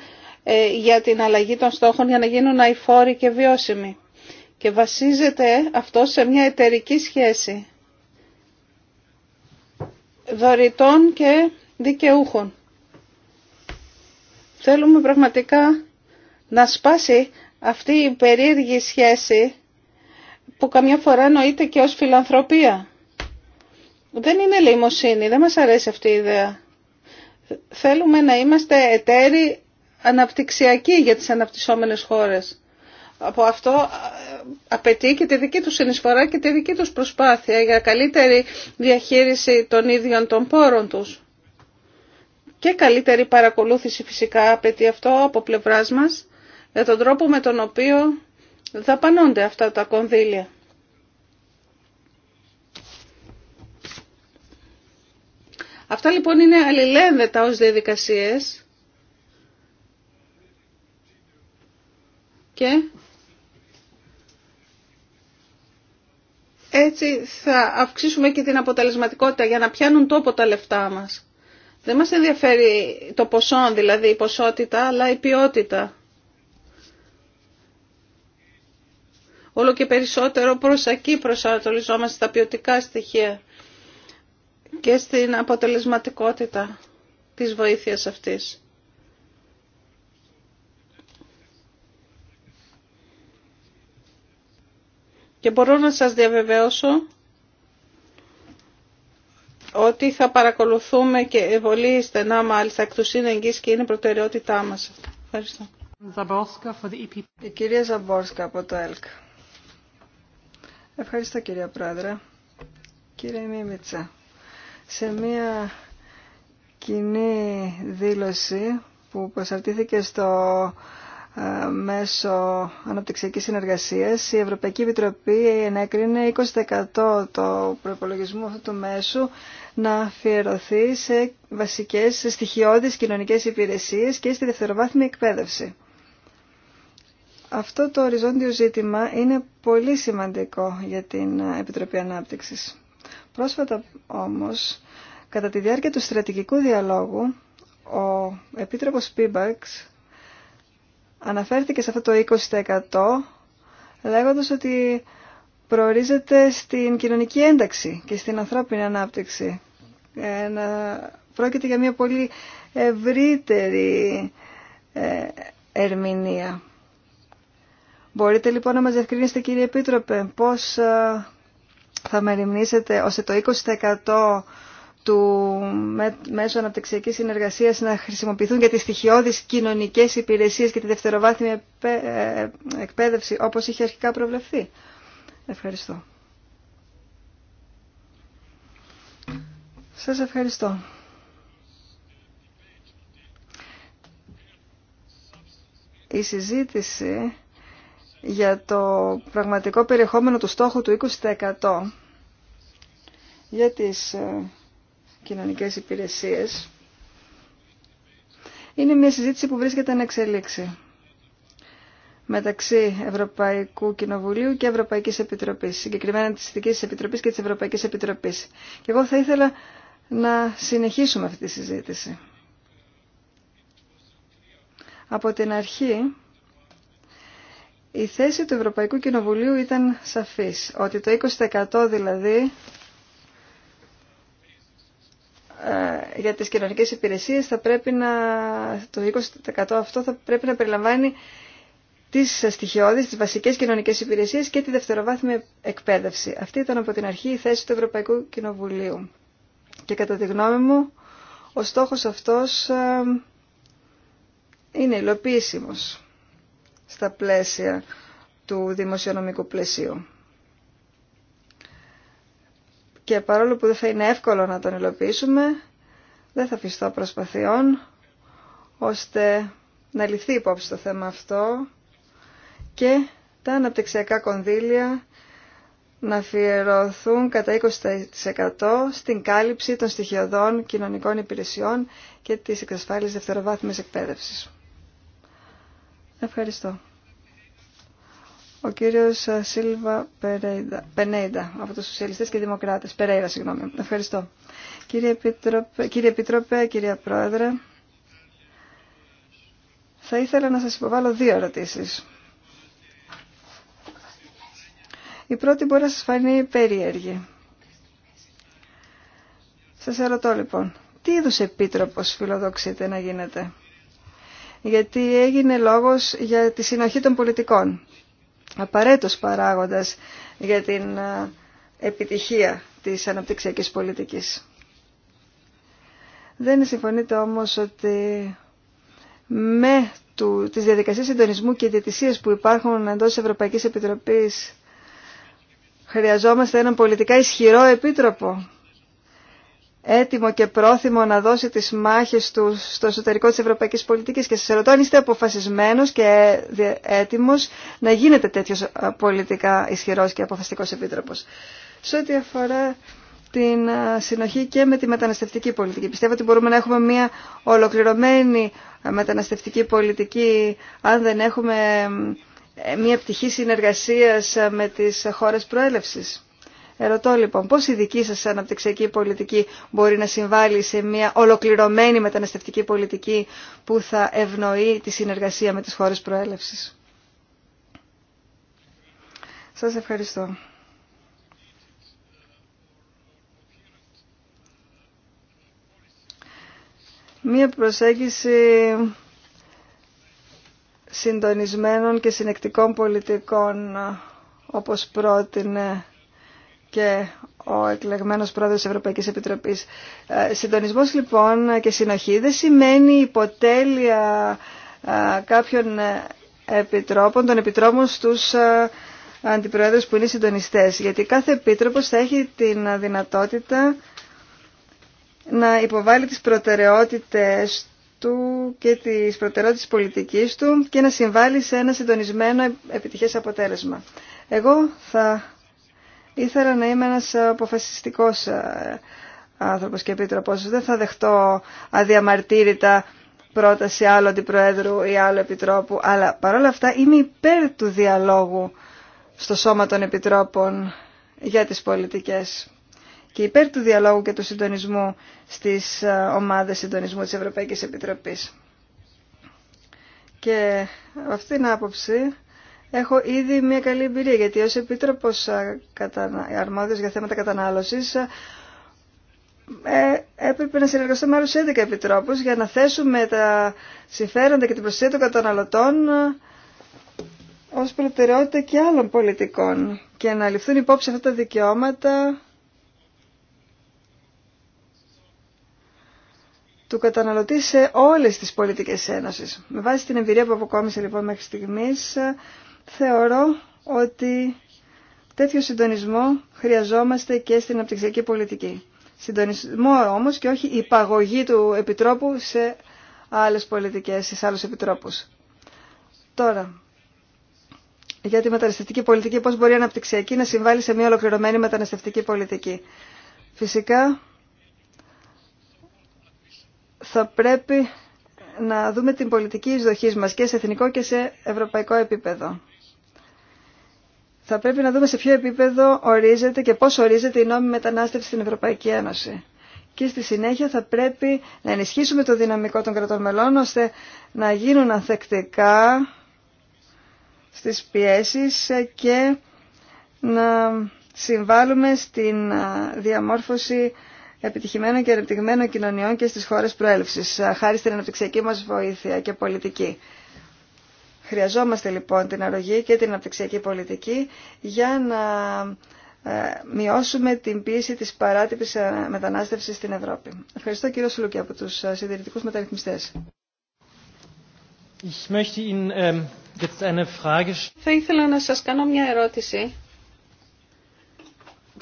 S1: για την αλλαγή των στόχων για να γίνουν αηφόροι και βιώσιμοι και βασίζεται αυτό σε μια εταιρική σχέση δωρητών και δικαιούχων. Θέλουμε πραγματικά να σπάσει αυτή η περίεργη σχέση που καμιά φορά νοείται και ως φιλανθρωπία. Δεν είναι λιμοσύνη, δεν μας αρέσει αυτή η ιδέα. Θέλουμε να είμαστε εταίροι αναπτυξιακοί για τις αναπτυσσόμενες χώρες από αυτό ε, απαιτεί και τη δική του συνεισφορά και τη δική του προσπάθεια για καλύτερη διαχείριση των ίδιων των πόρων τους. Και καλύτερη παρακολούθηση φυσικά απαιτεί αυτό από πλευράς μας για τον τρόπο με τον οποίο δαπανώνται αυτά τα κονδύλια. Αυτά λοιπόν είναι αλληλένδετα ως διαδικασίες και Έτσι θα αυξήσουμε και την αποτελεσματικότητα για να πιάνουν τόπο τα λεφτά μας. Δεν μας ενδιαφέρει το ποσό, δηλαδή η ποσότητα, αλλά η ποιότητα. Όλο και περισσότερο προς εκεί προσανατολιζόμαστε στα ποιοτικά στοιχεία και στην αποτελεσματικότητα της βοήθειας αυτής. Και μπορώ να σας διαβεβαιώσω ότι θα παρακολουθούμε και πολύ στενά μάλιστα εκ του σύνεγγυς και είναι προτεραιότητά μας. Ευχαριστώ.
S2: E Η κυρία Ζαμπόρσκα από το ΕΛΚ. Ευχαριστώ κυρία Πρόεδρε. Κύριε Μίμητσα, σε μία κοινή δήλωση που προσαρτήθηκε στο ε, μέσω αναπτυξιακής συνεργασίας η Ευρωπαϊκή Επιτροπή ενέκρινε 20% το προπολογισμό αυτού του μέσου να αφιερωθεί σε βασικές στοιχειώδεις κοινωνικές υπηρεσίες και στη δευτεροβάθμια εκπαίδευση. Αυτό το οριζόντιο ζήτημα είναι πολύ σημαντικό για την Επιτροπή Ανάπτυξης. Πρόσφατα όμως, κατά τη διάρκεια του στρατηγικού διαλόγου, ο Επίτροπος Πίμπαξ αναφέρθηκε σε αυτό το 20% λέγοντας ότι προορίζεται στην κοινωνική ένταξη και στην ανθρώπινη ανάπτυξη. Ε, πρόκειται για μια πολύ ευρύτερη ε, ερμηνεία. Μπορείτε λοιπόν να μας διευκρινίσετε κύριε Επίτροπε πώς ε, θα μεριμνήσετε ώστε το 20% του μέσω αναπτυξιακή συνεργασία να χρησιμοποιηθούν για τι στοιχειώδει κοινωνικέ υπηρεσίε και τη δευτεροβάθμια ε, εκπαίδευση όπω είχε αρχικά προβλεφθεί. Ευχαριστώ. Σας ευχαριστώ. Η συζήτηση για το πραγματικό περιεχόμενο του στόχου του 20% για τις ε, κοινωνικές υπηρεσίες είναι μια συζήτηση που βρίσκεται να εξελίξει μεταξύ Ευρωπαϊκού Κοινοβουλίου και Ευρωπαϊκής Επιτροπής, συγκεκριμένα της Ειδικής Επιτροπής και της Ευρωπαϊκής Επιτροπής. Και εγώ θα ήθελα να συνεχίσουμε αυτή τη συζήτηση. Από την αρχή, η θέση του Ευρωπαϊκού Κοινοβουλίου ήταν σαφής, ότι το 20% δηλαδή ε, για τις κοινωνικές υπηρεσίες θα πρέπει να, το 20% αυτό θα πρέπει να περιλαμβάνει τις στοιχειώδεις, τις βασικές κοινωνικές υπηρεσίες και τη δευτεροβάθμια εκπαίδευση. Αυτή ήταν από την αρχή η θέση του Ευρωπαϊκού Κοινοβουλίου. Και κατά τη γνώμη μου, ο στόχος αυτός ε, είναι υλοποιήσιμος στα πλαίσια του δημοσιονομικού πλαισίου και παρόλο που δεν θα είναι εύκολο να τον υλοποιήσουμε, δεν θα αφιστώ προσπαθειών ώστε να ληφθεί υπόψη το θέμα αυτό και τα αναπτυξιακά κονδύλια να αφιερωθούν κατά 20% στην κάλυψη των στοιχειωδών κοινωνικών υπηρεσιών και της εξασφάλισης δευτεροβάθμιας εκπαίδευσης. Ευχαριστώ ο κύριος ε, Σίλβα Πενέιντα από τους Σοσιαλιστές και Δημοκράτες. Περέιρα, συγγνώμη. Ευχαριστώ. Κύριε Επιτροπέ, κύριε Πρόεδρε, θα ήθελα να σας υποβάλω δύο ερωτήσεις. Η πρώτη μπορεί να σας φανεί περίεργη. Σας ερωτώ λοιπόν, τι είδους επίτροπος φιλοδοξείτε να γίνεται. Γιατί έγινε λόγος για τη συνοχή των πολιτικών απαραίτητος παράγοντας για την ε, επιτυχία της αναπτυξιακής πολιτικής. Δεν συμφωνείτε όμως ότι με του, τις διαδικασίες συντονισμού και διατησίες που υπάρχουν εντός της Ευρωπαϊκής Επιτροπής χρειαζόμαστε έναν πολιτικά ισχυρό επίτροπο έτοιμο και πρόθυμο να δώσει τις μάχες του στο εσωτερικό της ευρωπαϊκής πολιτικής και σας ρωτώ αν είστε αποφασισμένος και έτοιμος να γίνετε τέτοιος πολιτικά ισχυρός και αποφασιστικός επίτροπος. Σε ό,τι αφορά την συνοχή και με τη μεταναστευτική πολιτική. Πιστεύω ότι μπορούμε να έχουμε μια ολοκληρωμένη μεταναστευτική πολιτική αν δεν έχουμε ε, μια πτυχή συνεργασίας με τις χώρες προέλευσης. Ερωτώ λοιπόν πώς η δική σας αναπτυξιακή πολιτική μπορεί να συμβάλλει σε μια ολοκληρωμένη μεταναστευτική πολιτική που θα ευνοεί τη συνεργασία με τις χώρες προέλευσης. Σας ευχαριστώ. Μία προσέγγιση συντονισμένων και συνεκτικών πολιτικών όπως πρότεινε και ο εκλεγμένος πρόεδρος της Ευρωπαϊκής Επιτροπής. Ε, συντονισμός λοιπόν και συνοχή δεν σημαίνει υποτέλεια ε, κάποιων ε, επιτρόπων, των επιτρόπων στους αντιπροέδρους που είναι συντονιστές, γιατί κάθε επίτροπος θα έχει την δυνατότητα να υποβάλει τις προτεραιότητες του και τις προτεραιότητες πολιτικής του και να συμβάλλει σε ένα συντονισμένο επιτυχές αποτέλεσμα. Εγώ θα Ήθελα να είμαι ένας αποφασιστικός ε, άνθρωπος και επίτροπος. Δεν θα δεχτώ αδιαμαρτύρητα πρόταση άλλου αντιπροέδρου ή άλλου επιτρόπου, αλλά παρόλα αυτά είμαι υπέρ του διαλόγου στο σώμα των επιτρόπων για τις πολιτικές και υπέρ του διαλόγου και του συντονισμού στις ε, ομάδες συντονισμού της Ευρωπαϊκής Επιτροπής. Και αυτή ε, αυτήν την άποψη έχω ήδη μια καλή εμπειρία, γιατί ως Επίτροπος Αρμόδιος για θέματα κατανάλωσης ε, έπρεπε να συνεργαστώ με άλλους 11 επιτρόπους για να θέσουμε τα συμφέροντα και την προστασία των καταναλωτών ως προτεραιότητα και άλλων πολιτικών και να ληφθούν υπόψη αυτά τα δικαιώματα του καταναλωτή σε όλες τις πολιτικές ένωσες. Με βάση την εμπειρία που αποκόμισε λοιπόν μέχρι στιγμής θεωρώ ότι τέτοιο συντονισμό χρειαζόμαστε και στην αναπτυξιακή πολιτική. Συντονισμό όμως και όχι υπαγωγή του Επιτρόπου σε άλλες πολιτικές, σε άλλους επιτρόπους. Τώρα, για τη μεταναστευτική πολιτική, πώς μπορεί η αναπτυξιακή να συμβάλλει σε μια ολοκληρωμένη μεταναστευτική πολιτική. Φυσικά, θα πρέπει να δούμε την πολιτική εισδοχής μας και σε εθνικό και σε ευρωπαϊκό επίπεδο θα πρέπει να δούμε σε ποιο επίπεδο ορίζεται και πώς ορίζεται η νόμιμη μετανάστευση στην Ευρωπαϊκή Ένωση. Και στη συνέχεια θα πρέπει να ενισχύσουμε το δυναμικό των κρατών μελών ώστε να γίνουν ανθεκτικά στις πιέσεις και να συμβάλλουμε στην διαμόρφωση επιτυχημένων και ανεπτυγμένων κοινωνιών και στις χώρες προέλευσης, χάρη στην αναπτυξιακή μας βοήθεια και πολιτική. Χρειαζόμαστε λοιπόν την αρρωγή και την αναπτυξιακή πολιτική για να ε, μειώσουμε την πίεση της παράτυπης ε, μετανάστευσης στην Ευρώπη. Ευχαριστώ κύριο Σουλούκη από
S1: τους ε, συντηρητικούς μεταρρυθμιστές.
S5: Ähm,
S1: Θα ήθελα να σας κάνω μια ερώτηση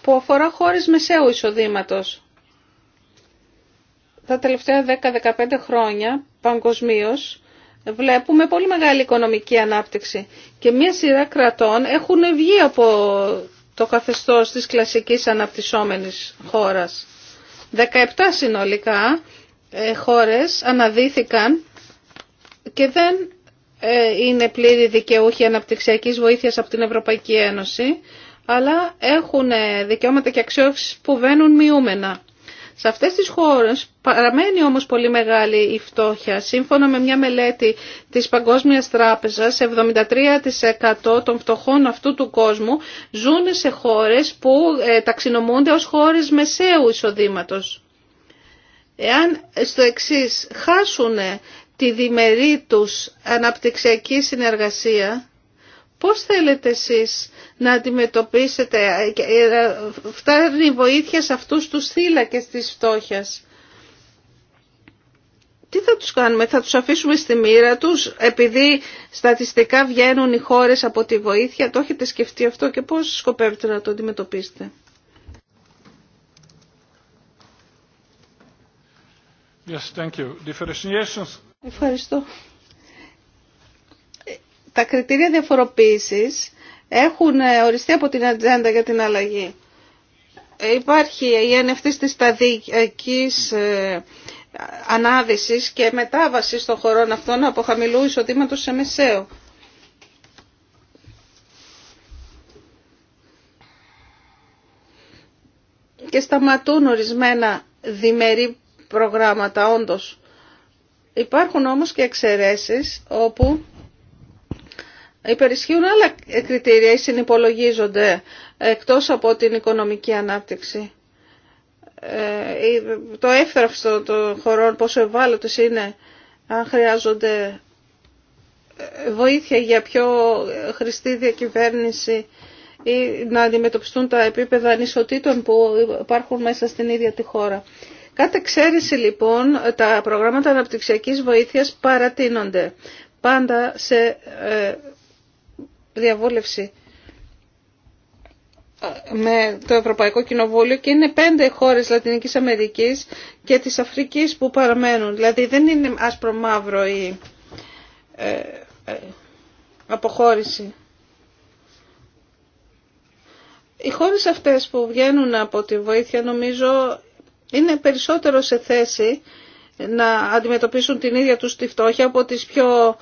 S1: που αφορά χώρες μεσαίου εισοδήματος. Τα τελευταία 10-15 χρόνια παγκοσμίω βλέπουμε πολύ μεγάλη οικονομική ανάπτυξη και μια σειρά κρατών έχουν βγει από το καθεστώς της κλασικής αναπτυσσόμενης χώρας. 17 συνολικά ε, χώρες αναδύθηκαν και δεν ε, είναι πλήρη δικαιούχοι αναπτυξιακής βοήθειας από την Ευρωπαϊκή Ένωση, αλλά έχουν ε, δικαιώματα και αξιώσεις που βαίνουν μειούμενα. Σε αυτές τις χώρες παραμένει όμως πολύ μεγάλη η φτώχεια. Σύμφωνα με μια μελέτη της Παγκόσμιας Τράπεζας, 73% των φτωχών αυτού του κόσμου ζουν σε χώρες που ε, ταξινομούνται ως χώρες μεσαίου εισοδήματος. Εάν στο εξής χάσουν τη διμερή τους αναπτυξιακή συνεργασία, πώς θέλετε εσείς να αντιμετωπίσετε. Ε, φτάνει η βοήθεια σε αυτούς τους θύλακες της φτώχειας. Τι θα τους κάνουμε, θα τους αφήσουμε στη μοίρα τους επειδή στατιστικά βγαίνουν οι χώρες από τη βοήθεια. Το έχετε σκεφτεί αυτό και πώς σκοπεύετε να το αντιμετωπίσετε. Yes, thank you. Ευχαριστώ. Ε, τα κριτήρια διαφοροποίησης έχουν ε, οριστεί από την ατζέντα για την αλλαγή. Ε, υπάρχει η ένευτη τη σταδιακή ε, ανάδυση και μετάβασης των χωρών αυτών από χαμηλού εισοδήματο σε μεσαίο. Και σταματούν ορισμένα διμερεί προγράμματα όντως. Υπάρχουν όμως και εξαιρέσεις όπου υπερισχύουν άλλα κριτήρια ή συνυπολογίζονται εκτός από την οικονομική ανάπτυξη. Ε, το εύθραυστο των χωρών, πόσο ευάλωτες είναι, αν χρειάζονται ε, βοήθεια για πιο χρηστή διακυβέρνηση ή να αντιμετωπιστούν τα επίπεδα ανισοτήτων που υπάρχουν μέσα στην ίδια τη χώρα. Κάτ' εξαίρεση λοιπόν τα προγράμματα αναπτυξιακής βοήθειας παρατείνονται πάντα σε ε, διαβούλευση με το Ευρωπαϊκό Κοινοβούλιο και είναι πέντε χώρες Λατινικής Αμερικής και της Αφρικής που παραμένουν. Δηλαδή δεν είναι άσπρο μαύρο η ε, ε, αποχώρηση. Οι χώρες αυτές που βγαίνουν από τη βοήθεια νομίζω είναι περισσότερο σε θέση να αντιμετωπίσουν την ίδια τους τη φτώχεια από τις πιο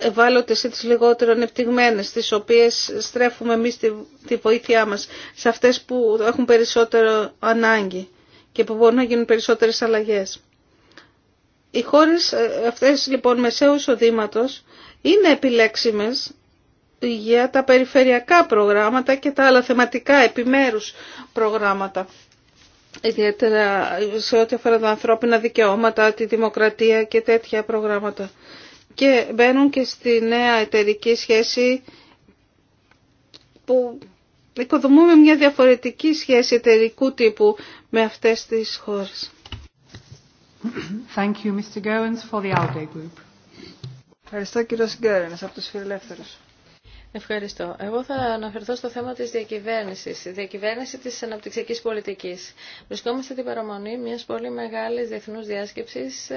S1: ευάλωτες ή τις λιγότερο ανεπτυγμένες, τις οποίες στρέφουμε εμείς τη, βοήθειά μας, σε αυτές που έχουν περισσότερο ανάγκη και που μπορούν να γίνουν περισσότερες αλλαγές. Οι χώρες ε, αυτές λοιπόν μεσαίου εισοδήματο είναι επιλέξιμες για τα περιφερειακά προγράμματα και τα άλλα θεματικά επιμέρους προγράμματα. Ιδιαίτερα σε ό,τι αφορά τα ανθρώπινα δικαιώματα, τη δημοκρατία και τέτοια προγράμματα και μπαίνουν και στη νέα εταιρική σχέση που οικοδομούμε μια διαφορετική σχέση εταιρικού τύπου με αυτές τις χώρες. Thank you, Mr. Goins, for the ALDE Group. Ευχαριστώ κύριο από τους
S3: Φιλελεύθερους. Ευχαριστώ. Εγώ θα αναφερθώ στο θέμα της διακυβέρνησης, η διακυβέρνηση της αναπτυξιακής πολιτικής. Βρισκόμαστε την παραμονή μιας πολύ μεγάλης διεθνούς διάσκεψης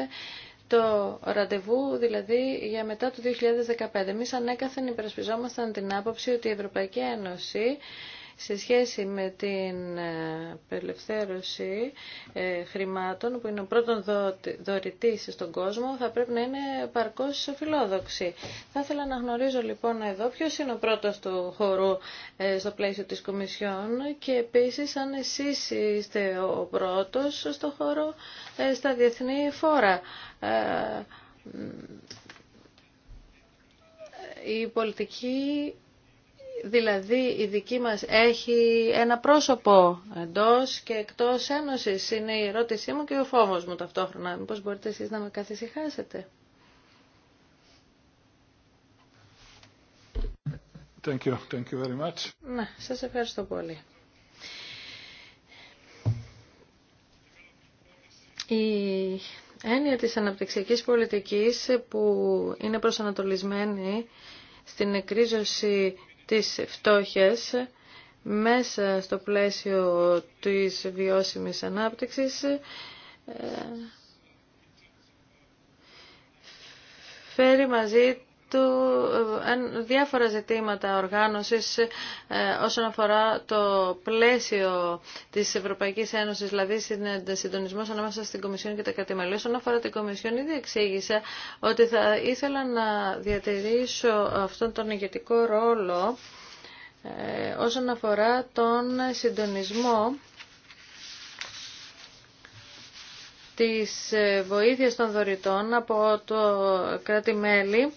S3: το ραντεβού δηλαδή για μετά το 2015. Εμεί ανέκαθεν υπερασπιζόμασταν την άποψη ότι η Ευρωπαϊκή Ένωση σε σχέση με την ε, απελευθέρωση ε, χρημάτων που είναι ο πρώτον δωρητής στον κόσμο θα πρέπει να είναι παρκώς φιλόδοξη. Θα ήθελα να γνωρίζω λοιπόν εδώ ποιος είναι ο πρώτος του χορού ε, στο πλαίσιο της Κομισιόν και επίσης αν εσείς είστε ο πρώτος στο χώρο στα διεθνή φόρα η πολιτική δηλαδή η δική μας έχει ένα πρόσωπο εντός και εκτός ένωσης. Είναι η ερώτησή μου και ο φόβος μου ταυτόχρονα. Μήπως μπορείτε εσείς να με καθησυχάσετε.
S4: Thank you. Thank you very much.
S3: σας ευχαριστώ πολύ. Η έννοια της αναπτυξιακής πολιτικής που είναι προσανατολισμένη στην εκρίζωση τις φτώχειας μέσα στο πλαίσιο της βιώσιμης ανάπτυξης ε, φέρει μαζί του ε, διάφορα ζητήματα οργάνωσης ε, όσον αφορά το πλαίσιο της Ευρωπαϊκής Ένωσης, δηλαδή συντονισμό ανάμεσα στην Κομισιόν και τα κράτη-μέλη. Όσον αφορά την Κομισιόν, ήδη εξήγησα ότι θα ήθελα να διατηρήσω αυτόν τον ηγετικό ρόλο ε, όσον αφορά τον συντονισμό της βοήθειας των δωρητών από το κράτη-μέλη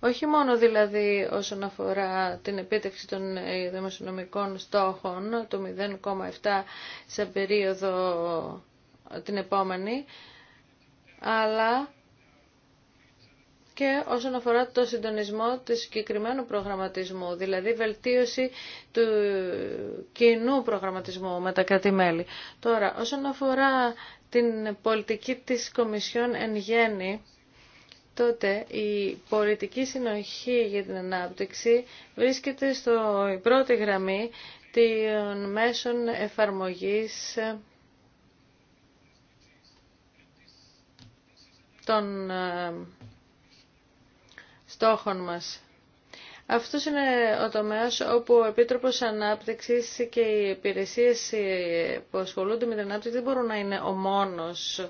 S3: όχι μόνο δηλαδή όσον αφορά την επίτευξη των ε, δημοσιονομικών στόχων, το 0,7 σε περίοδο ε, την επόμενη, αλλά και όσον αφορά το συντονισμό της συγκεκριμένου προγραμματισμού, δηλαδή βελτίωση του κοινού προγραμματισμού με τα κράτη-μέλη. Τώρα, όσον αφορά την πολιτική της Κομισιόν εν γέννη, τότε η πολιτική συνοχή για την ανάπτυξη βρίσκεται στο η πρώτη γραμμή των μέσων εφαρμογής των ε, στόχων μας. Αυτός είναι ο τομέας όπου ο Επίτροπος Ανάπτυξης και οι υπηρεσίες που ασχολούνται με την ανάπτυξη δεν μπορούν να είναι ο μόνος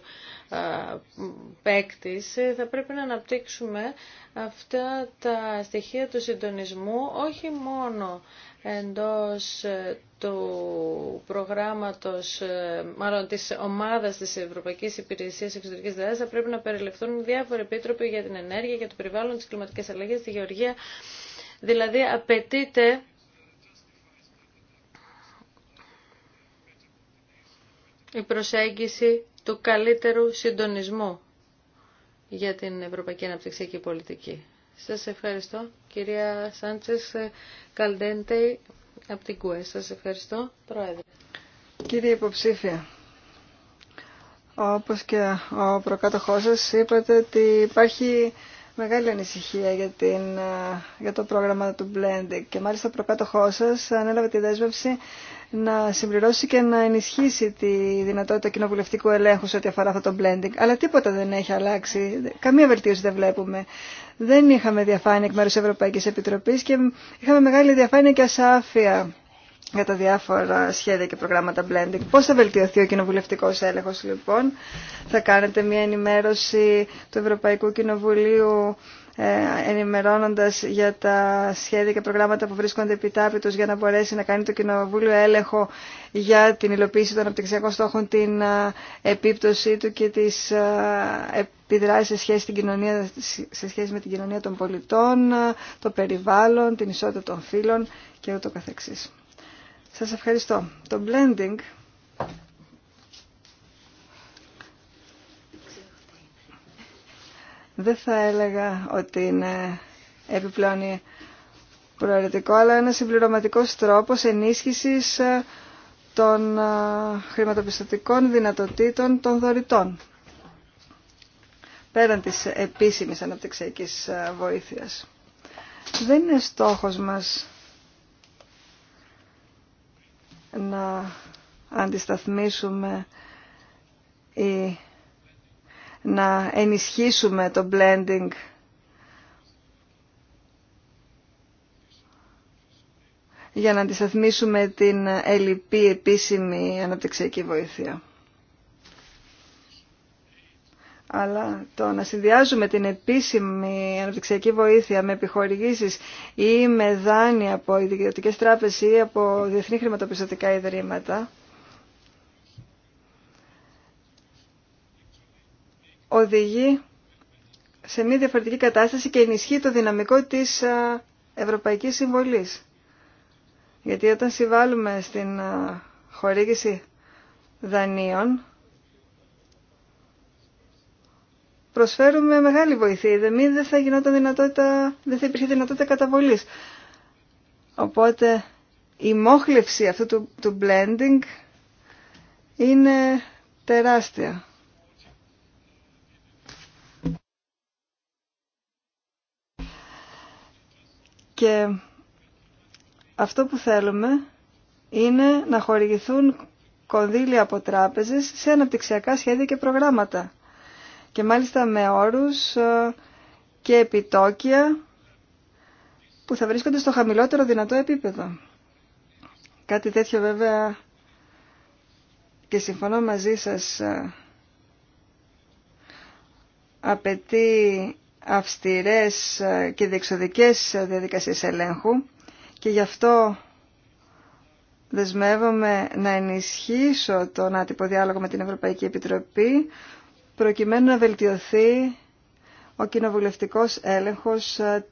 S3: παίκτη, θα πρέπει να αναπτύξουμε αυτά τα στοιχεία του συντονισμού όχι μόνο εντός ε, του προγράμματος, ε, μάλλον της ομάδας της Ευρωπαϊκής Υπηρεσίας Εξωτερικής Δράσης, θα πρέπει να περιληφθούν διάφοροι επίτροποι για την ενέργεια, για το περιβάλλον, τις κλιματικές αλλαγές, τη γεωργία. Δηλαδή απαιτείται η προσέγγιση του καλύτερου συντονισμού για την Ευρωπαϊκή Αναπτυξιακή Πολιτική. Σας ευχαριστώ, κυρία Σάντσες Καλντέντε από την ΚΟΕ. Σας ευχαριστώ, Πρόεδρε.
S2: Κύριε Υποψήφια, όπως και ο προκάτοχός σας είπατε ότι υπάρχει μεγάλη ανησυχία για, την, ε, για το πρόγραμμα του Blending και μάλιστα ο προκάτοχός σας ανέλαβε τη δέσμευση να συμπληρώσει και να ενισχύσει τη δυνατότητα κοινοβουλευτικού ελέγχου σε ό,τι αφορά αυτό το blending. Αλλά τίποτα δεν έχει αλλάξει. Καμία βελτίωση δεν βλέπουμε. Δεν είχαμε διαφάνεια εκ μέρου Ευρωπαϊκή Επιτροπή και είχαμε μεγάλη διαφάνεια και ασάφεια για τα διάφορα σχέδια και προγράμματα blending. Πώς θα βελτιωθεί ο κοινοβουλευτικός έλεγχος λοιπόν. Θα κάνετε μια ενημέρωση του Ευρωπαϊκού Κοινοβουλίου ε, ενημερώνοντας για τα σχέδια και προγράμματα που βρίσκονται επιτάπητος για να μπορέσει να κάνει το Κοινοβούλιο έλεγχο για την υλοποίηση των αναπτυξιακών στόχων, την ε, επίπτωσή του και τις ε, επιδράσεις σε σχέση, την κοινωνία, σε σχέση με την κοινωνία των πολιτών, το περιβάλλον, την ισότητα των φύλων και ούτω καθεξής. Σας ευχαριστώ. Το blending δεν θα έλεγα ότι είναι επιπλέον προαιρετικό, αλλά ένα συμπληρωματικό τρόπος ενίσχυσης ε, των ε, χρηματοπιστωτικών δυνατοτήτων των δωρητών πέραν της επίσημης αναπτυξιακής ε, βοήθειας. Δεν είναι στόχος μας να αντισταθμίσουμε ή να ενισχύσουμε το blending για να αντισταθμίσουμε την ελλειπή επίσημη αναπτυξιακή βοήθεια. Αλλά το να συνδυάζουμε την επίσημη αναπτυξιακή βοήθεια με επιχορηγήσεις ή με δάνεια από ιδιωτικές τράπεζες ή από διεθνή χρηματοπιστωτικά ιδρύματα οδηγεί σε μια διαφορετική κατάσταση και ενισχύει το δυναμικό της Ευρωπαϊκής Συμβολής. Γιατί όταν συμβάλλουμε στην χορήγηση δανείων, προσφέρουμε μεγάλη βοήθεια. δεν θα γινόταν δυνατότητα, δεν θα υπήρχε δυνατότητα καταβολής. Οπότε η μόχλευση αυτού του, του blending είναι τεράστια. Και αυτό που θέλουμε είναι να χορηγηθούν κονδύλια από τράπεζες σε αναπτυξιακά σχέδια και προγράμματα. Και μάλιστα με όρους ε, και επιτόκια που θα βρίσκονται στο χαμηλότερο δυνατό επίπεδο. Κάτι τέτοιο βέβαια και συμφωνώ μαζί σας ε, απαιτεί αυστηρές ε, και διεξοδικές ε, διαδικασίες ελέγχου και γι' αυτό δεσμεύομαι να ενισχύσω τον άτυπο διάλογο με την Ευρωπαϊκή Επιτροπή προκειμένου να βελτιωθεί ο κοινοβουλευτικός έλεγχος ε,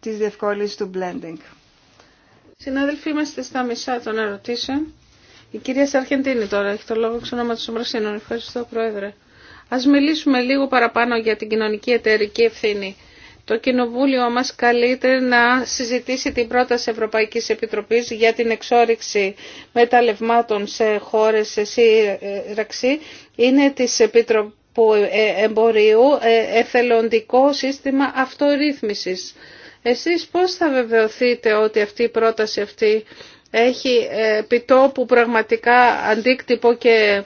S2: της διευκόλυνσης του blending.
S1: Συνάδελφοι, είμαστε στα μισά των ερωτήσεων. Η κυρία Σαρχεντίνη τώρα έχει το λόγο ξανά με τους Ευχαριστώ, Πρόεδρε. Ας μιλήσουμε λίγο παραπάνω για την κοινωνική εταιρική ευθύνη. Το Κοινοβούλιο μας καλείται να συζητήσει την πρόταση Ευρωπαϊκής Επιτροπής για την εξόριξη μεταλλευμάτων σε χώρες σε σύραξη. Είναι της Επιτροπού Εμπορίου ε, εθελοντικό σύστημα αυτορύθμισης. Εσείς πώς θα βεβαιωθείτε ότι αυτή η πρόταση αυτή έχει ε, που πραγματικά αντίκτυπο και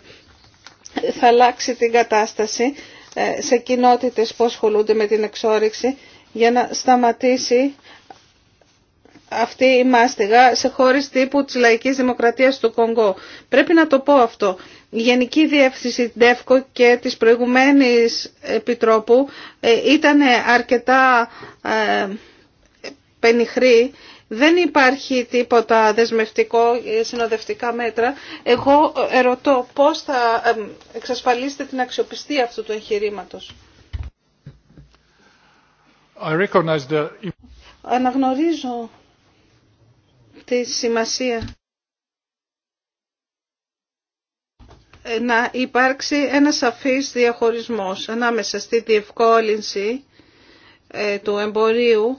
S1: θα αλλάξει την κατάσταση ε, σε κοινότητες που ασχολούνται με την εξόριξη για να σταματήσει αυτή η μάστιγα σε χώρες τύπου τη λαϊκή δημοκρατία του Κονγκό. Πρέπει να το πω αυτό. Η Γενική Διεύθυνση ΔΕΦΚΟ και της προηγουμένης Επιτρόπου ε, ήταν αρκετά ε, πενιχρή δεν υπάρχει τίποτα δεσμευτικό, συνοδευτικά μέτρα. Εγώ ερωτώ πώς θα εξασφαλίσετε την αξιοπιστία αυτού του εγχειρήματο. Αναγνωρίζω τη σημασία να υπάρξει ένα σαφής διαχωρισμός ανάμεσα στη διευκόλυνση ε, του εμπορίου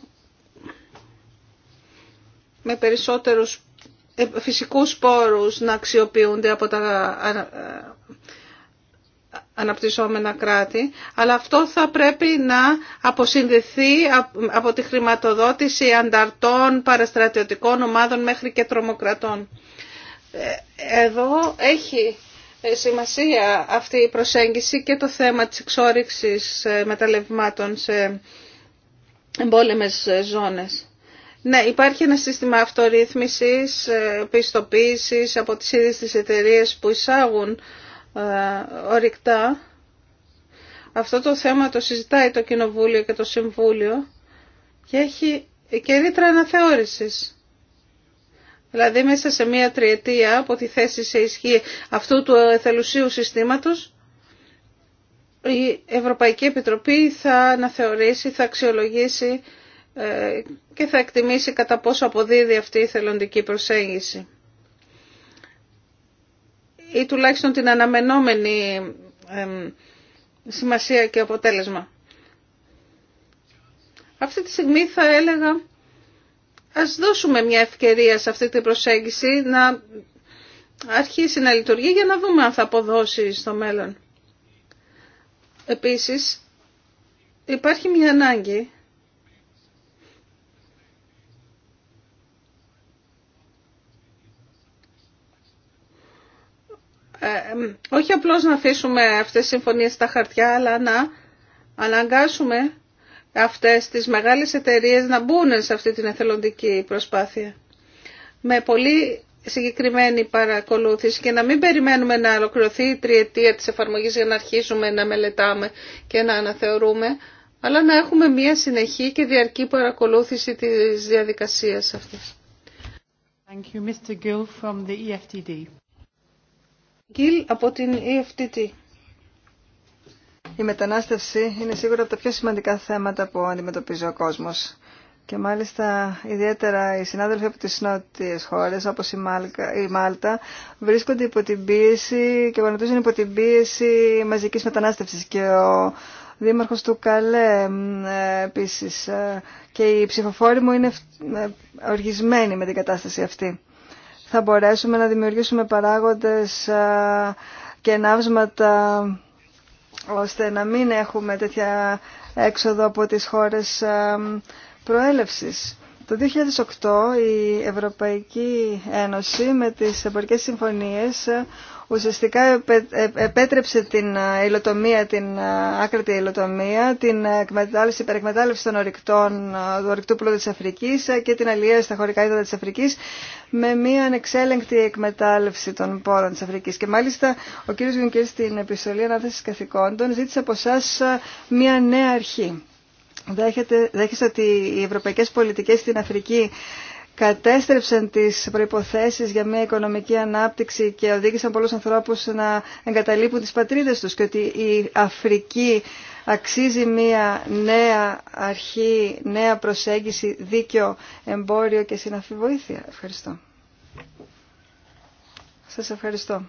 S1: με περισσότερους ε, φυσικούς πόρους να αξιοποιούνται από τα ε, αναπτυσσόμενα κράτη, αλλά αυτό θα πρέπει να αποσυνδεθεί από τη χρηματοδότηση ανταρτών, παραστρατιωτικών ομάδων μέχρι και τρομοκρατών. Ε, εδώ έχει σημασία αυτή η προσέγγιση και το θέμα της εξόριξης μεταλλευμάτων σε εμπόλεμες ζώνες. Ναι, υπάρχει ένα σύστημα αυτορύθμισης, ε, πιστοποίησης από τις ίδιες τις εταιρείες που εισάγουν ε, ορυκτά. Αυτό το θέμα το συζητάει το Κοινοβούλιο και το Συμβούλιο και έχει και ρήτρα αναθεώρησης. Δηλαδή μέσα σε μία τριετία από τη θέση σε ισχύ αυτού του εθελουσίου συστήματος η Ευρωπαϊκή Επιτροπή θα αναθεωρήσει, θα αξιολογήσει ε, και θα εκτιμήσει κατά πόσο αποδίδει αυτή η θελοντική προσέγγιση ή τουλάχιστον την αναμενόμενη σημασία και αποτέλεσμα. Αυτή τη στιγμή θα έλεγα ας δώσουμε μια ευκαιρία σε αυτή την προσέγγιση να αρχίσει να λειτουργεί για να δούμε αν θα αποδώσει στο μέλλον. Επίσης υπάρχει μια ανάγκη Ε, όχι απλώς να αφήσουμε αυτές τις συμφωνίες στα χαρτιά, αλλά να αναγκάσουμε αυτές τις μεγάλες εταιρείες να μπουν σε αυτή την εθελοντική προσπάθεια. Με πολύ συγκεκριμένη παρακολούθηση και να μην περιμένουμε να ολοκληρωθεί η τριετία της εφαρμογής για να αρχίσουμε να μελετάμε και να αναθεωρούμε, αλλά να έχουμε μια συνεχή και διαρκή παρακολούθηση της διαδικασίας αυτής. from the EFTD. Γκίλ από την EFTT.
S2: Η μετανάστευση είναι σίγουρα από τα πιο σημαντικά θέματα που αντιμετωπίζει ο κόσμος. Και μάλιστα ιδιαίτερα οι συνάδελφοι από τις νότιες χώρες όπως η, Μάλτα βρίσκονται υπό την πίεση και γονατίζουν υπό την πίεση μαζικής μετανάστευσης και ο δήμαρχος του Καλέ ε, επίσης ε, και οι ψηφοφόροι μου είναι ε, οργισμένοι με την κατάσταση αυτή θα μπορέσουμε να δημιουργήσουμε παράγοντες και ναύσματα ώστε να μην έχουμε τέτοια έξοδο από τις χώρες προέλευσης. Το 2008 η Ευρωπαϊκή Ένωση με τις εμπορικές συμφωνίες ουσιαστικά ε, επέτρεψε την ε, υλοτομία, την ε, άκρατη υλοτομία, την εκμετάλλευση, υπερεκμετάλλευση των ορυκτών, του ορυκτού πλούτου της Αφρικής και την αλληλεία στα χωρικά είδατα της Αφρικής με μια ανεξέλεγκτη εκμετάλλευση των πόρων της Αφρικής. Και μάλιστα ο κ. Γιουνκέρ στην επιστολή ανάθεσης καθηκόντων ζήτησε από εσά μια νέα αρχή. Δέχεστε ότι οι ευρωπαϊκές πολιτικές στην Αφρική κατέστρεψαν τις προϋποθέσεις για μια οικονομική ανάπτυξη και οδήγησαν πολλούς ανθρώπους να εγκαταλείπουν τις πατρίδες τους και ότι η Αφρική αξίζει μια νέα αρχή, νέα προσέγγιση, δίκαιο, εμπόριο και συναφή βοήθεια. Ευχαριστώ. Σας ευχαριστώ.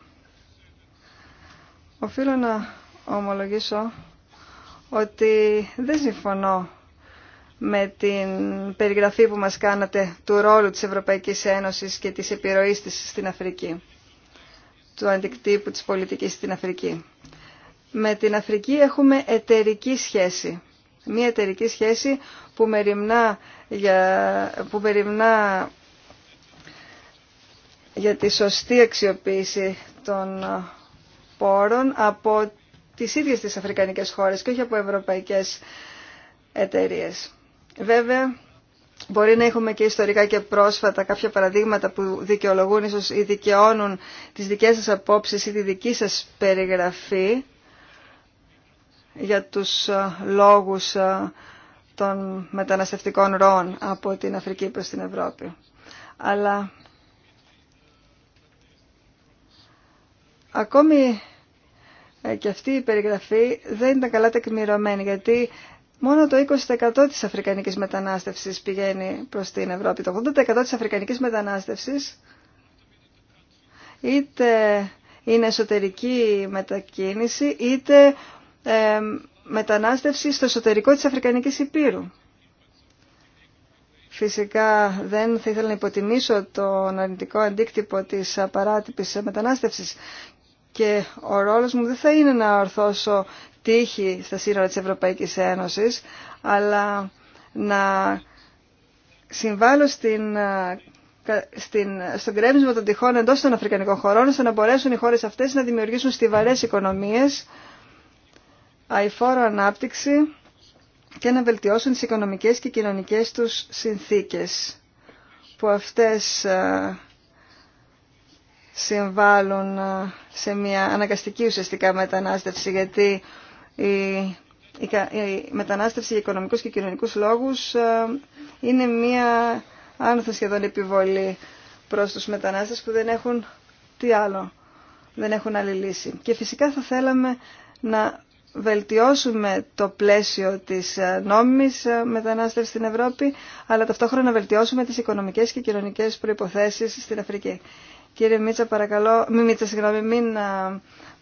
S2: Οφείλω να ομολογήσω ότι δεν συμφωνώ με την περιγραφή που μας κάνατε του ρόλου της Ευρωπαϊκής Ένωσης και της επιρροής της στην Αφρική, του αντικτύπου της πολιτικής στην Αφρική. Με την Αφρική έχουμε εταιρική σχέση. Μία εταιρική σχέση που μεριμνά για, που μεριμνά για τη σωστή αξιοποίηση των πόρων από τις ίδιες τις αφρικανικές χώρες και όχι από ευρωπαϊκές εταιρείες. Βέβαια, μπορεί να έχουμε και ιστορικά και πρόσφατα κάποια παραδείγματα που δικαιολογούν ίσως ή δικαιώνουν τις δικές σας απόψεις ή τη δική σας περιγραφή για τους ε, λόγους ε, των μεταναστευτικών ροών από την Αφρική προς την Ευρώπη. Αλλά ακόμη ε, και αυτή η περιγραφή δεν ήταν καλά τεκμηρωμένη γιατί Μόνο το 20% της αφρικανικής μετανάστευσης πηγαίνει προς την Ευρώπη. Το 80% της αφρικανικής μετανάστευσης είτε είναι εσωτερική μετακίνηση είτε ε, μετανάστευση στο εσωτερικό της Αφρικανικής Υπήρου. Φυσικά δεν θα ήθελα να υποτιμήσω τον αρνητικό αντίκτυπο της παράτυπης μετανάστευσης και ο ρόλος μου δεν θα είναι να ορθώσω τύχη στα σύνορα της Ευρωπαϊκής Ένωσης, αλλά να συμβάλλω στην, στην, στον κρέμισμα των τυχών εντός των Αφρικανικών χωρών, ώστε να μπορέσουν οι χώρες αυτές να δημιουργήσουν στιβαρές οικονομίες, αηφόρο ανάπτυξη και να βελτιώσουν τις οικονομικές και κοινωνικές τους συνθήκες, που αυτές συμβάλλουν σε μια αναγκαστική ουσιαστικά μετανάστευση, γιατί η μετανάστευση για οικονομικούς και κοινωνικούς λόγους ε, είναι μία άνθρωση σχεδόν επιβολή προς τους μετανάστες που δεν έχουν τι άλλο, δεν έχουν άλλη λύση. Και φυσικά θα θέλαμε να βελτιώσουμε το πλαίσιο της ε, νόμιμης ε, μετανάστευσης στην Ευρώπη, αλλά ταυτόχρονα να βελτιώσουμε τις οικονομικές και κοινωνικές προϋποθέσεις στην Αφρική. Κύριε Μίτσα, παρακαλώ, μην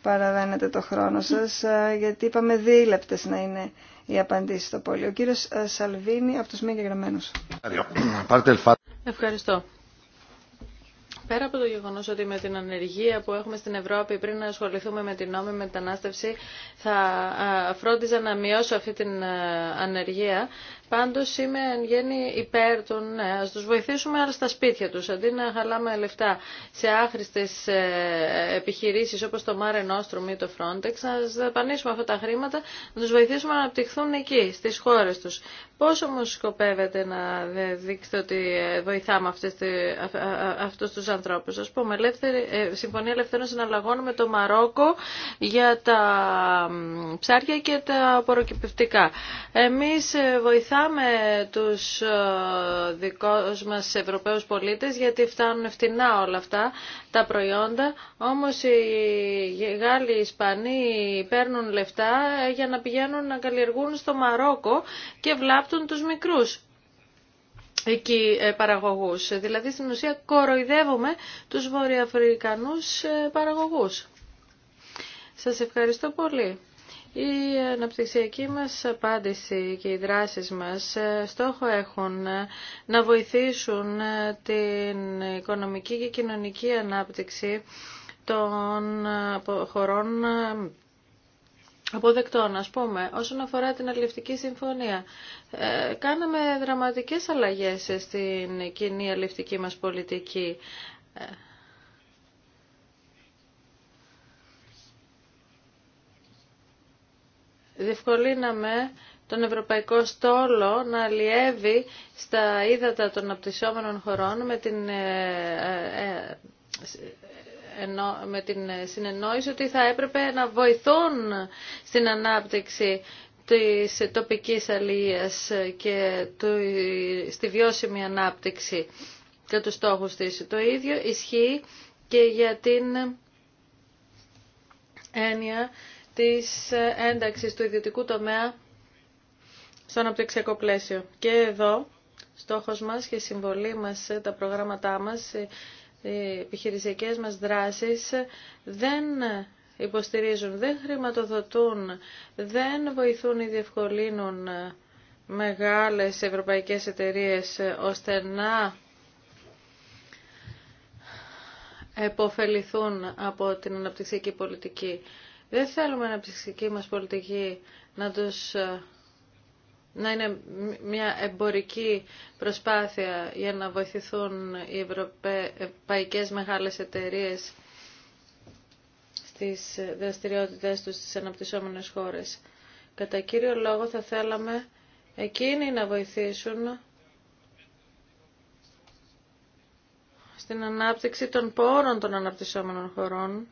S2: Παραδένετε το χρόνο σας, ε, γιατί είπαμε δίλεπτες να είναι οι απαντήσεις στο πόλιο. Ο κύριος ε, Σαλβίνη από τους
S3: Ευχαριστώ. Πέρα από το γεγονός ότι με την ανεργία που έχουμε στην Ευρώπη πριν να ασχοληθούμε με την νόμιμη μετανάστευση θα ε, φρόντιζα να μειώσω αυτή την ανεργία, Πάντως είμαι εν γέννη υπέρ των, ναι, ας τους βοηθήσουμε αλλά στα σπίτια τους, αντί να χαλάμε λεφτά σε άχρηστες ε, επιχειρήσεις όπως το Mare Nostrum ή το Frontex, να δαπανίσουμε αυτά τα χρήματα, να τους βοηθήσουμε να αναπτυχθούν εκεί, στις χώρες τους. Πώς όμως σκοπεύετε να δείξετε ότι ε, βοηθάμε αυτές, αυτούς τους ανθρώπους. πούμε, ελεύθερη, Συμφωνία Ελευθερών Συναλλαγών με το Μαρόκο για τα ψάρια και τα απορροκυπευτικά. Εμείς βοηθάμε με τους ε, δικούς μας Ευρωπαίους πολίτες γιατί φτάνουν φτηνά όλα αυτά τα προϊόντα, όμως οι Γάλλοι, οι Ισπανοί παίρνουν λεφτά ε, για να πηγαίνουν να καλλιεργούν στο Μαρόκο και βλάπτουν τους μικρούς εκεί ε, παραγωγούς. Δηλαδή στην ουσία κοροϊδεύουμε τους βορειοαφρικανούς παραγωγούς. Σας ευχαριστώ πολύ. Η αναπτυξιακή μας απάντηση και οι δράσεις μας ε, στόχο έχουν ε, να βοηθήσουν ε, την οικονομική και κοινωνική ανάπτυξη των χωρών αποδεκτών. Ας πούμε, όσον αφορά την αλληλευτική συμφωνία, κάναμε δραματικές αλλαγές στην κοινή αλληλευτική μας πολιτική. διευκολύναμε τον Ευρωπαϊκό Στόλο να αλλιεύει στα ύδατα των απτυσσόμενων χωρών με την, ε, ε, ε, με την συνεννόηση ότι θα έπρεπε να βοηθούν στην ανάπτυξη της τοπικής αλληλείας και του, στη βιώσιμη ανάπτυξη και τους στόχου της. Το ίδιο ισχύει και για την έννοια της ένταξης του ιδιωτικού τομέα στο αναπτυξιακό πλαίσιο. Και εδώ στόχος μας και συμβολή μας, τα προγράμματά μας, οι επιχειρησιακές μας δράσεις δεν υποστηρίζουν, δεν χρηματοδοτούν, δεν βοηθούν ή διευκολύνουν μεγάλες ευρωπαϊκές εταιρείες ώστε να εποφεληθούν από την αναπτυξιακή πολιτική. Δεν θέλουμε να ψυχική μας πολιτική να τους ε, να είναι μια εμπορική προσπάθεια για να βοηθηθούν οι ευρωπαϊκές μεγάλες εταιρείες στις δραστηριότητες τους στις αναπτυσσόμενες χώρες. Κατά κύριο λόγο θα θέλαμε εκείνοι να βοηθήσουν στην ανάπτυξη των πόρων των αναπτυσσόμενων χωρών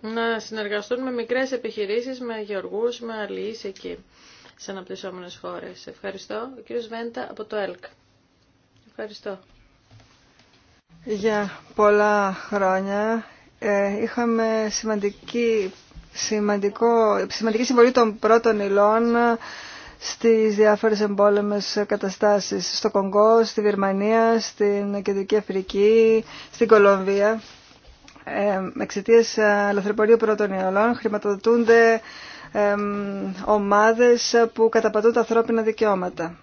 S3: να συνεργαστούν με μικρές επιχειρήσεις, με γεωργούς, με αλληλείς εκεί, σε αναπτυσσόμενες χώρες. Ευχαριστώ. Ο κύριος Βέντα από το ΕΛΚ. Ευχαριστώ.
S2: Για πολλά χρόνια ε, είχαμε σημαντική, σημαντικό, σημαντική συμβολή των πρώτων υλών στις διάφορες εμπόλεμες καταστάσεις στο Κονγκό, στη Βερμανία, στην Κεντρική Αφρική, στην Κολομβία εξαιτίας ε, λαθρεπορείου πρώτων υλών χρηματοδοτούνται ομάδες που καταπατούν τα ανθρώπινα δικαιώματα.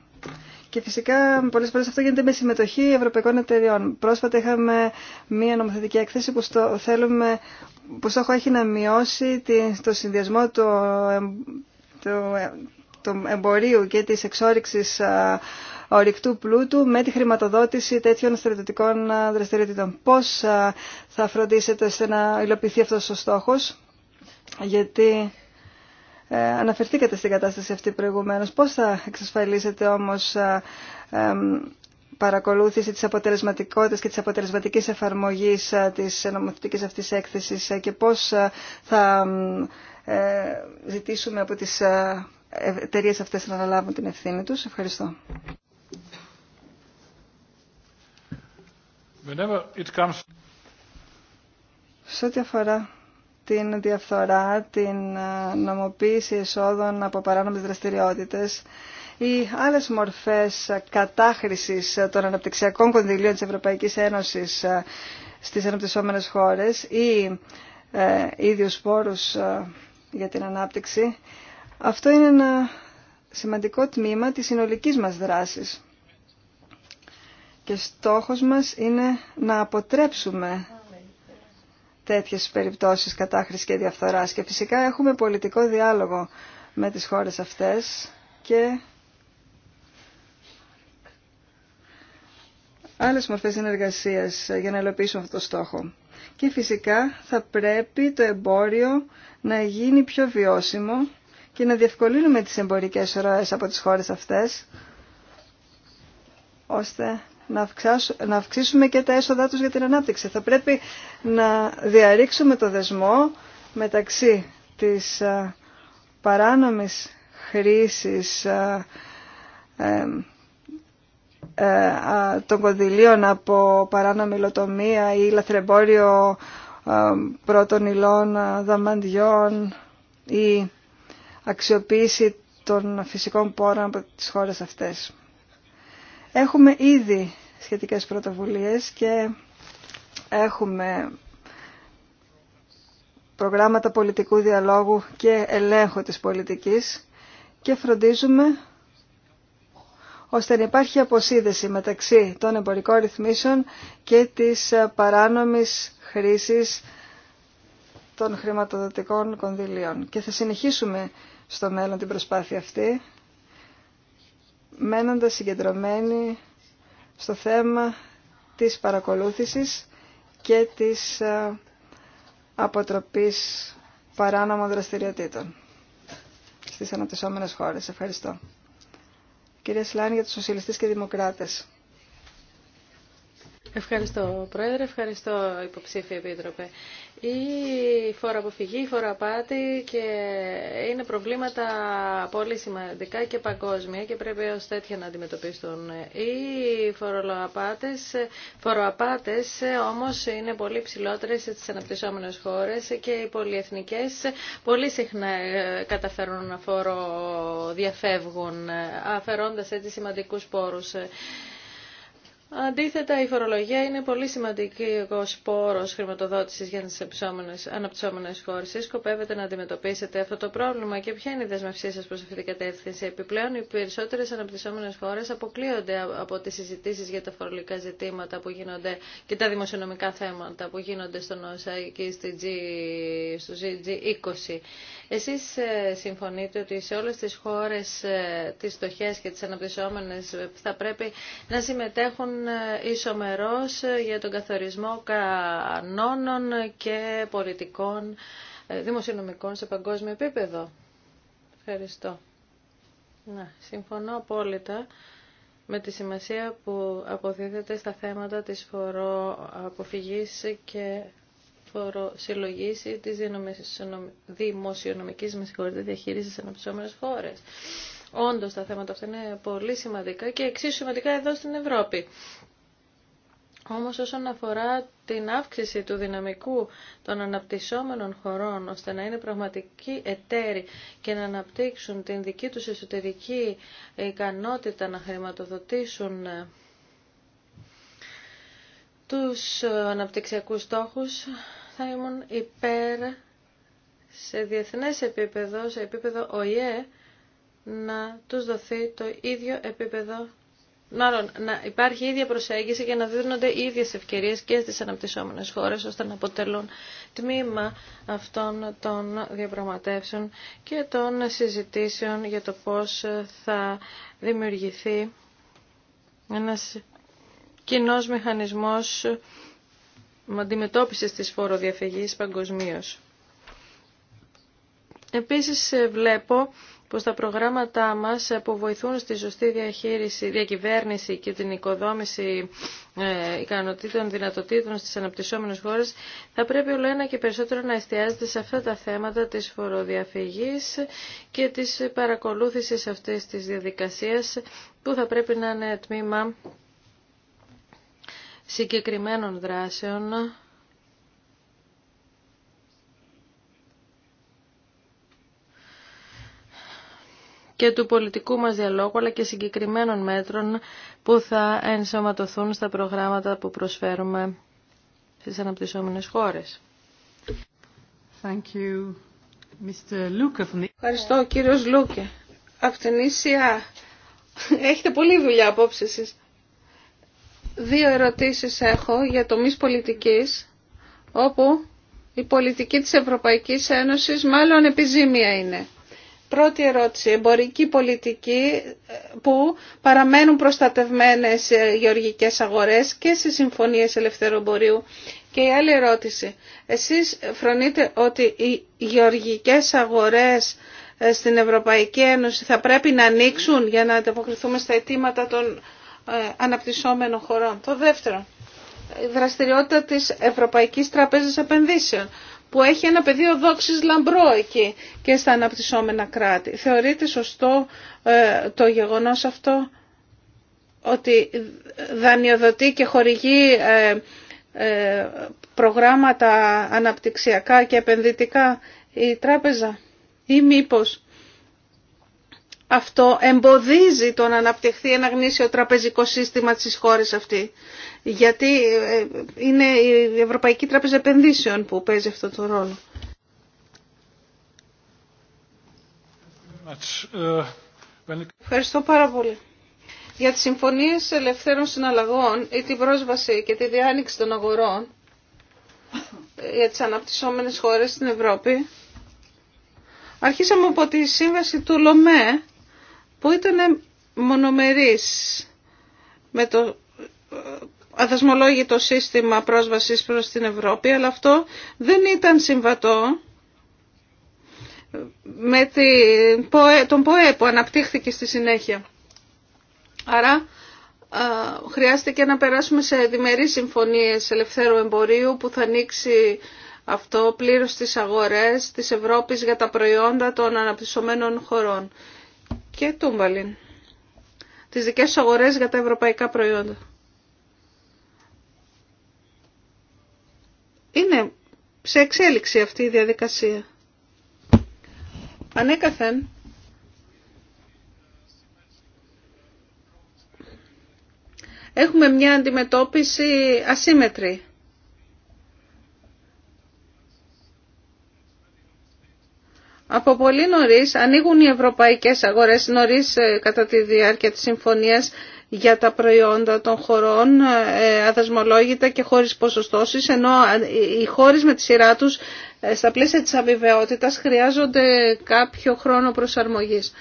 S2: Και φυσικά πολλές φορές αυτό γίνεται με συμμετοχή ευρωπαϊκών εταιριών. Πρόσφατα είχαμε μία νομοθετική έκθεση που στο, θέλουμε, που στόχο έχει να μειώσει το συνδυασμό του, το ε, του εμπορίου και της εξόριξης ορυκτού πλούτου με τη χρηματοδότηση τέτοιων στρατιωτικών ε, δραστηριοτήτων. Πώς ε, θα φροντίσετε ώστε να υλοποιηθεί αυτός ο στόχος, γιατί ε, αναφερθήκατε στην κατάσταση αυτή προηγουμένως. Πώς θα εξασφαλίσετε όμως παρακολούθηση της αποτελεσματικότητας και της αποτελεσματικής εφαρμογής της νομοθετικής αυτής έκθεσης και πώς θα ζητήσουμε από τις εταιρείε αυτές να αναλάβουν την ευθύνη τους. Ευχαριστώ. Σε ό,τι αφορά την διαφθορά, την ε, νομοποίηση εσόδων από παράνομες δραστηριότητες ή άλλες μορφές κατάχρησης των αναπτυξιακών κονδυλίων της Ευρωπαϊκής Ένωσης ε, στις αναπτυσσόμενες χώρες ή ε, ίδιους πόρους ε, για την ανάπτυξη, αυτό είναι ένα σημαντικό τμήμα της συνολικής μας δράσης. Και στόχος μας είναι να αποτρέψουμε τέτοιες περιπτώσεις κατάχρησης και διαφθοράς. Και φυσικά έχουμε πολιτικό διάλογο με τις χώρες αυτές και άλλες μορφές συνεργασίας για να ελοπίσουμε αυτό το στόχο. Και φυσικά θα πρέπει το εμπόριο να γίνει πιο βιώσιμο και να διευκολύνουμε τις εμπορικές ροές από τις χώρες αυτές, ώστε να αυξήσουμε και τα έσοδά τους για την ανάπτυξη. Θα πρέπει να διαρρήξουμε το δεσμό μεταξύ της ε, παράνομης χρήσης ε, ε, των κονδυλίων από παράνομη λοτομία ή λαθρεμπόριο πρώτων υλών, δαμαντιών ή αξιοποίηση των φυσικών πόρων από τις χώρες αυτές. Έχουμε ήδη σχετικές πρωτοβουλίες και έχουμε προγράμματα πολιτικού διαλόγου και ελέγχου της πολιτικής και φροντίζουμε ώστε να υπάρχει αποσύνδεση μεταξύ των εμπορικών ρυθμίσεων και της παράνομης χρήσης των χρηματοδοτικών κονδυλίων. Και θα συνεχίσουμε στο μέλλον την προσπάθεια αυτή μένοντας συγκεντρωμένοι στο θέμα της παρακολούθησης και της ε, αποτροπής παράνομων δραστηριοτήτων στις αναπτυσσόμενες χώρες. Ευχαριστώ. Κυρία Σλάνη για τους Σοσιαλιστές και Δημοκράτες.
S3: Ευχαριστώ, Πρόεδρε. Ευχαριστώ, Υποψήφια Επίτροπε η φοροαποφυγή, η φοροαπάτη και είναι προβλήματα πολύ σημαντικά και παγκόσμια και πρέπει ως τέτοια να αντιμετωπίσουν. Οι φοροαπάτες, φοροαπάτες όμως είναι πολύ ψηλότερες στις αναπτυσσόμενες χώρες και οι πολυεθνικές πολύ συχνά ε, καταφέρουν να φοροδιαφεύγουν αφαιρώντας έτσι σημαντικούς πόρους. Αντίθετα, η φορολογία είναι πολύ σημαντική πόρο χρηματοδότηση για τι αναπτυσσόμενε χώρε. Σκοπεύετε να αντιμετωπίσετε αυτό το πρόβλημα και ποια είναι η δεσμευσή σα προ αυτή την κατεύθυνση. Επιπλέον, οι περισσότερε αναπτυσσόμενε χώρε αποκλείονται από τι συζητήσει για τα φορολογικά ζητήματα που γίνονται και τα δημοσιονομικά θέματα που γίνονται στον ΩΣΑ και στο G20. Εσείς ε, συμφωνείτε ότι σε όλες τις χώρες ε, τις στοχές και τις αναπτυσσόμενες ε, θα πρέπει να συμμετέχουν ισομερώς για τον καθορισμό κανόνων και πολιτικών δημοσιονομικών σε παγκόσμιο επίπεδο. Ευχαριστώ. Να, συμφωνώ απόλυτα με τη σημασία που αποδίδεται στα θέματα της φοροαποφυγής και τη τη της δημοσιονομικής με συγχωρείτε, διαχείρισης σε τα θέματα αυτά είναι πολύ σημαντικά και εξίσου σημαντικά εδώ στην Ευρώπη. Όμω, όσον αφορά την αύξηση του δυναμικού των αναπτυσσόμενων χωρών ώστε να είναι πραγματικοί εταίροι και να αναπτύξουν την δική τους εσωτερική ικανότητα να χρηματοδοτήσουν ε, τους ε, αναπτυξιακούς στόχους θα ήμουν υπέρ σε διεθνές επίπεδο, σε επίπεδο ΟΗΕ, να τους δοθεί το ίδιο επίπεδο Μάλλον να υπάρχει η ίδια προσέγγιση για να δίνονται οι ίδιες ευκαιρίες και στις αναπτυσσόμενες χώρες ώστε να αποτελούν τμήμα αυτών των διαπραγματεύσεων και των συζητήσεων για το πώς θα δημιουργηθεί ένας κοινός μηχανισμός αντιμετώπιση της φοροδιαφυγής παγκοσμίω. Επίσης ε, βλέπω πως τα προγράμματά μας ε, που βοηθούν στη σωστή διαχείριση, διακυβέρνηση και την οικοδόμηση ε, ικανοτήτων, δυνατοτήτων στις αναπτυσσόμενες χώρες θα πρέπει όλο ένα και περισσότερο να εστιάζεται σε αυτά τα θέματα της φοροδιαφυγής και της παρακολούθησης αυτής της διαδικασίας που θα πρέπει να είναι τμήμα συγκεκριμένων δράσεων και του πολιτικού μας διαλόγου αλλά και συγκεκριμένων μέτρων που θα ενσωματωθούν στα προγράμματα που προσφέρουμε στις αναπτυσσόμενες χώρες.
S1: Ευχαριστώ κύριος Λούκε. Από την Ίσια έχετε πολλή δουλειά απόψε εσείς. Δύο ερωτήσεις έχω για τομείς πολιτικής, όπου η πολιτική της Ευρωπαϊκής Ένωσης μάλλον επιζήμια είναι. Πρώτη ερώτηση, εμπορική πολιτική ε, που παραμένουν προστατευμένες γεωργικές αγορές και σε συμφωνίες ελευθερομπορίου. Και η άλλη ερώτηση, εσείς φρονείτε ότι οι γεωργικές αγορές ε, στην Ευρωπαϊκή Ένωση θα πρέπει να ανοίξουν για να ανταποκριθούμε στα αιτήματα των ε, αναπτυσσόμενων χωρών. Το δεύτερο, η δραστηριότητα της Ευρωπαϊκής Τραπέζας Επενδύσεων που έχει ένα πεδίο δόξης λαμπρό εκεί και στα αναπτυσσόμενα κράτη. Θεωρείται σωστό ε, το γεγονός αυτό ότι δανειοδοτεί και χορηγεί ε, προγράμματα αναπτυξιακά και επενδυτικά η τράπεζα ή μήπως αυτό εμποδίζει το να αναπτυχθεί ένα γνήσιο τραπεζικό σύστημα της χώρες αυτή. Γιατί ε, είναι η Ευρωπαϊκή Τράπεζα Επενδύσεων που παίζει αυτό το ρόλο. Ευχαριστώ πάρα πολύ. Για τις συμφωνίες ελευθέρων συναλλαγών ή την πρόσβαση και τη διάνοιξη των αγορών ε, για τις αναπτυσσόμενες χώρες στην Ευρώπη, αρχίσαμε από τη σύμβαση του ΛΟΜΕ που ήταν μονομερής με το ε, αδασμολόγητο σύστημα πρόσβασης προς την Ευρώπη, αλλά αυτό δεν ήταν συμβατό με τον ΠΟΕ που αναπτύχθηκε στη συνέχεια. Άρα ε, χρειάστηκε να περάσουμε σε διμερείς συμφωνίες ελευθέρου εμπορίου που θα ανοίξει αυτό πλήρως τις αγορές της Ευρώπης για τα προϊόντα των αναπτυσσομένων χωρών και Τούμπαλιν τις δικές αγορές για τα ευρωπαϊκά προϊόντα. Είναι σε εξέλιξη αυτή η διαδικασία. Ανέκαθεν, έχουμε μια αντιμετώπιση ασύμετρη Από πολύ νωρίς ανοίγουν οι ευρωπαϊκές αγορές νωρίς ε, κατά τη διάρκεια της συμφωνίας για τα προϊόντα των χωρών ε, αδεσμολόγητα και χωρίς ποσοστώσεις, ενώ ε, οι χώρες με τη σειρά τους στα πλαίσια της αμοιβαιότητας χρειάζονται κάποιο χρόνο προσαρμογής.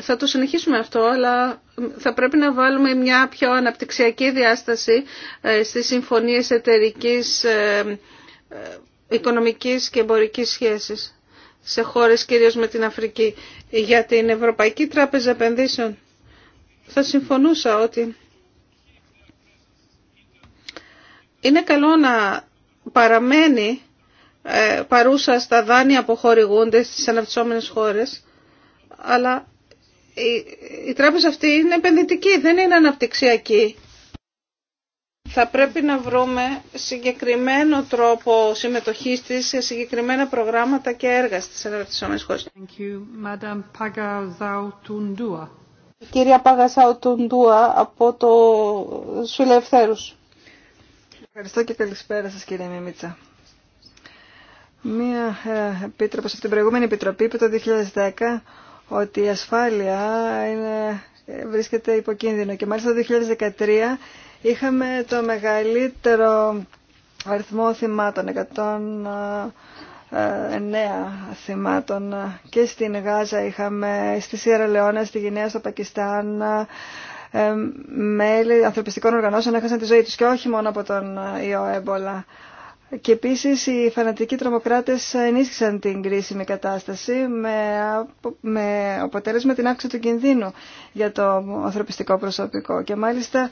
S1: Θα το συνεχίσουμε αυτό, αλλά θα πρέπει να βάλουμε μια πιο αναπτυξιακή διάσταση στις συμφωνίες εταιρικής, οικονομικής και εμπορικής σχέσης σε χώρες κυρίως με την Αφρική. Για την Ευρωπαϊκή Τράπεζα Επενδύσεων θα συμφωνούσα ότι είναι καλό να παραμένει ε, παρούσα στα δάνεια που χορηγούνται στις αναπτυσσόμενες χώρες, αλλά η, η τράπεζα αυτή είναι επενδυτική, δεν είναι αναπτυξιακή θα πρέπει να βρούμε συγκεκριμένο τρόπο συμμετοχής της σε συγκεκριμένα προγράμματα και έργα στις αναπτυσσόμενες χώρες. κυρία Παγασάου από το Σουλευθέρους.
S2: Ευχαριστώ και καλησπέρα σας κύριε Μιμίτσα.
S1: Μία ε, επίτροπος
S2: από την προηγούμενη επιτροπή είπε το 2010 ότι η ασφάλεια είναι, ε, βρίσκεται υποκίνδυνο και μάλιστα το 2013 Είχαμε το μεγαλύτερο αριθμό θυμάτων, 109 θυμάτων και στην Γάζα είχαμε, στη Σιέρα Λεώνα, στη Γινέα, στο Πακιστάν, ε, μέλη ανθρωπιστικών οργανώσεων έχασαν τη ζωή τους και όχι μόνο από τον ιό έμπολα. Και επίσης οι φανατικοί τρομοκράτες ενίσχυσαν την κρίσιμη κατάσταση με, με αποτέλεσμα την αύξηση του κινδύνου για το ανθρωπιστικό προσωπικό. Και μάλιστα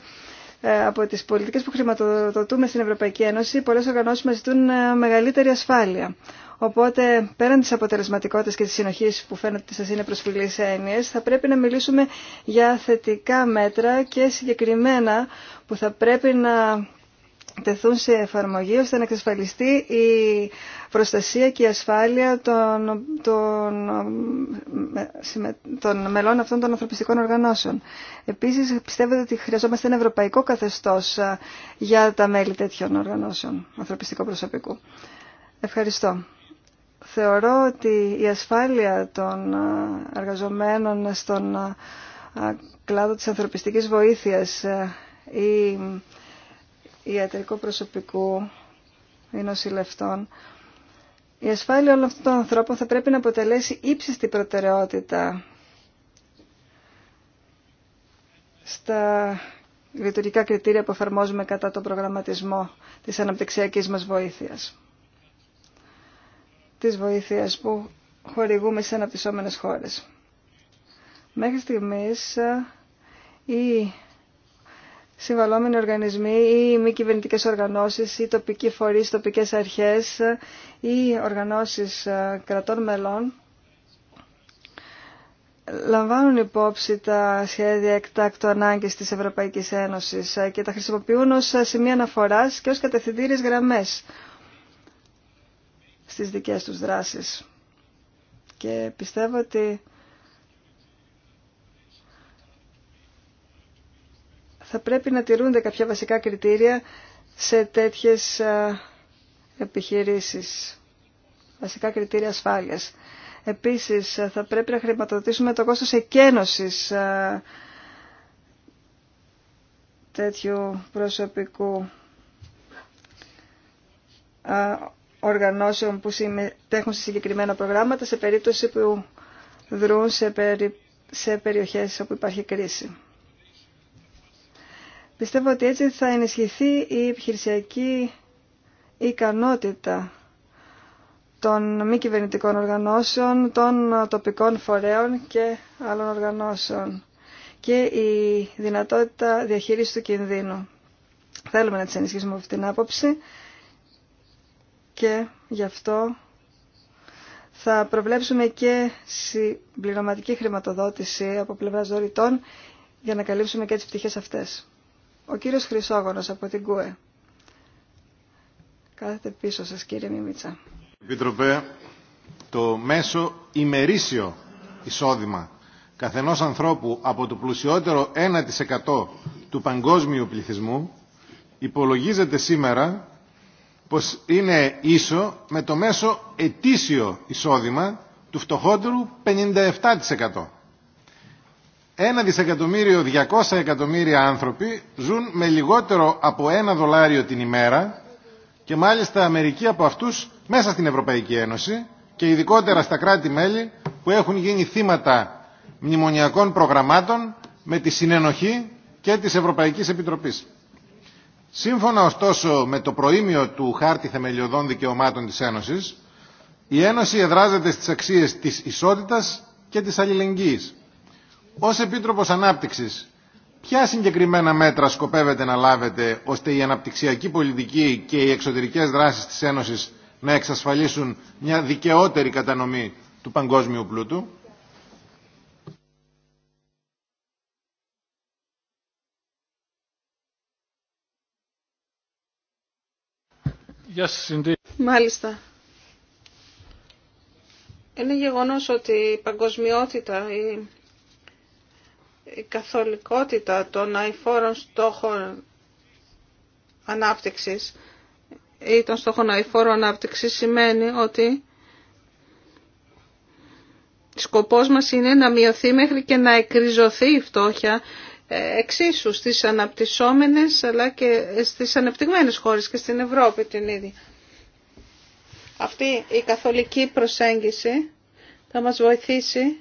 S2: ε, από τις πολιτικές που χρηματοδοτούμε στην Ευρωπαϊκή Ένωση, πολλές οργανώσεις μας ζητούν ε, μεγαλύτερη ασφάλεια. Οπότε, πέραν της αποτελεσματικότητας και της συνοχής που φαίνεται ότι σα είναι προσφυλή έννοιες θα πρέπει να μιλήσουμε για θετικά μέτρα και συγκεκριμένα που θα πρέπει να τεθούν σε εφαρμογή ώστε να εξασφαλιστεί η προστασία και η ασφάλεια των, των, των μελών αυτών των ανθρωπιστικών οργανώσεων. Επίσης πιστεύετε ότι χρειαζόμαστε ένα ευρωπαϊκό καθεστώς για τα μέλη τέτοιων οργανώσεων ανθρωπιστικού προσωπικού. Ευχαριστώ. Θεωρώ ότι η ασφάλεια των εργαζομένων στον κλάδο της ανθρωπιστικής βοήθειας ή ιατρικού προσωπικού ή νοσηλευτών, η ασφάλεια όλων αυτών των ανθρώπων θα πρέπει να αποτελέσει ύψιστη προτεραιότητα στα λειτουργικά κριτήρια που εφαρμόζουμε κατά τον προγραμματισμό της αναπτυξιακής μας βοήθειας. Της βοήθειας που χορηγούμε στις αναπτυσσόμενες χώρες. Μέχρι στιγμής ε, η συμβαλόμενοι οργανισμοί ή μη κυβερνητικέ οργανώσεις ή τοπικοί φορείς, τοπικές αρχές ή οργανώσεις ε, κρατών μελών λαμβάνουν υπόψη τα σχέδια εκτάκτου ανάγκης της Ευρωπαϊκής Ένωσης ε, και τα χρησιμοποιούν ως ε, σημεία αναφοράς και ως κατευθυντήριες γραμμές στις δικές τους δράσεις. Και πιστεύω ότι θα πρέπει να τηρούνται κάποια βασικά κριτήρια σε τέτοιες επιχειρήσεις, βασικά κριτήρια ασφάλειας. Επίσης, θα πρέπει να χρηματοδοτήσουμε το κόστος εκένωσης τέτοιου προσωπικού οργανώσεων που συμμετέχουν σε συγκεκριμένα προγράμματα σε περίπτωση που δρούν σε περιοχές όπου υπάρχει κρίση. Πιστεύω ότι έτσι θα ενισχυθεί η επιχειρησιακή ικανότητα των μη κυβερνητικών οργανώσεων, των τοπικών φορέων και άλλων οργανώσεων και η δυνατότητα διαχείρισης του κινδύνου. Θέλουμε να τις ενισχύσουμε αυτή την άποψη και γι' αυτό θα προβλέψουμε και συμπληρωματική χρηματοδότηση από πλευράς δωρητών για να καλύψουμε και τις πτυχές αυτές. Ο κύριος Χρυσόγονος από την ΚΟΕ. Κάθετε πίσω σας κύριε Μιμίτσα.
S5: Επίτροπε, το μέσο ημερήσιο εισόδημα καθενός ανθρώπου από το πλουσιότερο 1% του παγκόσμιου πληθυσμού υπολογίζεται σήμερα πως είναι ίσο με το μέσο ετήσιο εισόδημα του φτωχότερου 57%. 1 δισεκατομμύριο 200 εκατομμύρια άνθρωποι ζουν με λιγότερο από ένα δολάριο την ημέρα και μάλιστα μερικοί από αυτούς μέσα στην Ευρωπαϊκή Ένωση και ειδικότερα στα κράτη-μέλη που έχουν γίνει θύματα μνημονιακών προγραμμάτων με τη συνενοχή και της Ευρωπαϊκής Επιτροπής. Σύμφωνα ωστόσο με το προήμιο του Χάρτη Θεμελιωδών Δικαιωμάτων της Ένωσης, η Ένωση εδράζεται στις αξίες της ισότητας και της αλληλεγγύης. Ως Επίτροπος Ανάπτυξης, ποια συγκεκριμένα μέτρα σκοπεύετε να λάβετε ώστε η αναπτυξιακή πολιτική και οι εξωτερικές δράσεις της Ένωσης να εξασφαλίσουν μια δικαιότερη κατανομή του παγκόσμιου πλούτου.
S1: Μάλιστα. Είναι γεγονός ότι η παγκοσμιότητα, η η καθολικότητα των αηφόρων στόχων ανάπτυξης ή των στόχων αηφόρων ανάπτυξης σημαίνει ότι σκοπός μας είναι να μειωθεί μέχρι και να εκριζωθεί η φτώχεια ε, εξίσου στις αναπτυσσόμενες αλλά και στις ανεπτυγμένες χώρες και στην Ευρώπη την ίδια. Αυτή η καθολική προσέγγιση θα μας βοηθήσει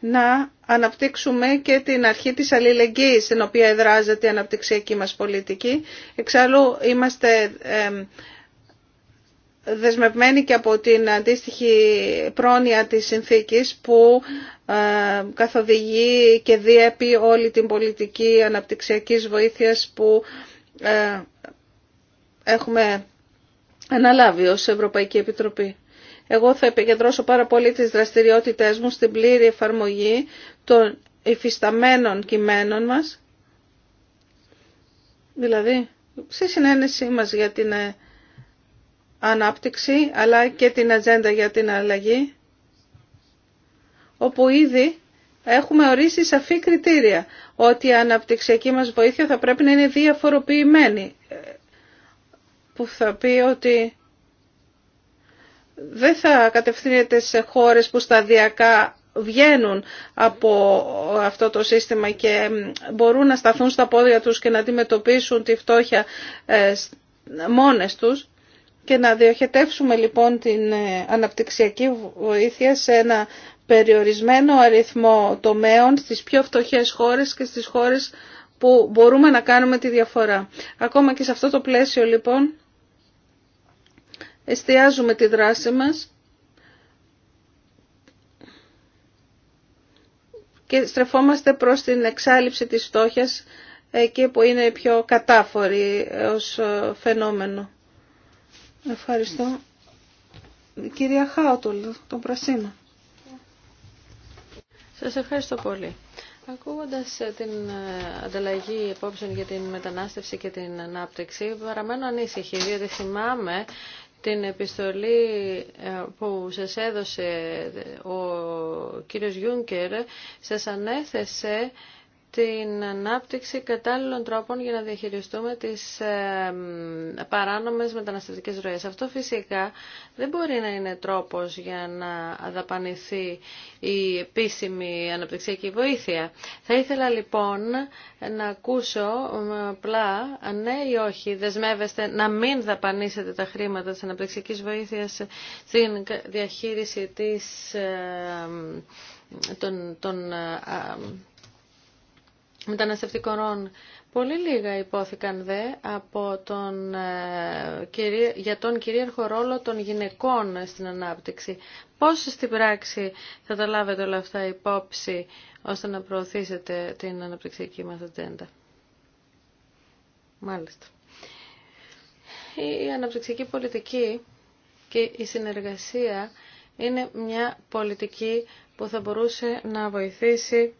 S1: να αναπτύξουμε και την αρχή της αλληλεγγύης στην οποία εδράζεται η αναπτυξιακή μας πολιτική. Εξάλλου είμαστε δεσμευμένοι και από την αντίστοιχη πρόνοια της συνθήκης που καθοδηγεί και διέπει όλη την πολιτική αναπτυξιακής βοήθειας που έχουμε αναλάβει ως Ευρωπαϊκή Επιτροπή. Εγώ θα επικεντρώσω πάρα πολύ τις δραστηριότητές μου στην πλήρη εφαρμογή των υφισταμένων κειμένων μας. Δηλαδή, στη συνένεσή μας για την ε, ανάπτυξη, αλλά και την ατζέντα για την αλλαγή, όπου ήδη έχουμε ορίσει σαφή κριτήρια ότι η αναπτυξιακή μας βοήθεια θα πρέπει να είναι διαφοροποιημένη, ε, που θα πει ότι δεν θα κατευθύνεται σε χώρες που σταδιακά βγαίνουν από αυτό το σύστημα και μπορούν να σταθούν στα πόδια τους και να αντιμετωπίσουν τη φτώχεια ε, μόνες τους και να διοχετεύσουμε λοιπόν την ε, αναπτυξιακή βοήθεια σε ένα περιορισμένο αριθμό τομέων στις πιο φτωχές χώρες και στις χώρες που μπορούμε να κάνουμε τη διαφορά. Ακόμα και σε αυτό το πλαίσιο λοιπόν εστιάζουμε τη δράση μας και στρεφόμαστε προς την εξάλληψη της στόχιας εκεί που είναι πιο κατάφορη ως φαινόμενο. Ευχαριστώ. κυρία Χάουτολ, τον Πρασίνο.
S3: Σας ευχαριστώ πολύ. Ακούγοντας ε, την ε, ανταλλαγή υπόψεων για την μετανάστευση και την ανάπτυξη, παραμένω ανήσυχη, διότι θυμάμαι την επιστολή ε, που σας έδωσε ο κύριος Γιούνκερ σας ανέθεσε την ανάπτυξη κατάλληλων τρόπων για να διαχειριστούμε τις ε, παράνομες μεταναστευτικές ροές. Αυτό φυσικά δεν μπορεί να είναι τρόπος για να αδαπανηθεί η επίσημη αναπτυξιακή βοήθεια. Θα ήθελα λοιπόν να ακούσω απλά ναι ή όχι δεσμεύεστε να μην δαπανίσετε τα χρήματα της αναπτυξιακής βοήθειας στην διαχείριση της ε, των, των ε, μεταναστευτικών. Πολύ λίγα υπόθηκαν δε από τον, ε, για τον κυρίαρχο ρόλο των γυναικών στην ανάπτυξη. Πώς στην πράξη θα τα λάβετε όλα αυτά υπόψη ώστε να προωθήσετε την αναπτυξιακή μας ατζέντα. Μάλιστα. Η αναπτυξιακή πολιτική και η συνεργασία είναι μια πολιτική που θα μπορούσε να βοηθήσει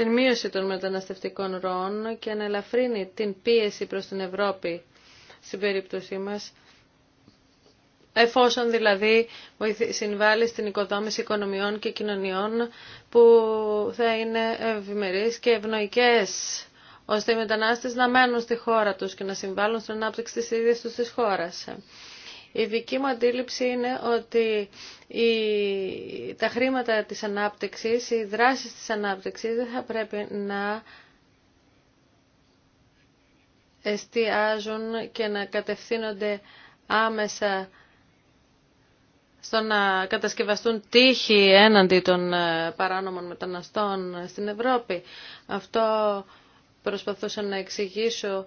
S3: στην μείωση των μεταναστευτικών ροών και να ελαφρύνει την πίεση προς την Ευρώπη στην περίπτωσή μας, εφόσον δηλαδή συμβάλλει στην οικοδόμηση οικονομιών και κοινωνιών που θα είναι ευημερείς και ευνοϊκές ώστε οι μετανάστες να μένουν στη χώρα τους και να συμβάλλουν στην ανάπτυξη της ίδιας τους της χώρας. Η δική μου αντίληψη είναι ότι η, τα χρήματα της ανάπτυξης, οι δράσεις της ανάπτυξης δεν θα πρέπει να εστιάζουν και να κατευθύνονται άμεσα στο να κατασκευαστούν τύχη έναντι των ε, παράνομων μεταναστών στην Ευρώπη. Αυτό προσπαθούσα να εξηγήσω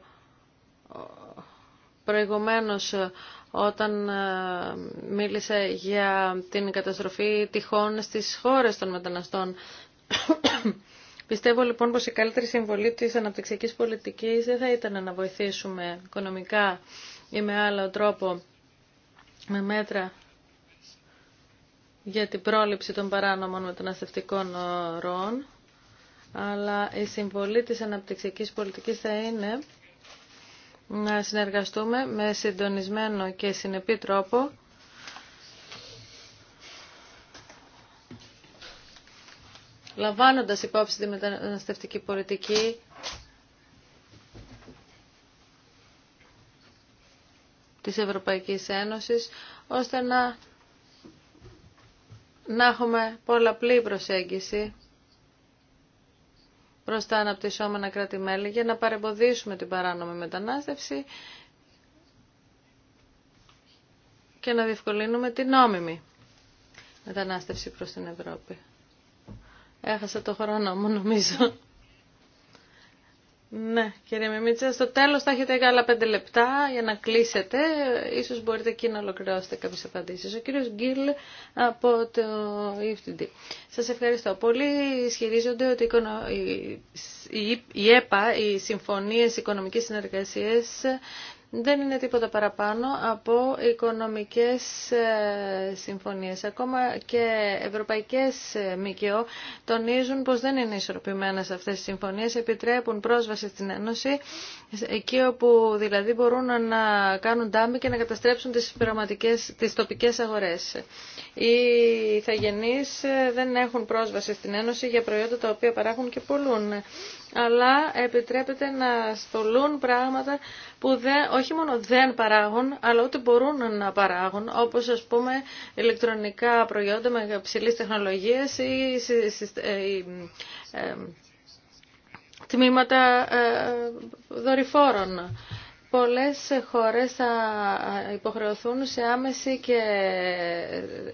S3: προηγουμένως όταν ε, μίλησε για την καταστροφή τυχών στις χώρες των μεταναστών. Πιστεύω λοιπόν πως η καλύτερη συμβολή της αναπτυξιακής πολιτικής δεν θα ήταν να βοηθήσουμε οικονομικά ή με άλλο τρόπο με μέτρα για την πρόληψη των παράνομων μεταναστευτικών ροών, αλλά η συμβολή της αναπτυξιακής πολιτικής θα είναι να συνεργαστούμε με συντονισμένο και συνεπή τρόπο λαμβάνοντας υπόψη τη μεταναστευτική πολιτική της Ευρωπαϊκής Ένωσης, ώστε να, να έχουμε πολλαπλή προσέγγιση Προ τα αναπτυσσόμενα κράτη-μέλη για να παρεμποδίσουμε την παράνομη μετανάστευση και να διευκολύνουμε την νόμιμη μετανάστευση προς την Ευρώπη. Έχασα το χρόνο μου νομίζω. Ναι, κύριε Μιμίτσα, στο τέλο θα έχετε άλλα πέντε λεπτά για να κλείσετε. Ίσως μπορείτε εκεί να ολοκληρώσετε κάποιες απαντήσεις. Ο κύριο Γκίλ από το EFTD. Σα ευχαριστώ. Πολλοί ισχυρίζονται ότι η ΕΠΑ, οι Συμφωνίε Οικονομική συνεργασία, δεν είναι τίποτα παραπάνω από οικονομικές ε, συμφωνίες. Ακόμα και ευρωπαϊκές ε, ΜΚΟ τονίζουν πως δεν είναι ισορροπημένες αυτές οι συμφωνίες, επιτρέπουν πρόσβαση στην Ένωση, εκεί όπου δηλαδή μπορούν να κάνουν τάμι και να καταστρέψουν τις, τις τοπικές αγορές. Οι ηθαγενείς ε, δεν έχουν πρόσβαση στην Ένωση για προϊόντα τα οποία παράγουν και πολλούν αλλά επιτρέπεται να στολούν πράγματα που δεν, όχι μόνο δεν παράγουν, αλλά ούτε μπορούν να παράγουν, όπως ας πούμε ηλεκτρονικά προϊόντα με ψηλής τεχνολογίας ή ε, τμήματα ε, δορυφόρων. Πολλές χώρες θα υποχρεωθούν σε άμεση και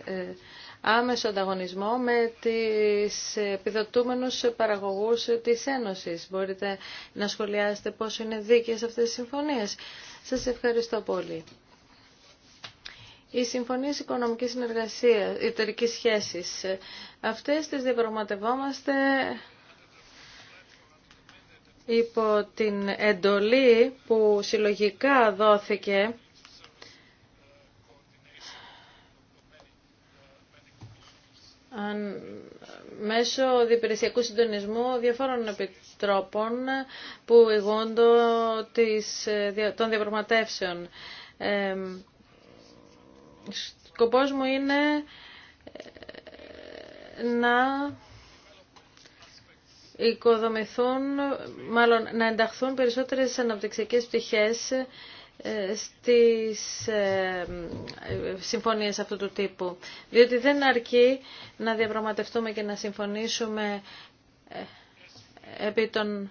S3: ε, άμεσο ανταγωνισμό με τις επιδοτούμενους παραγωγούς της Ένωσης. Μπορείτε να σχολιάσετε πόσο είναι δίκαιες αυτές οι συμφωνίες. Σας ευχαριστώ πολύ. Οι συμφωνίε οικονομική συνεργασία, εταιρικέ σχέσεις. αυτέ τι διαπραγματευόμαστε υπό την εντολή που συλλογικά δόθηκε αν, μέσω διπηρεσιακού συντονισμού διαφόρων επιτρόπων που ηγούνται των διαπραγματεύσεων. Ε, σκοπός μου είναι ε, να οικοδομηθούν, μάλλον να ενταχθούν περισσότερες αναπτυξιακές πτυχές ε, στις ε, συμφωνίες αυτού του τύπου. Διότι δεν αρκεί να διαπραγματευτούμε και να συμφωνήσουμε ε, επί των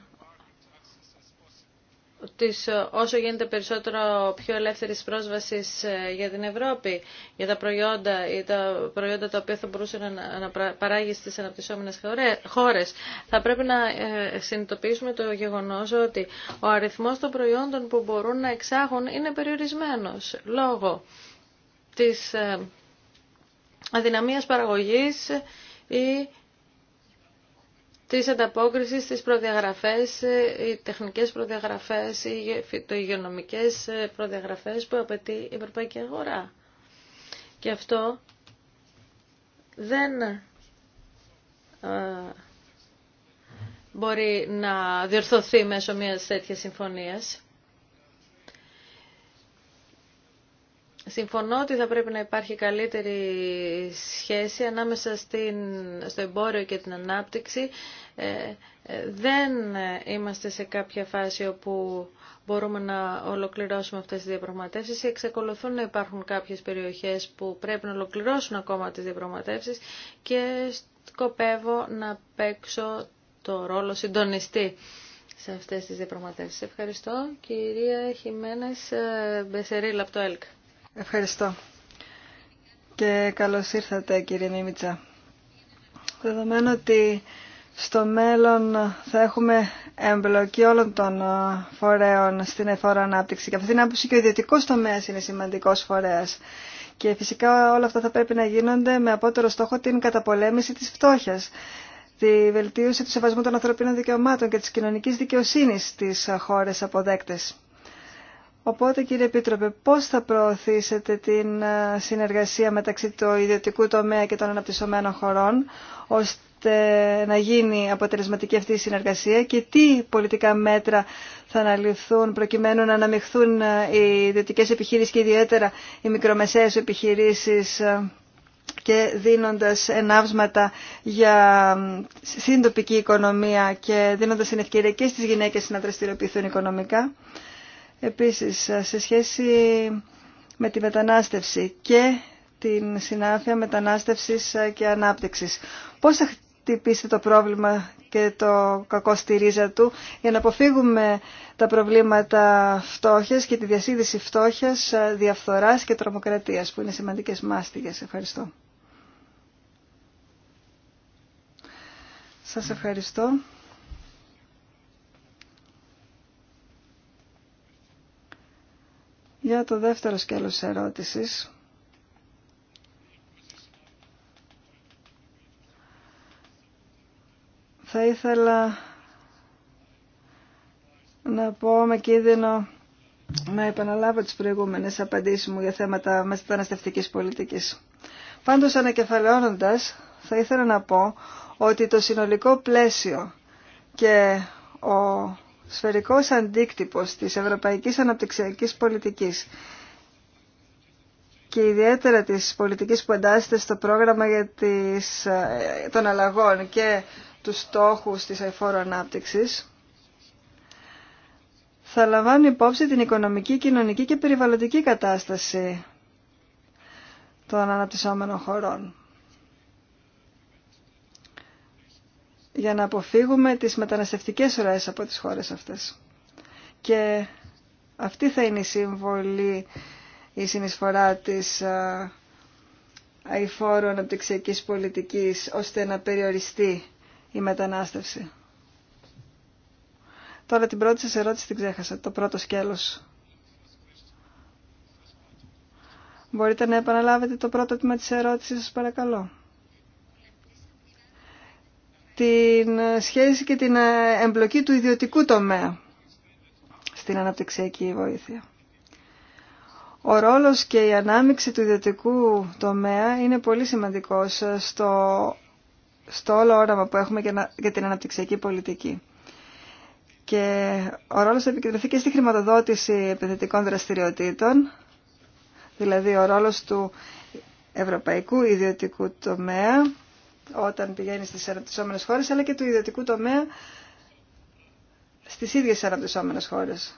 S3: της ε, όσο γίνεται περισσότερο πιο ελεύθερης πρόσβασης για την Ευρώπη, για τα προϊόντα ή τα προϊόντα τα οποία θα μπορούσε να, παράγει στις αναπτυσσόμενες χώρες. Θα πρέπει να ε, συνειδητοποιήσουμε το γεγονός ότι ο αριθμός των προϊόντων που μπορούν να εξάγουν είναι περιορισμένος λόγω της ε, αδυναμίας παραγωγής ή της ανταπόκρισης στις προδιαγραφές, ε, οι τεχνικές προδιαγραφές, οι υγειονομικές ε, προδιαγραφές που απαιτεί η ευρωπαϊκή αγορά. Και αυτό δεν ε, μπορεί να διορθωθεί μέσω μιας τέτοιας συμφωνίας. Συμφωνώ ότι θα πρέπει να υπάρχει καλύτερη σχέση ανάμεσα στην, στο εμπόριο και την ανάπτυξη. Ε, ε, δεν είμαστε σε κάποια φάση όπου μπορούμε να ολοκληρώσουμε αυτές τις διαπραγματεύσεις. Εξακολουθούν να υπάρχουν κάποιες περιοχές που πρέπει να ολοκληρώσουν ακόμα τις διαπραγματεύσεις και σκοπεύω να παίξω το ρόλο συντονιστή σε αυτές τις διαπραγματεύσεις. Ευχαριστώ. Κυρία Χιμένες ε, Μπεσερίλα από το ΕΛΚ.
S2: Ευχαριστώ. Και καλώς ήρθατε κύριε Μίμητσα. Δεδομένου ότι στο μέλλον θα έχουμε εμπλοκή όλων των φορέων στην εφόρα ανάπτυξη και αυτή την άποψη και ο ιδιωτικό τομέα είναι σημαντικό φορέα. Και φυσικά όλα αυτά θα πρέπει να γίνονται με απότερο στόχο την καταπολέμηση τη φτώχεια, τη βελτίωση του σεβασμού των ανθρωπίνων δικαιωμάτων και τη κοινωνική δικαιοσύνη στι χώρε αποδέκτε. Οπότε κύριε Επίτροπε, πώς θα προωθήσετε την ε, συνεργασία μεταξύ του ιδιωτικού τομέα και των αναπτυσσομένων χωρών, ώστε να γίνει αποτελεσματική αυτή η συνεργασία και τι πολιτικά μέτρα θα αναλυθούν προκειμένου να αναμειχθούν ε, οι ιδιωτικές επιχειρήσεις και ιδιαίτερα οι μικρομεσαίες επιχειρήσεις ε, και δίνοντας ενάυσματα για συντοπική οικονομία και δίνοντας την ευκαιρία και στις γυναίκες να δραστηριοποιηθούν οικονομικά. Επίσης, σε σχέση με τη μετανάστευση και την συνάφεια μετανάστευσης και ανάπτυξης. Πώς θα χτυπήσετε το πρόβλημα και το κακό στη ρίζα του για να αποφύγουμε τα προβλήματα φτώχειας και τη διασύνδεση φτώχειας, διαφθοράς και τρομοκρατίας που είναι σημαντικές μάστιγες. Ευχαριστώ. Σας ευχαριστώ. Για το δεύτερο σκέλος ερώτησης, θα ήθελα να πω με κίνδυνο να επαναλάβω τις προηγούμενες απαντήσεις μου για θέματα μεταναστευτικής πολιτικής. Πάντως ανακεφαλαιώνοντας θα ήθελα να πω ότι το συνολικό πλαίσιο και ο σφαιρικός αντίκτυπος της ευρωπαϊκής αναπτυξιακής πολιτικής και ιδιαίτερα της πολιτικής που εντάσσεται στο πρόγραμμα για τις, ε, των αλλαγών και τους στόχους της αηφόρου ανάπτυξης, θα λαμβάνει υπόψη την οικονομική, κοινωνική και περιβαλλοντική κατάσταση των αναπτυσσόμενων χωρών. για να αποφύγουμε τις μεταναστευτικές ροές από τις χώρες αυτές. Και αυτή θα είναι η συμβολή, η συνεισφορά της αηφόρου αναπτυξιακής πολιτικής, ώστε να περιοριστεί η μετανάστευση. Τώρα την πρώτη σας ερώτηση την ξέχασα, το πρώτο σκέλος. Μπορείτε να επαναλάβετε το πρώτο τμήμα της ερώτησης σας παρακαλώ την σχέση και την ε, εμπλοκή του ιδιωτικού τομέα στην αναπτυξιακή βοήθεια. Ο ρόλος και η ανάμειξη του ιδιωτικού τομέα είναι πολύ σημαντικός στο, στο όλο όραμα που έχουμε για την αναπτυξιακή πολιτική. Και ο ρόλος θα επικεντρωθεί και στη χρηματοδότηση επιθετικών δραστηριοτήτων, δηλαδή ο ρόλος του ευρωπαϊκού ιδιωτικού τομέα όταν πηγαίνει στις αναπτυσσόμενες χώρες, αλλά και του ιδιωτικού τομέα στις ίδιες αναπτυσσόμενες χώρες,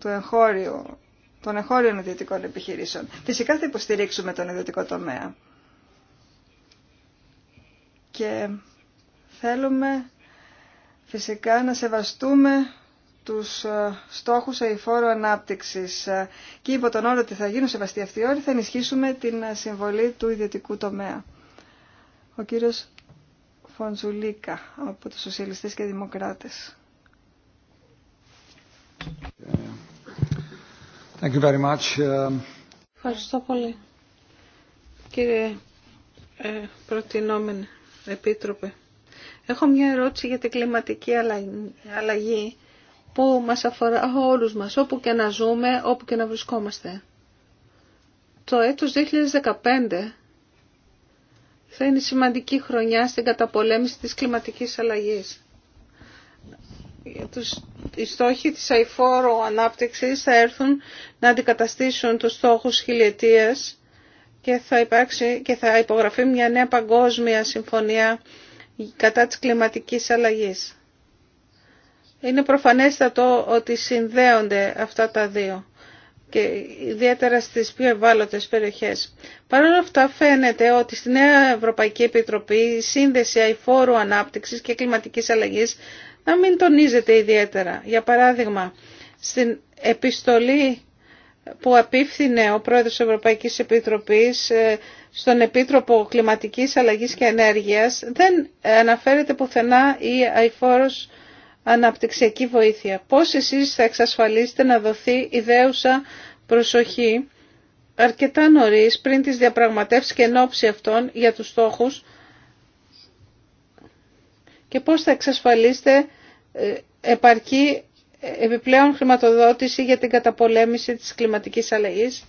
S2: του εγχώριου, των εγχώριων ιδιωτικών επιχειρήσεων. Φυσικά θα υποστηρίξουμε τον ιδιωτικό τομέα. Και θέλουμε φυσικά να σεβαστούμε τους ε, στόχους αηφόρου ανάπτυξης ε, και υπό τον όρο ότι θα γίνουν σεβαστοί αυτοί όροι θα ενισχύσουμε την ε, συμβολή του ιδιωτικού τομέα ο κύριος Φοντζουλίκα από τους Σοσιαλιστές και Δημοκράτες.
S4: Uh,
S1: Ευχαριστώ πολύ. Κύριε ε, Επίτροπε, έχω μια ερώτηση για την κλιματική αλλαγή που μας αφορά όλους μας, όπου και να ζούμε, όπου και να βρισκόμαστε. Το έτος 2015 θα είναι σημαντική χρονιά στην καταπολέμηση της κλιματικής αλλαγής. Οι στόχοι της αηφόρου ανάπτυξης θα έρθουν να αντικαταστήσουν τους στόχους χιλιετίας και θα, υπάρξει, και θα υπογραφεί μια νέα παγκόσμια συμφωνία κατά της κλιματικής αλλαγής. Είναι προφανέστατο ότι συνδέονται αυτά τα δύο και ιδιαίτερα στις πιο ευάλωτες περιοχές. Παρ' όλα αυτά φαίνεται ότι στη Νέα Ευρωπαϊκή Επιτροπή η σύνδεση αηφόρου ανάπτυξης και κλιματικής αλλαγής να μην τονίζεται ιδιαίτερα. Για παράδειγμα, στην επιστολή που απίφθινε ο πρόεδρος Ευρωπαϊκής Επιτροπής ε, στον Επίτροπο Κλιματικής Αλλαγής και Ενέργειας δεν αναφέρεται πουθενά η αηφόρος αναπτυξιακή βοήθεια. Πώς εσείς θα εξασφαλίσετε να δοθεί ιδέουσα προσοχή αρκετά νωρίς πριν τις διαπραγματεύσεις και ενόψη αυτών για τους στόχους και πώς θα εξασφαλίσετε ε, επαρκή ε, επιπλέον χρηματοδότηση για την καταπολέμηση της κλιματικής αλλαγής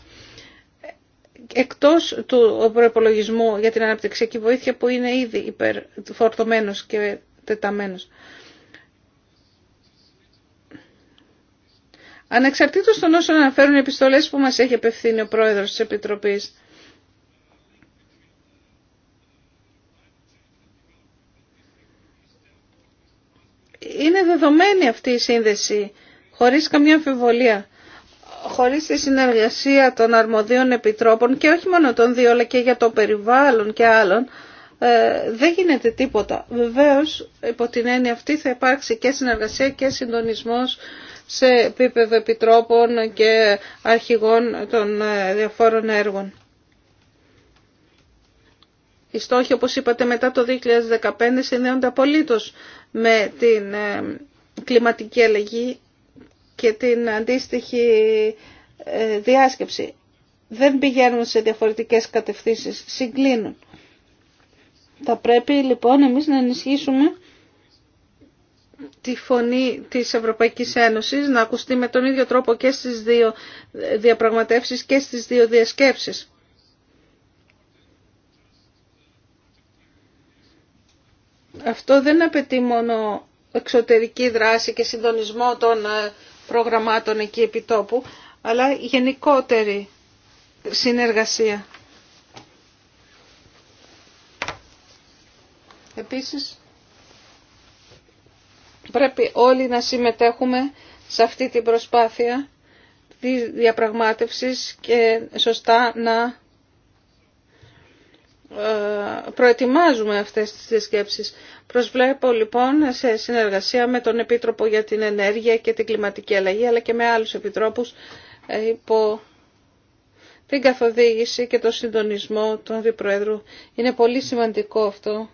S1: εκτός του προπολογισμού για την αναπτυξιακή βοήθεια που είναι ήδη υπερφορτωμένος και τεταμένος. ανεξαρτήτως των όσων αναφέρουν οι επιστολές που μας έχει απευθύνει ο πρόεδρος της Επιτροπής. Είναι δεδομένη αυτή η σύνδεση, χωρίς καμία αμφιβολία, χωρίς τη συνεργασία των αρμοδίων επιτρόπων και όχι μόνο των δύο, αλλά και για το περιβάλλον και άλλων, ε, δεν γίνεται τίποτα. Βεβαίως, υπό την έννοια αυτή θα υπάρξει και συνεργασία και συντονισμός σε επίπεδο επιτρόπων και αρχηγών των ε, διαφόρων έργων. Οι στόχοι, όπως είπατε, μετά το 2015 συνδέονται απολύτως με την ε, κλιματική αλλαγή και την αντίστοιχη ε, διάσκεψη. Δεν πηγαίνουν σε διαφορετικές κατευθύνσεις, συγκλίνουν. Θα πρέπει λοιπόν εμείς να ενισχύσουμε τη φωνή της Ευρωπαϊκής Ένωσης να ακουστεί με τον ίδιο τρόπο και στις δύο διαπραγματεύσεις και στις δύο διασκέψεις. Αυτό δεν απαιτεί μόνο εξωτερική δράση και συντονισμό των ε, προγραμμάτων εκεί επιτόπου, αλλά γενικότερη συνεργασία. Επίσης, Πρέπει όλοι να συμμετέχουμε σε αυτή την προσπάθεια της διαπραγμάτευσης και σωστά να ε, προετοιμάζουμε αυτές τις σκέψεις. Προσβλέπω λοιπόν σε συνεργασία με τον Επίτροπο για την Ενέργεια και την Κλιματική Αλλαγή αλλά και με άλλους επιτρόπους ε, υπό την καθοδήγηση και το συντονισμό των Διπροέδρου. Είναι πολύ σημαντικό αυτό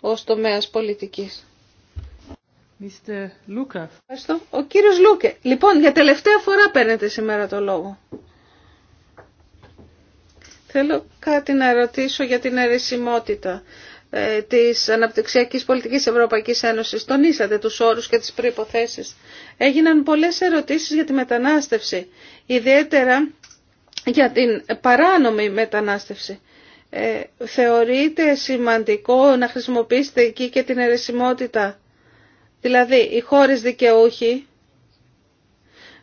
S1: ως τομέας πολιτικής. Mr. Ο κύριος Λούκε. Λοιπόν, για τελευταία φορά παίρνετε σήμερα το λόγο. Θέλω κάτι να ρωτήσω για την αιρεσιμότητα ε, της αναπτυξιακής πολιτικής Ευρωπαϊκής Ένωσης. Τονίσατε τους όρους και τις προϋποθέσεις. Έγιναν πολλές ερωτήσεις για τη μετανάστευση, ιδιαίτερα για την παράνομη μετανάστευση. Ε, θεωρείτε σημαντικό να χρησιμοποιήσετε εκεί και την αρισιμότητα Δηλαδή, οι χώρες δικαιούχοι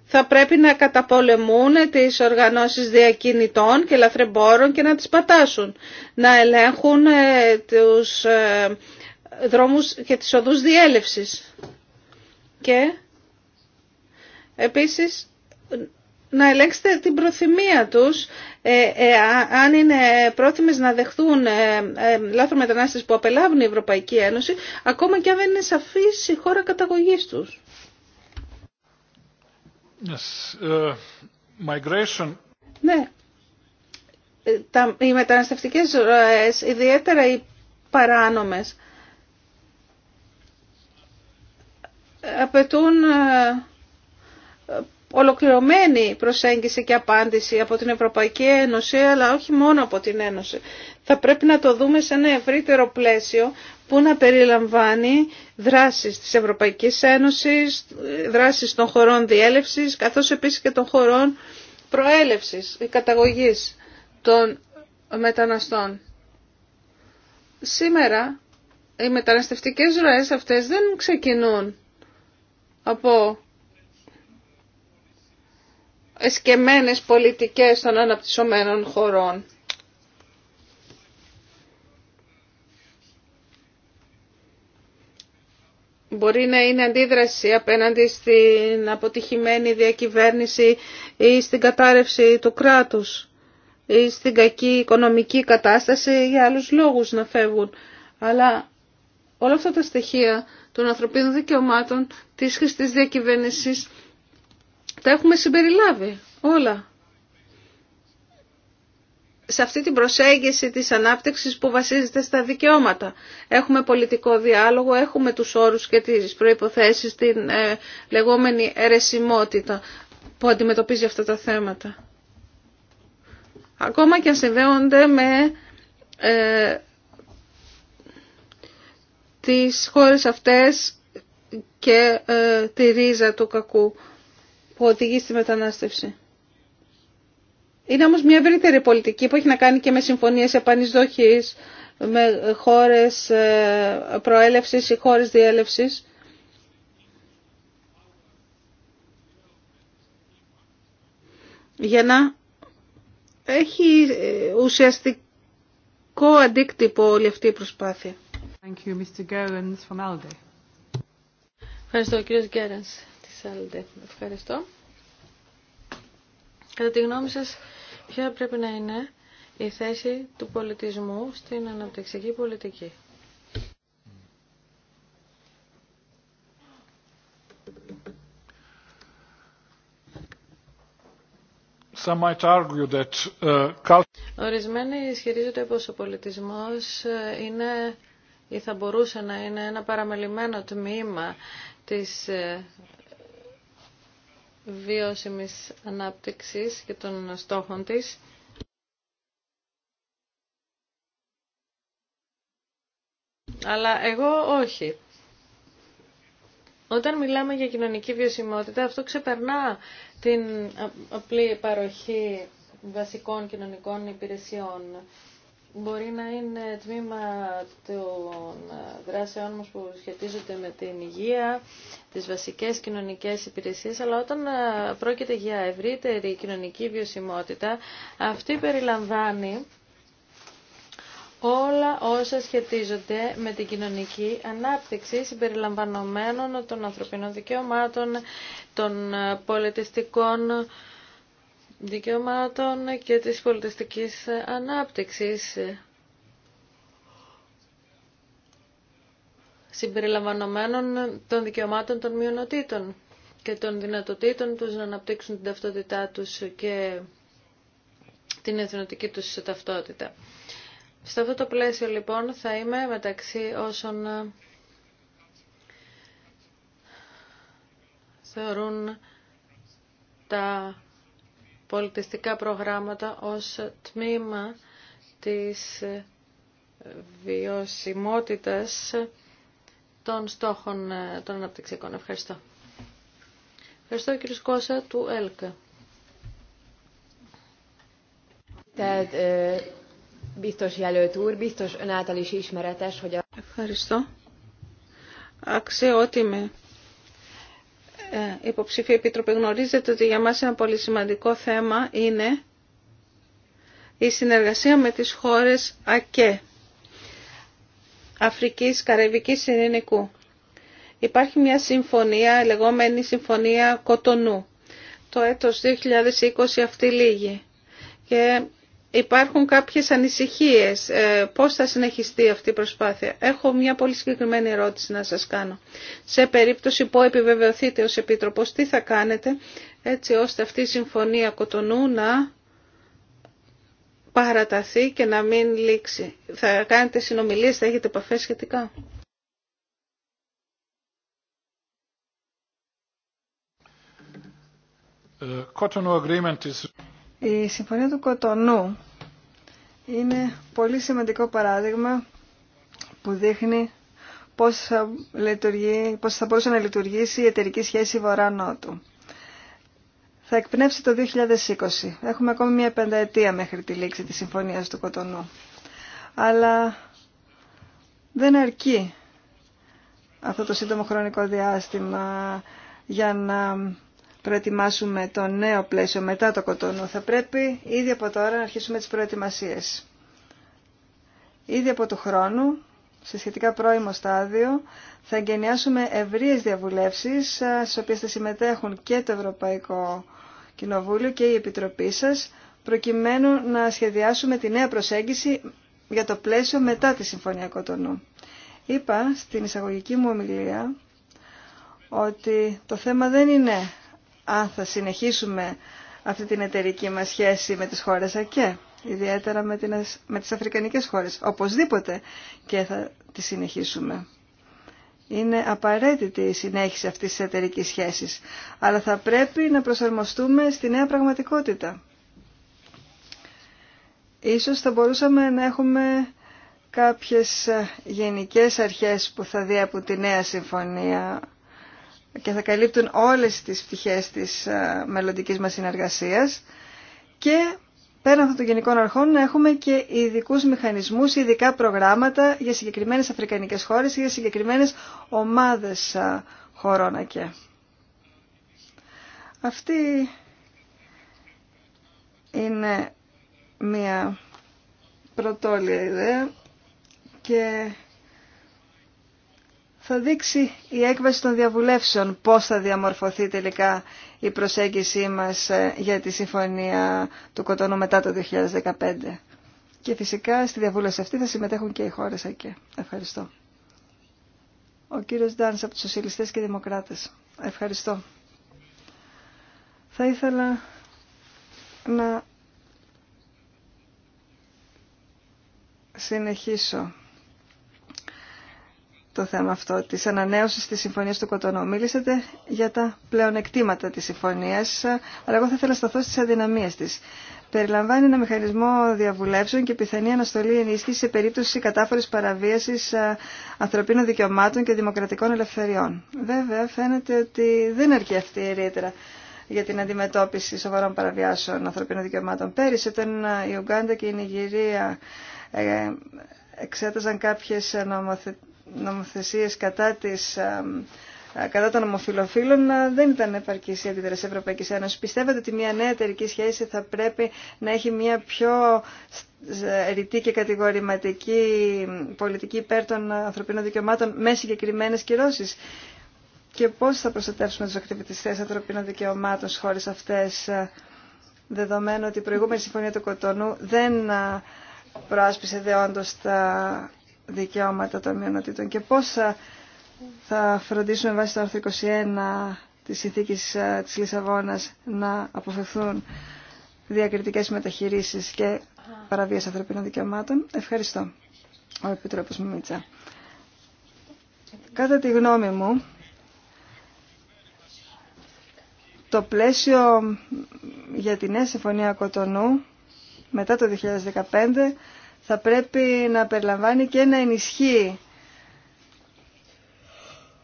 S1: θα πρέπει να καταπολεμούν τις οργανώσεις διακινητών και λαθρεμπόρων και να τις πατάσουν, να ελέγχουν ε, τους ε, δρόμους και τις οδούς διέλευσης. Και επίσης να ελέγξετε την προθυμία τους ε, ε, αν είναι πρόθυμες να δεχθούν ε, ε λάθρο μετανάστες που απελάβουν η Ευρωπαϊκή Ένωση ακόμα και αν δεν είναι σαφής η χώρα καταγωγής
S4: τους. Yes, uh, migration.
S1: Ναι. Τα, οι μεταναστευτικές ιδιαίτερα οι παράνομες, απαιτούν ολοκληρωμένη προσέγγιση και απάντηση από την Ευρωπαϊκή Ένωση, αλλά όχι μόνο από την Ένωση. Θα πρέπει να το δούμε σε ένα ευρύτερο πλαίσιο που να περιλαμβάνει δράσεις της Ευρωπαϊκής Ένωσης, δράσεις των χωρών διέλευσης, καθώς επίσης και των χωρών προέλευσης, η καταγωγής των μεταναστών. Σήμερα οι μεταναστευτικές ροές αυτές δεν ξεκινούν από εσκεμμένες πολιτικές των αναπτυσσομένων χωρών. Μπορεί να είναι αντίδραση απέναντι στην αποτυχημένη διακυβέρνηση ή στην κατάρρευση του κράτους ή στην κακή οικονομική κατάσταση για άλλους λόγους να φεύγουν. Αλλά όλα αυτά τα στοιχεία των ανθρωπίνων δικαιωμάτων, της χρηστής διακυβέρνησης τα έχουμε συμπεριλάβει όλα. Σε αυτή την προσέγγιση της ανάπτυξης που βασίζεται στα δικαιώματα. Έχουμε πολιτικό διάλογο, έχουμε τους όρους και τις προϋποθέσεις, την ε, λεγόμενη αιρεσιμότητα που αντιμετωπίζει αυτά τα θέματα. Ακόμα και αν συνδέονται με ε, τις χώρες αυτές και ε, τη ρίζα του κακού που οδηγεί στη μετανάστευση. Είναι όμως μια ευρύτερη πολιτική που έχει να κάνει και με συμφωνίες επανεισδοχής, με χώρες ε, προέλευσης ή χώρες διέλευσης. Για να έχει ε, ουσιαστικό αντίκτυπο όλη αυτή η προσπάθεια.
S3: Ευχαριστώ, κύριος Γκέρενς. Ευχαριστώ. Κατά τη γνώμη σας, ποια πρέπει να είναι η θέση του πολιτισμού στην αναπτυξιακή πολιτική. Uh, Ορισμένοι ισχυρίζονται πως ο πολιτισμός ε, είναι ή θα μπορούσε να είναι ένα παραμελημένο τμήμα της ε, βιώσιμης ανάπτυξης και των στόχων της. Αλλά εγώ όχι. Όταν μιλάμε για κοινωνική βιωσιμότητα, αυτό ξεπερνά την απλή παροχή βασικών κοινωνικών υπηρεσιών μπορεί να είναι τμήμα των ε, δράσεών μας που σχετίζονται με την υγεία, τις βασικές κοινωνικές υπηρεσίες, αλλά όταν ε, πρόκειται για ευρύτερη κοινωνική βιωσιμότητα, αυτή περιλαμβάνει όλα όσα σχετίζονται με την κοινωνική ανάπτυξη συμπεριλαμβανομένων των ανθρωπινών δικαιωμάτων, των ε, πολιτιστικών δικαιωμάτων και της πολιτιστικής ανάπτυξης. συμπεριλαμβανομένων των δικαιωμάτων των μειονοτήτων και των δυνατοτήτων τους να αναπτύξουν την ταυτότητά τους και την εθνοτική τους ταυτότητα. Σε αυτό το πλαίσιο λοιπόν θα είμαι μεταξύ όσων θεωρούν τα πολιτιστικά προγράμματα ως τμήμα της βιωσιμότητας των στόχων των αναπτυξιακών. Ευχαριστώ. Ευχαριστώ κύριε Σκώσα του ΕΛΚΑ.
S1: Ευχαριστώ. Αξιότιμε ε, υποψήφια επίτροπε, γνωρίζετε ότι για μας ένα πολύ σημαντικό θέμα είναι η συνεργασία με τις χώρες ΑΚΕ, Αφρικής Καραϊβικής Συνενικού. Υπάρχει μια συμφωνία, λεγόμενη Συμφωνία Κοτονού. Το έτος 2020 αυτή λίγη. Και υπάρχουν κάποιες ανησυχίες ε, πώς θα συνεχιστεί αυτή η προσπάθεια. Έχω μια πολύ συγκεκριμένη ερώτηση να σας κάνω. Σε περίπτωση που επιβεβαιωθείτε ως Επίτροπος, τι θα κάνετε έτσι ώστε αυτή η συμφωνία Κοτονού να παραταθεί και να μην λήξει. Θα κάνετε συνομιλίες, θα έχετε επαφές σχετικά.
S4: Ε,
S2: η Συμφωνία του Κοτονού είναι πολύ σημαντικό παράδειγμα που δείχνει πώς θα, λειτουργεί, πώς θα μπορούσε να λειτουργήσει η εταιρική σχέση Βορρά-Νότου. Θα εκπνεύσει το 2020. Έχουμε ακόμη μια πενταετία μέχρι τη λήξη της Συμφωνίας του Κοτονού. Αλλά δεν αρκεί αυτό το σύντομο χρονικό διάστημα για να προετοιμάσουμε το νέο πλαίσιο μετά το κοτονού. Θα πρέπει ήδη από τώρα να αρχίσουμε τις προετοιμασίες. Ήδη από του χρόνου, σε σχετικά πρώιμο στάδιο, θα εγκαινιάσουμε ευρείες διαβουλεύσεις, ε, στις οποίες θα συμμετέχουν και το Ευρωπαϊκό Κοινοβούλιο και η Επιτροπή σας, προκειμένου να σχεδιάσουμε τη νέα προσέγγιση για το πλαίσιο μετά τη Συμφωνία Κοτονού. Είπα στην εισαγωγική μου ομιλία ότι το θέμα δεν είναι αν θα συνεχίσουμε αυτή την εταιρική μας σχέση με τις χώρες ΑΚΕ, ιδιαίτερα με, την, με τις αφρικανικές χώρες. Οπωσδήποτε και θα τη συνεχίσουμε. Είναι απαραίτητη η συνέχιση αυτής της εταιρικής σχέσης, αλλά θα πρέπει να προσαρμοστούμε στη νέα πραγματικότητα. Ίσως θα μπορούσαμε να έχουμε κάποιες γενικές αρχές που θα διέπουν τη νέα συμφωνία και θα καλύπτουν όλες τις πτυχές της ε, μελλοντικής μας συνεργασίας και πέραν αυτών των γενικών αρχών να έχουμε και ειδικού μηχανισμούς, ειδικά προγράμματα για συγκεκριμένες αφρικανικές χώρες ή για συγκεκριμένες ομάδες ε, χωρών και. Αυτή είναι μια πρωτόλια ιδέα και θα δείξει η έκβαση των διαβουλεύσεων πώς θα διαμορφωθεί τελικά η προσέγγιση μας ε, για τη Συμφωνία του Κοτονού μετά το 2015. Και φυσικά στη διαβούλευση αυτή θα συμμετέχουν και οι χώρες ΑΚΕ. Ευχαριστώ. Ο κύριος Ντάνς από τους Σοσιαλιστές και Δημοκράτες. Ευχαριστώ. Θα ήθελα να συνεχίσω το θέμα αυτό της ανανέωσης της Συμφωνίας του Κοτονού. Μίλησατε για τα πλεονεκτήματα της Συμφωνίας, αλλά εγώ θα ήθελα να σταθώ στις αδυναμίες της. Περιλαμβάνει ένα μηχανισμό διαβουλεύσεων και πιθανή αναστολή ενίσχυση σε περίπτωση κατάφορης παραβίασης ε, ανθρωπίνων δικαιωμάτων και δημοκρατικών ελευθεριών. Βέβαια, φαίνεται ότι δεν αρκεί αυτή η ιδιαίτερα για την αντιμετώπιση σοβαρών παραβιάσεων ανθρωπίνων δικαιωμάτων. Πέρυσι, όταν ε, η Ουγγάντα και η Νιγηρία ε, εξέταζαν κάποιες νομοθετικές νομοθεσίες κατά, κατά των ομοφιλοφίλων ε, δεν ήταν επαρκής η αντίδραση Ευρωπαϊκής Ένωσης. Πιστεύετε ότι μια νέα εταιρική σχέση θα πρέπει να έχει μια πιο ρητή και κατηγορηματική πολιτική υπέρ των ανθρωπίνων δικαιωμάτων με συγκεκριμένε κυρώσεις. Και πώς θα προστατεύσουμε τους ακτιβιτιστές ανθρωπίνων δικαιωμάτων στις χώρες αυτές, ε, δεδομένου ότι η προηγούμενη συμφωνία του Κοτονού δεν ε, προάσπισε δεόντως τα δικαιώματα των μειονοτήτων και πώς θα, φροντίσουμε βάσει το άρθρο 21 της συνθήκης ε, της Λισαβόνας να αποφευθούν διακριτικές μεταχειρήσεις και παραβίαση ανθρωπίνων δικαιωμάτων. Ευχαριστώ, ο Επιτρόπος Μιμίτσα. Κατά τη γνώμη μου, το πλαίσιο για τη νέα συμφωνία Κοτονού μετά το 2015 θα πρέπει να περιλαμβάνει και να ενισχύει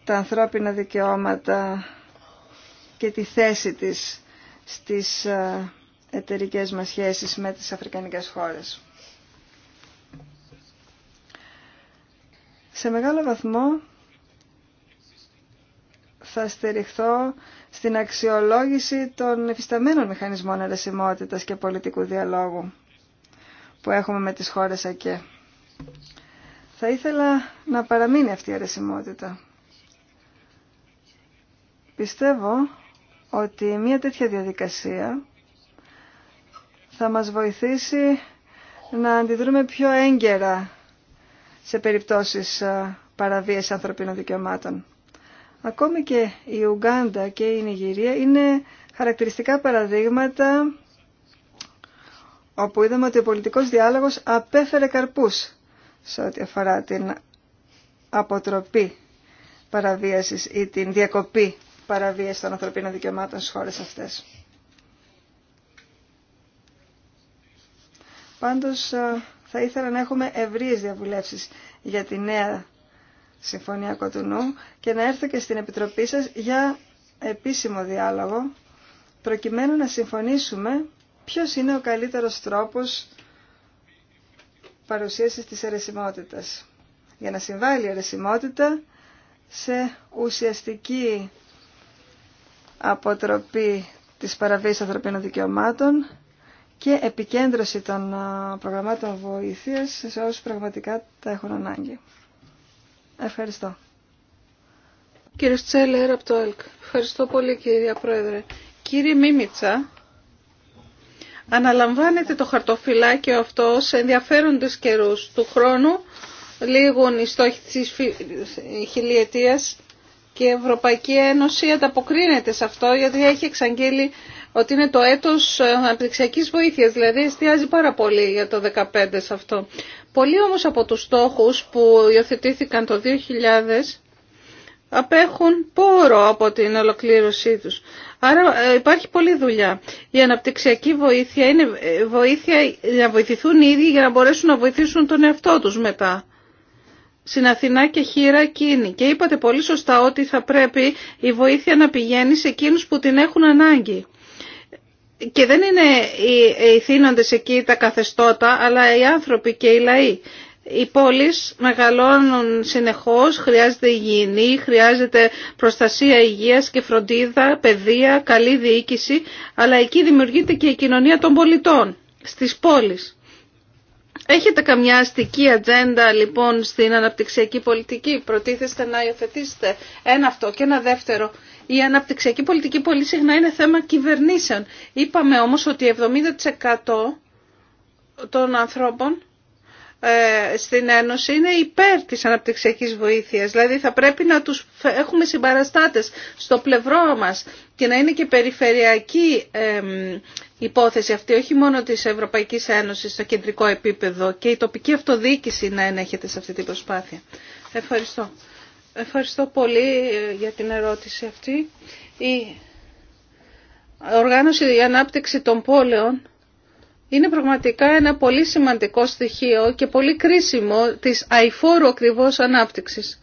S2: τα ανθρώπινα δικαιώματα και τη θέση της στις ε, εταιρικέ μας σχέσεις με τις αφρικανικές χώρες. Σε μεγάλο βαθμό θα στηριχθώ στην αξιολόγηση των εφισταμένων μηχανισμών ερεσιμότητας και πολιτικού διαλόγου που έχουμε με τις χώρες ΑΚΕ. Θα ήθελα να παραμείνει αυτή η αρεσιμότητα. Πιστεύω ότι μια τέτοια διαδικασία θα μας βοηθήσει να αντιδρούμε πιο έγκαιρα σε περιπτώσεις παραβίαση ανθρωπίνων δικαιωμάτων. Ακόμη και η Ουγγάντα και η Νιγηρία είναι χαρακτηριστικά παραδείγματα όπου είδαμε ότι ο πολιτικός διάλογος απέφερε καρπούς σε ό,τι αφορά την αποτροπή παραβίασης ή την διακοπή παραβίαση των ανθρωπίνων δικαιωμάτων στις χώρες αυτές. Πάντως ε, θα ήθελα να έχουμε ευρείες διαβουλεύσεις για τη νέα Συμφωνία Κοτουνού και να έρθω και στην Επιτροπή σας για επίσημο διάλογο προκειμένου να συμφωνήσουμε ποιος είναι ο καλύτερος τρόπος παρουσίασης της αιρεσιμότητας. Για να συμβάλλει η αιρεσιμότητα σε ουσιαστική αποτροπή της παραβίας ανθρωπίνων δικαιωμάτων και επικέντρωση των προγραμμάτων βοήθειας σε όσους πραγματικά τα
S1: έχουν ανάγκη. Ευχαριστώ. Κύριε Στσέλερ από το ΕΛΚ. Ευχαριστώ πολύ κύριε Πρόεδρε. Κύριε Μίμητσα, Αναλαμβάνεται το χαρτοφυλάκιο αυτό σε ενδιαφέροντες καιρούς του χρόνου, λίγων οι στόχοι της χιλιετίας και η Ευρωπαϊκή Ένωση ανταποκρίνεται σε αυτό γιατί έχει εξαγγείλει ότι είναι το έτος αναπτυξιακής βοήθειας, δηλαδή εστιάζει πάρα πολύ για το 2015 σε αυτό. Πολλοί όμως από τους στόχους που υιοθετήθηκαν το 2000 απέχουν πόρο από την ολοκλήρωσή τους. Άρα ε, υπάρχει πολλή δουλειά. Η αναπτυξιακή βοήθεια είναι ε, βοήθεια να βοηθηθούν οι ίδιοι για να μπορέσουν να βοηθήσουν τον εαυτό τους μετά. Στην Αθηνά και χείρα εκείνη. Και είπατε πολύ σωστά ότι θα πρέπει η βοήθεια να πηγαίνει σε εκείνους που την έχουν ανάγκη. Και δεν είναι οι θύνοντες εκεί τα καθεστώτα, αλλά οι άνθρωποι και οι λαοί. Οι πόλεις μεγαλώνουν συνεχώς, χρειάζεται υγιεινή, χρειάζεται προστασία υγείας και φροντίδα, παιδεία, καλή διοίκηση, αλλά εκεί δημιουργείται και η κοινωνία των πολιτών, στις πόλεις. Έχετε καμιά αστική ατζέντα λοιπόν στην αναπτυξιακή πολιτική, προτίθεστε να υιοθετήσετε ένα αυτό και ένα δεύτερο. Η αναπτυξιακή πολιτική πολύ συχνά είναι θέμα κυβερνήσεων. Είπαμε όμως ότι 70% των ανθρώπων ε, στην Ένωση είναι υπέρ της αναπτυξιακής βοήθειας. Δηλαδή θα πρέπει να τους έχουμε συμπαραστάτες στο πλευρό μας και να είναι και περιφερειακή υπόθεση αυτή, όχι μόνο της Ευρωπαϊκής Ένωσης στο κεντρικό επίπεδο και η τοπική αυτοδιοίκηση να ενέχεται σε αυτή την προσπάθεια. Ευχαριστώ. Ευχαριστώ πολύ ε, για την ερώτηση αυτή. Η οργάνωση για ανάπτυξη των πόλεων είναι πραγματικά ένα πολύ σημαντικό στοιχείο και πολύ κρίσιμο της αηφόρου ακριβώς ανάπτυξης.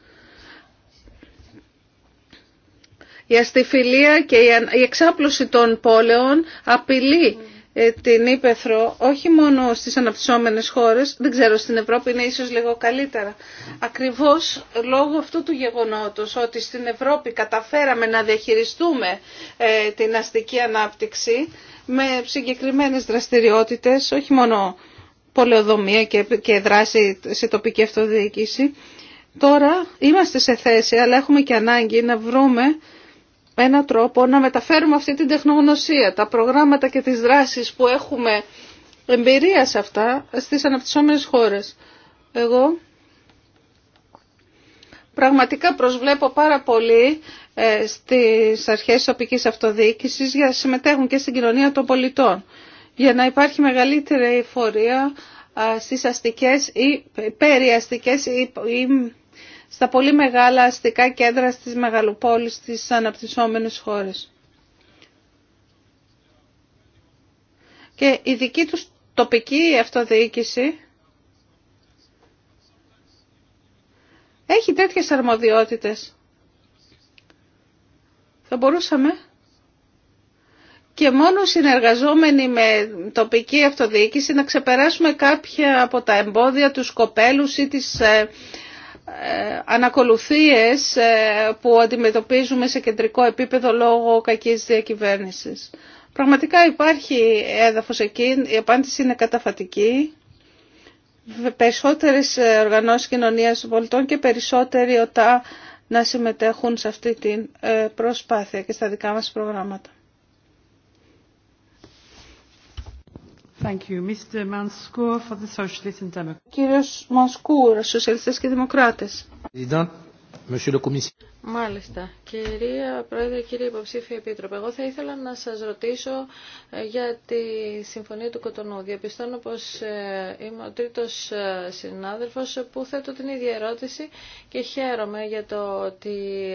S1: Η αστιφιλία και η εξάπλωση των πόλεων απειλεί ε, την Ήπεθρο, όχι μόνο στις αναπτυσσόμενες χώρες, δεν ξέρω, στην Ευρώπη είναι ίσως λίγο καλύτερα. Ακριβώς λόγω αυτού του γεγονότος ότι στην Ευρώπη καταφέραμε να διαχειριστούμε ε, την αστική ανάπτυξη με συγκεκριμένες δραστηριότητες, όχι μόνο πολεοδομία και δράση σε τοπική αυτοδιοίκηση. Τώρα είμαστε σε θέση, αλλά έχουμε και ανάγκη να βρούμε ένα τρόπο να μεταφέρουμε αυτή την τεχνογνωσία, τα προγράμματα και τις δράσεις που έχουμε εμπειρία σε αυτά στις αναπτυσσόμενες χώρες. Εγώ πραγματικά προσβλέπω πάρα πολύ ε, στις αρχές της τοπικής αυτοδιοίκησης για να συμμετέχουν και στην κοινωνία των πολιτών, για να υπάρχει μεγαλύτερη εφορία ε, στις αστικές ή ε, περιαστικές ή στα πολύ μεγάλα αστικά κέντρα στις μεγαλοπόλεις στις αναπτυσσόμενες χώρες. Και η δική τους τοπική αυτοδιοίκηση έχει τέτοιες αρμοδιότητες. Θα μπορούσαμε και μόνο συνεργαζόμενοι με τοπική αυτοδιοίκηση να ξεπεράσουμε κάποια από τα εμπόδια, τους κοπέλους ή τις ε, ανακολουθίες ε, που αντιμετωπίζουμε σε κεντρικό επίπεδο λόγω κακής διακυβέρνησης. Πραγματικά υπάρχει έδαφος εκεί, η απάντηση είναι καταφατική. Περισσότερες οργανώσεις κοινωνίας πολιτών και περισσότεροι οτά να συμμετέχουν σε αυτή την ε, προσπάθεια και στα δικά μας προγράμματα. Thank you. Mr. Μανσκούρ, Σοσιαλιστές και Δημοκράτες. Μάλιστα. Κυρία
S3: Πρόεδρε, κύριε Υποψήφια Επίτροπε, εγώ θα ήθελα να σας ρωτήσω ε, για τη Συμφωνία του Κοτονού. Διαπιστώνω πως ε, είμαι ο τρίτος ε, συνάδελφος που θέτω την ίδια ερώτηση και χαίρομαι για το ότι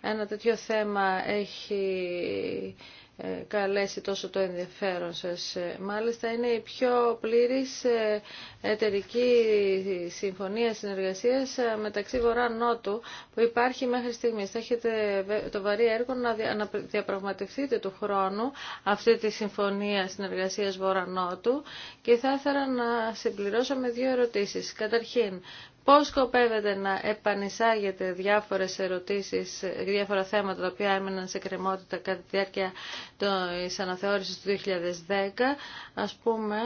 S3: ένα τέτοιο θέμα έχει ε, καλέσει τόσο το ενδιαφέρον σας. Ε, μάλιστα είναι η πιο πλήρης ε, εταιρική συμφωνία συνεργασίας μεταξύ Βορρά-Νότου που υπάρχει μέχρι στιγμής. Θα έχετε το βαρύ έργο να διαπραγματευτείτε του χρόνου αυτή τη συμφωνία συνεργασίας Βορρά-Νότου και θα ήθελα να συμπληρώσω με δύο ερωτήσεις. Καταρχήν, Πώς σκοπεύετε να επανεισάγετε διάφορες ερωτήσεις, διάφορα θέματα τα οποία έμειναν σε κρεμότητα κατά τη διάρκεια της αναθεώρησης του 2010, ας πούμε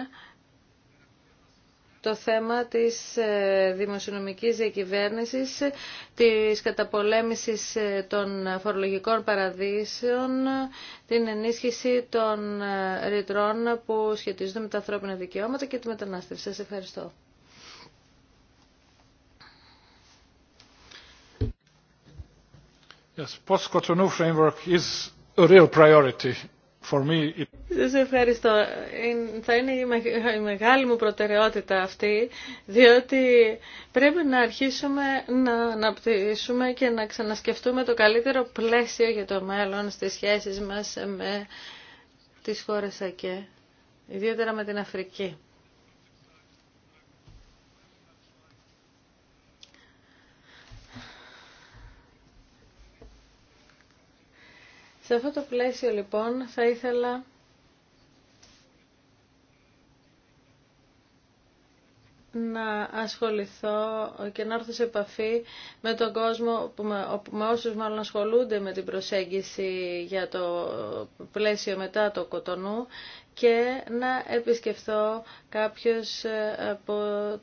S3: το θέμα της ε, δημοσιονομικής διακυβέρνησης, της καταπολέμησης ε, των φορολογικών παραδείσεων, την ενίσχυση των ε, ρητρών που σχετίζονται με τα ανθρώπινα δικαιώματα και τη μετανάστευση. Σας ευχαριστώ. Σα ευχαριστώ. Θα είναι η μεγάλη μου προτεραιότητα αυτή, διότι πρέπει να αρχίσουμε να αναπτύσσουμε και να ξανασκεφτούμε το καλύτερο πλαίσιο για το μέλλον στις σχέσεις μας με τις χώρες ΑΚΕ, ιδιαίτερα με την Αφρική. Σε αυτό το πλαίσιο λοιπόν θα ήθελα να ασχοληθώ και να έρθω σε επαφή με τον κόσμο, με όσους μάλλον ασχολούνται με την προσέγγιση για το πλαίσιο μετά το κοτονού και να επισκεφθώ κάποιους ε, από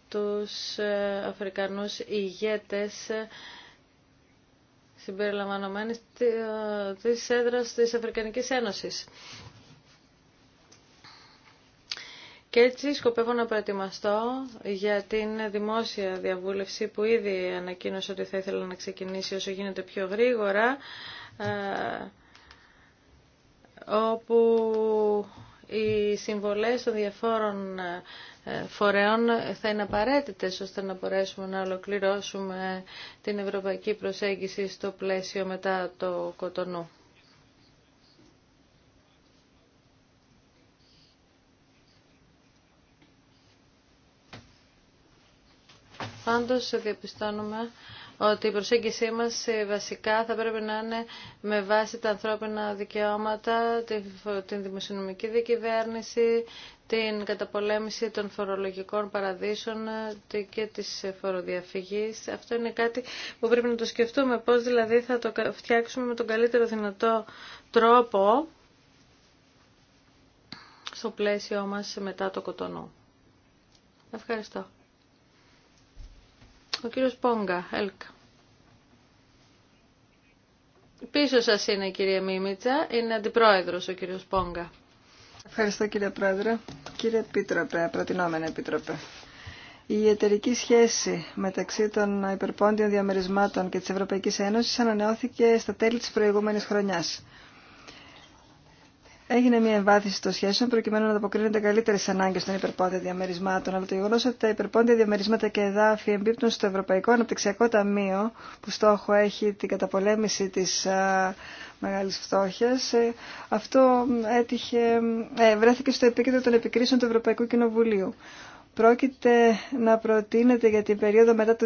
S3: τους ε, Αφρικανούς ηγέτες συμπεριλαμβανομένης της έδρα της Αφρικανικής Ένωσης. Και έτσι σκοπεύω να προετοιμαστώ για την δημόσια διαβούλευση που ήδη ανακοίνωσε ότι θα ήθελα να ξεκινήσει όσο γίνεται πιο γρήγορα, ε, όπου οι συμβολές των διαφόρων ε, φορέων θα είναι απαραίτητες ώστε να μπορέσουμε να ολοκληρώσουμε την ευρωπαϊκή προσέγγιση στο πλαίσιο μετά το κοτονού. Πάντως διαπιστώνουμε ότι η προσέγγιση μας ε, βασικά θα πρέπει να είναι με βάση τα ανθρώπινα δικαιώματα, την δημοσιονομική διακυβέρνηση, την καταπολέμηση των φορολογικών παραδείσων ε, και της φοροδιαφυγής. Αυτό είναι κάτι που πρέπει να το σκεφτούμε, πώς δηλαδή θα το φτιάξουμε με τον καλύτερο δυνατό τρόπο στο πλαίσιο μας μετά το κοτονό. Ευχαριστώ. Ο κύριος Πόγκα, ΕΛΚ. Πίσω σας είναι η κυρία Μίμητσα, είναι αντιπρόεδρος ο κύριος Πόγκα.
S2: Ευχαριστώ κύριε Πρόεδρε. Κύριε Επίτροπε, προτινόμενε Επίτροπε. Η εταιρική σχέση μεταξύ των υπερπόντιων διαμερισμάτων και της Ευρωπαϊκής Ένωσης ανανεώθηκε στα τέλη της προηγούμενης χρονιάς. Έγινε μια εμβάθυνση των σχέσεων προκειμένου να ανταποκρίνονται καλύτερε ανάγκε των υπερπόντια διαμερισμάτων. Αλλά το γεγονό ότι τα υπερπόντια διαμερίσματα και εδάφη εμπίπτουν στο Ευρωπαϊκό Αναπτυξιακό Ταμείο, που στόχο έχει την καταπολέμηση τη μεγάλη φτώχεια, ε, αυτό έτυχε, ε, βρέθηκε στο επίκεντρο των επικρίσεων του Ευρωπαϊκού Κοινοβουλίου πρόκειται να προτείνεται για την περίοδο μετά το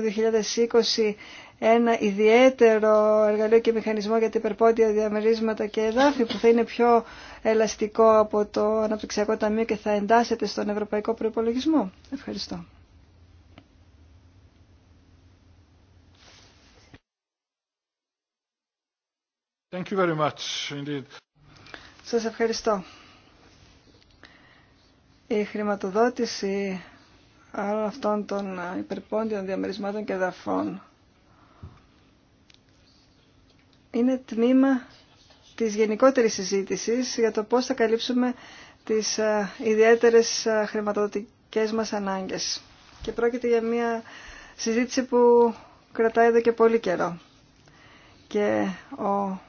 S2: 2020 ένα ιδιαίτερο εργαλείο και μηχανισμό για τα υπερπόντια διαμερίσματα και εδάφη που θα είναι πιο ελαστικό από το Αναπτυξιακό Ταμείο και θα εντάσσεται στον Ευρωπαϊκό Προϋπολογισμό. Ευχαριστώ.
S4: Thank you very much indeed.
S2: Σας ευχαριστώ. Η χρηματοδότηση άλλων αυτών των ε, υπερπόντιων διαμερισμάτων και δαφών είναι τμήμα της γενικότερης συζήτησης για το πώς θα καλύψουμε τις ε, ιδιαίτερες ε, χρηματοδοτικές μας ανάγκες. Και πρόκειται για μια συζήτηση που κρατάει εδώ και πολύ καιρό. Και ο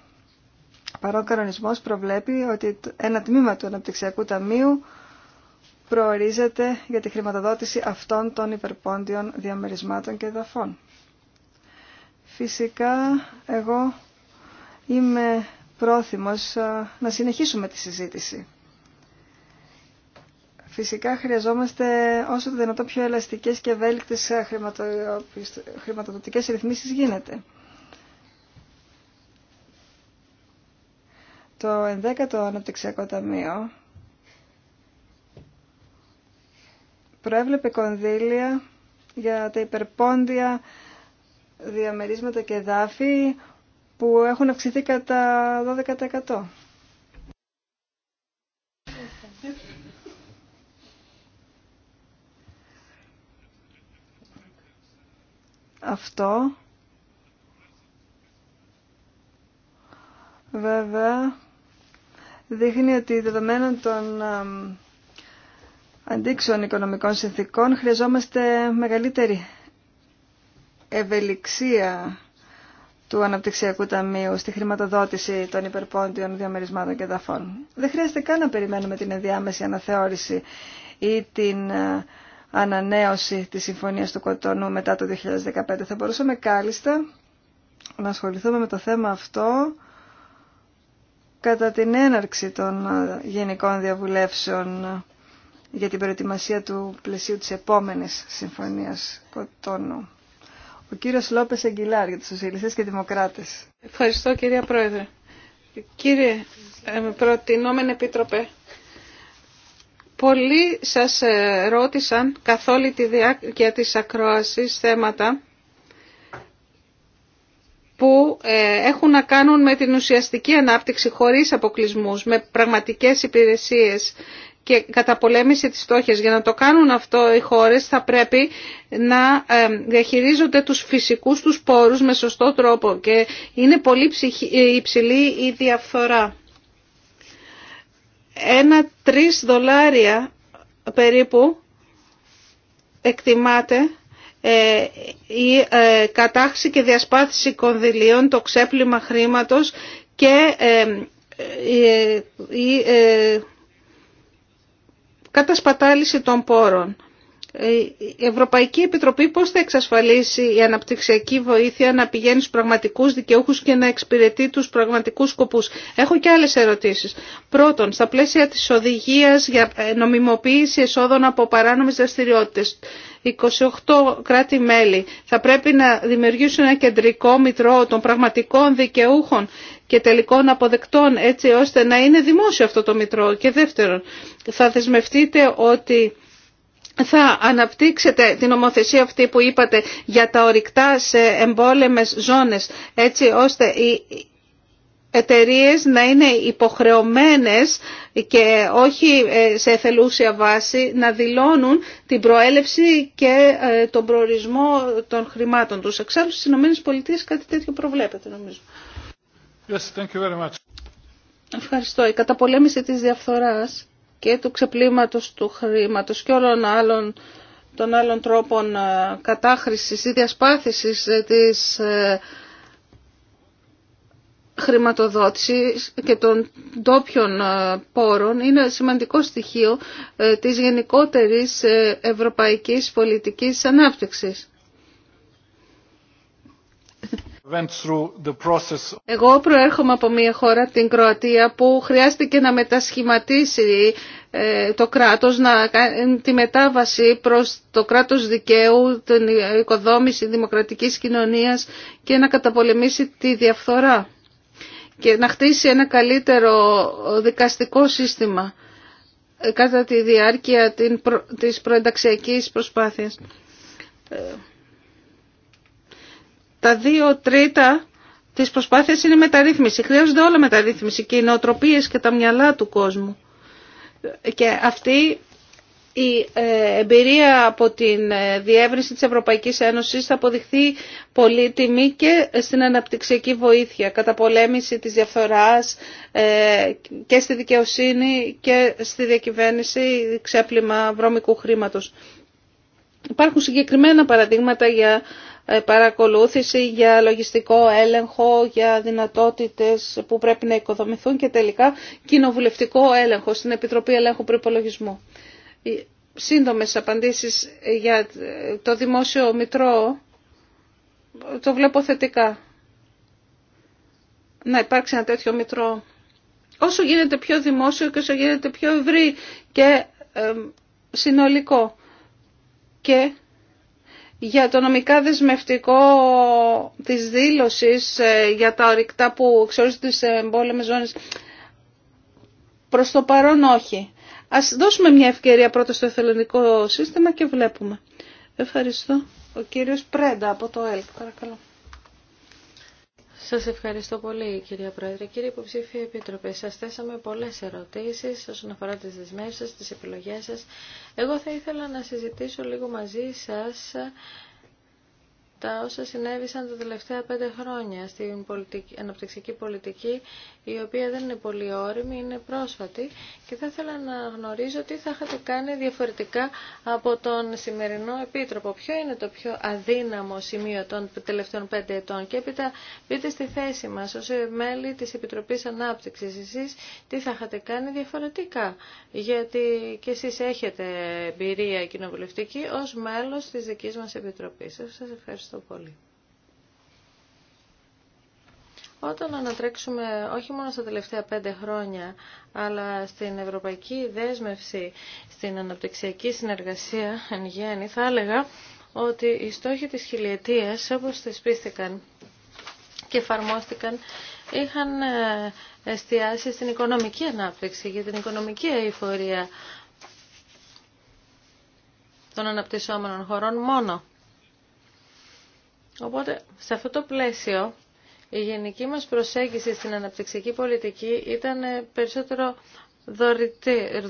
S2: παρόν κανονισμός προβλέπει ότι ένα τμήμα του Αναπτυξιακού Ταμείου προορίζεται για τη χρηματοδότηση αυτών των υπερπόντιων διαμερισμάτων και εδαφών. Φυσικά, εγώ είμαι πρόθυμος να συνεχίσουμε τη συζήτηση. Φυσικά χρειαζόμαστε όσο το δυνατόν πιο ελαστικές και ευέλικτες χρηματοδοτικές ρυθμίσεις γίνεται. Το 11ο Αναπτυξιακό Ταμείο προέβλεπε κονδύλια για τα υπερπόντια διαμερίσματα και δάφη που έχουν αυξηθεί κατά 12%. Αυτό βέβαια δείχνει ότι δεδομένων των αντίξεων οικονομικών συνθήκων χρειαζόμαστε μεγαλύτερη ευελιξία του Αναπτυξιακού Ταμείου στη χρηματοδότηση των υπερπόντιων διαμερισμάτων και δαφών. Δεν χρειάζεται καν να περιμένουμε την ενδιάμεση αναθεώρηση ή την ε, ανανέωση της Συμφωνίας του Κοτονού μετά το 2015. Θα μπορούσαμε κάλλιστα να ασχοληθούμε με το θέμα αυτό κατά την έναρξη των ε, γενικών διαβουλεύσεων για την προετοιμασία του πλαισίου της επόμενης συμφωνίας Κοτόνου. Ο κύριος Λόπες Αγγιλάρ για τους Σοσιαλιστές και Δημοκράτες.
S1: Ευχαριστώ κυρία Πρόεδρε. Κύριε ε, Προτινόμενη Επίτροπε, πολλοί σας ε, ρώτησαν καθ' όλη τη διάρκεια της ακρόασης θέματα που ε, έχουν να κάνουν με την ουσιαστική ανάπτυξη χωρίς αποκλεισμούς, με πραγματικές υπηρεσίες και καταπολέμηση της στόχης. Για να το κάνουν αυτό οι χώρες θα πρέπει να ε, διαχειρίζονται τους φυσικούς τους πόρους με σωστό τρόπο και είναι πολύ ε, υψηλή η διαφθορά. Ένα τρεις δολάρια περίπου εκτιμάται ε, η κατάξη και διασπάθηση κονδυλίων, το ξέπλυμα χρήματος και η κατασπατάληση των πόρων. Ε, η Ευρωπαϊκή Επιτροπή πώς θα εξασφαλίσει η αναπτυξιακή βοήθεια να πηγαίνει στους πραγματικούς δικαιούχους και να εξυπηρετεί τους πραγματικούς σκοπούς. Έχω και άλλες ερωτήσεις. Πρώτον, στα πλαίσια της οδηγίας για ε, νομιμοποίηση εσόδων από παράνομες δραστηριότητες, 28 κράτη-μέλη θα πρέπει να δημιουργήσουν ένα κεντρικό μητρό των πραγματικών δικαιούχων και τελικών αποδεκτών έτσι ώστε να είναι δημόσιο αυτό το Μητρό. Και δεύτερον, θα δεσμευτείτε ότι θα αναπτύξετε την νομοθεσία αυτή που είπατε για τα ορυκτά σε εμπόλεμες ζώνες έτσι ώστε οι εταιρείε να είναι υποχρεωμένες και όχι ε, σε εθελούσια βάση να δηλώνουν την προέλευση και ε, τον προορισμό των χρημάτων τους. Εξάλλου στις ΗΠΑ κάτι τέτοιο προβλέπεται νομίζω. Ευχαριστώ. Η καταπολέμηση της διαφθοράς και του ξεπλήματος του χρήματος και όλων άλλων των άλλων τρόπων ε, κατάχρησης ή διασπάθησης ε, της ε, χρηματοδότησης και των τόπιων πόρων είναι σημαντικό στοιχείο της γενικότερης ευρωπαϊκής πολιτικής ανάπτυξης. Εγώ προέρχομαι από μια χώρα, την Κροατία, που χρειάστηκε να μετασχηματίσει ε, το κράτος, να κάνει τη μετάβαση προς το κράτος δικαίου, την οικοδόμηση δημοκρατικής κοινωνίας και να καταπολεμήσει τη διαφθορά και να χτίσει ένα καλύτερο δικαστικό σύστημα ε, κατά τη διάρκεια της προενταξιακής προσπάθειας. Ε, τα δύο τρίτα της προσπάθειας είναι μεταρρύθμιση. Χρειάζονται όλα μεταρρύθμιση και οι νοοτροπίες και τα μυαλά του κόσμου. Και αυτή η ε, εμπειρία από την ε, διεύρυνση της Ευρωπαϊκής Ένωσης θα αποδειχθεί πολύτιμη και στην αναπτυξιακή βοήθεια, κατά πολέμηση της διαφθοράς ε, και στη δικαιοσύνη και στη διακυβέρνηση ξέπλυμα βρώμικου χρήματος. Υπάρχουν συγκεκριμένα παραδείγματα για ε, παρακολούθηση, για λογιστικό έλεγχο, για δυνατότητες που πρέπει να οικοδομηθούν και τελικά κοινοβουλευτικό έλεγχο στην Επιτροπή Ελέγχου Προπολογισμού. Σύντομες απαντήσεις για το Δημόσιο Μητρό, το βλέπω θετικά. Να υπάρξει ένα τέτοιο Μητρό όσο γίνεται πιο δημόσιο και όσο γίνεται πιο ευρύ και ε, συνολικό. Και για το νομικά δεσμευτικό της δήλωσης ε, για τα ορυκτά που εξορίζονται σε εμπόλεμες ζώνες. Προς το παρόν όχι. Ας δώσουμε μια ευκαιρία πρώτα στο εθελοντικό σύστημα και βλέπουμε. Ευχαριστώ. Ο κύριος Πρέντα από το ΕΛΚ, παρακαλώ. Σας ευχαριστώ πολύ κυρία Πρόεδρε. Κύριε Υποψήφια
S3: Επίτροπε, σας θέσαμε πολλές ερωτήσεις όσον αφορά τις δεσμεύσεις σας, τις επιλογές σας. Εγώ θα ήθελα να συζητήσω λίγο μαζί σας τα όσα συνέβησαν τα τελευταία πέντε χρόνια στην πολιτική, αναπτυξική πολιτική, η οποία δεν είναι πολύ όρημη, είναι πρόσφατη και θα ήθελα να γνωρίζω τι θα είχατε κάνει διαφορετικά από τον σημερινό Επίτροπο. Ποιο είναι το πιο αδύναμο σημείο των τελευταίων πέντε ετών και έπειτα μπείτε στη θέση μας ως μέλη της Επιτροπής Ανάπτυξης. Εσείς τι θα είχατε κάνει διαφορετικά, γιατί και εσείς έχετε εμπειρία κοινοβουλευτική ως μέλος τη δική μας επιτροπή. Σας ευχαριστώ. Όταν ανατρέξουμε όχι μόνο στα τελευταία πέντε χρόνια, αλλά στην ευρωπαϊκή δέσμευση, στην αναπτυξιακή συνεργασία εν γέννη, θα έλεγα ότι οι στόχοι της χιλιετίας, όπως θεσπίστηκαν και εφαρμόστηκαν, είχαν ε, εστιάσει στην οικονομική ανάπτυξη, για την οικονομική αηφορία των αναπτυσσόμενων χωρών μόνο. Οπότε, σε αυτό το πλαίσιο, η γενική μας προσέγγιση στην αναπτυξιακή πολιτική ήταν ε, περισσότερο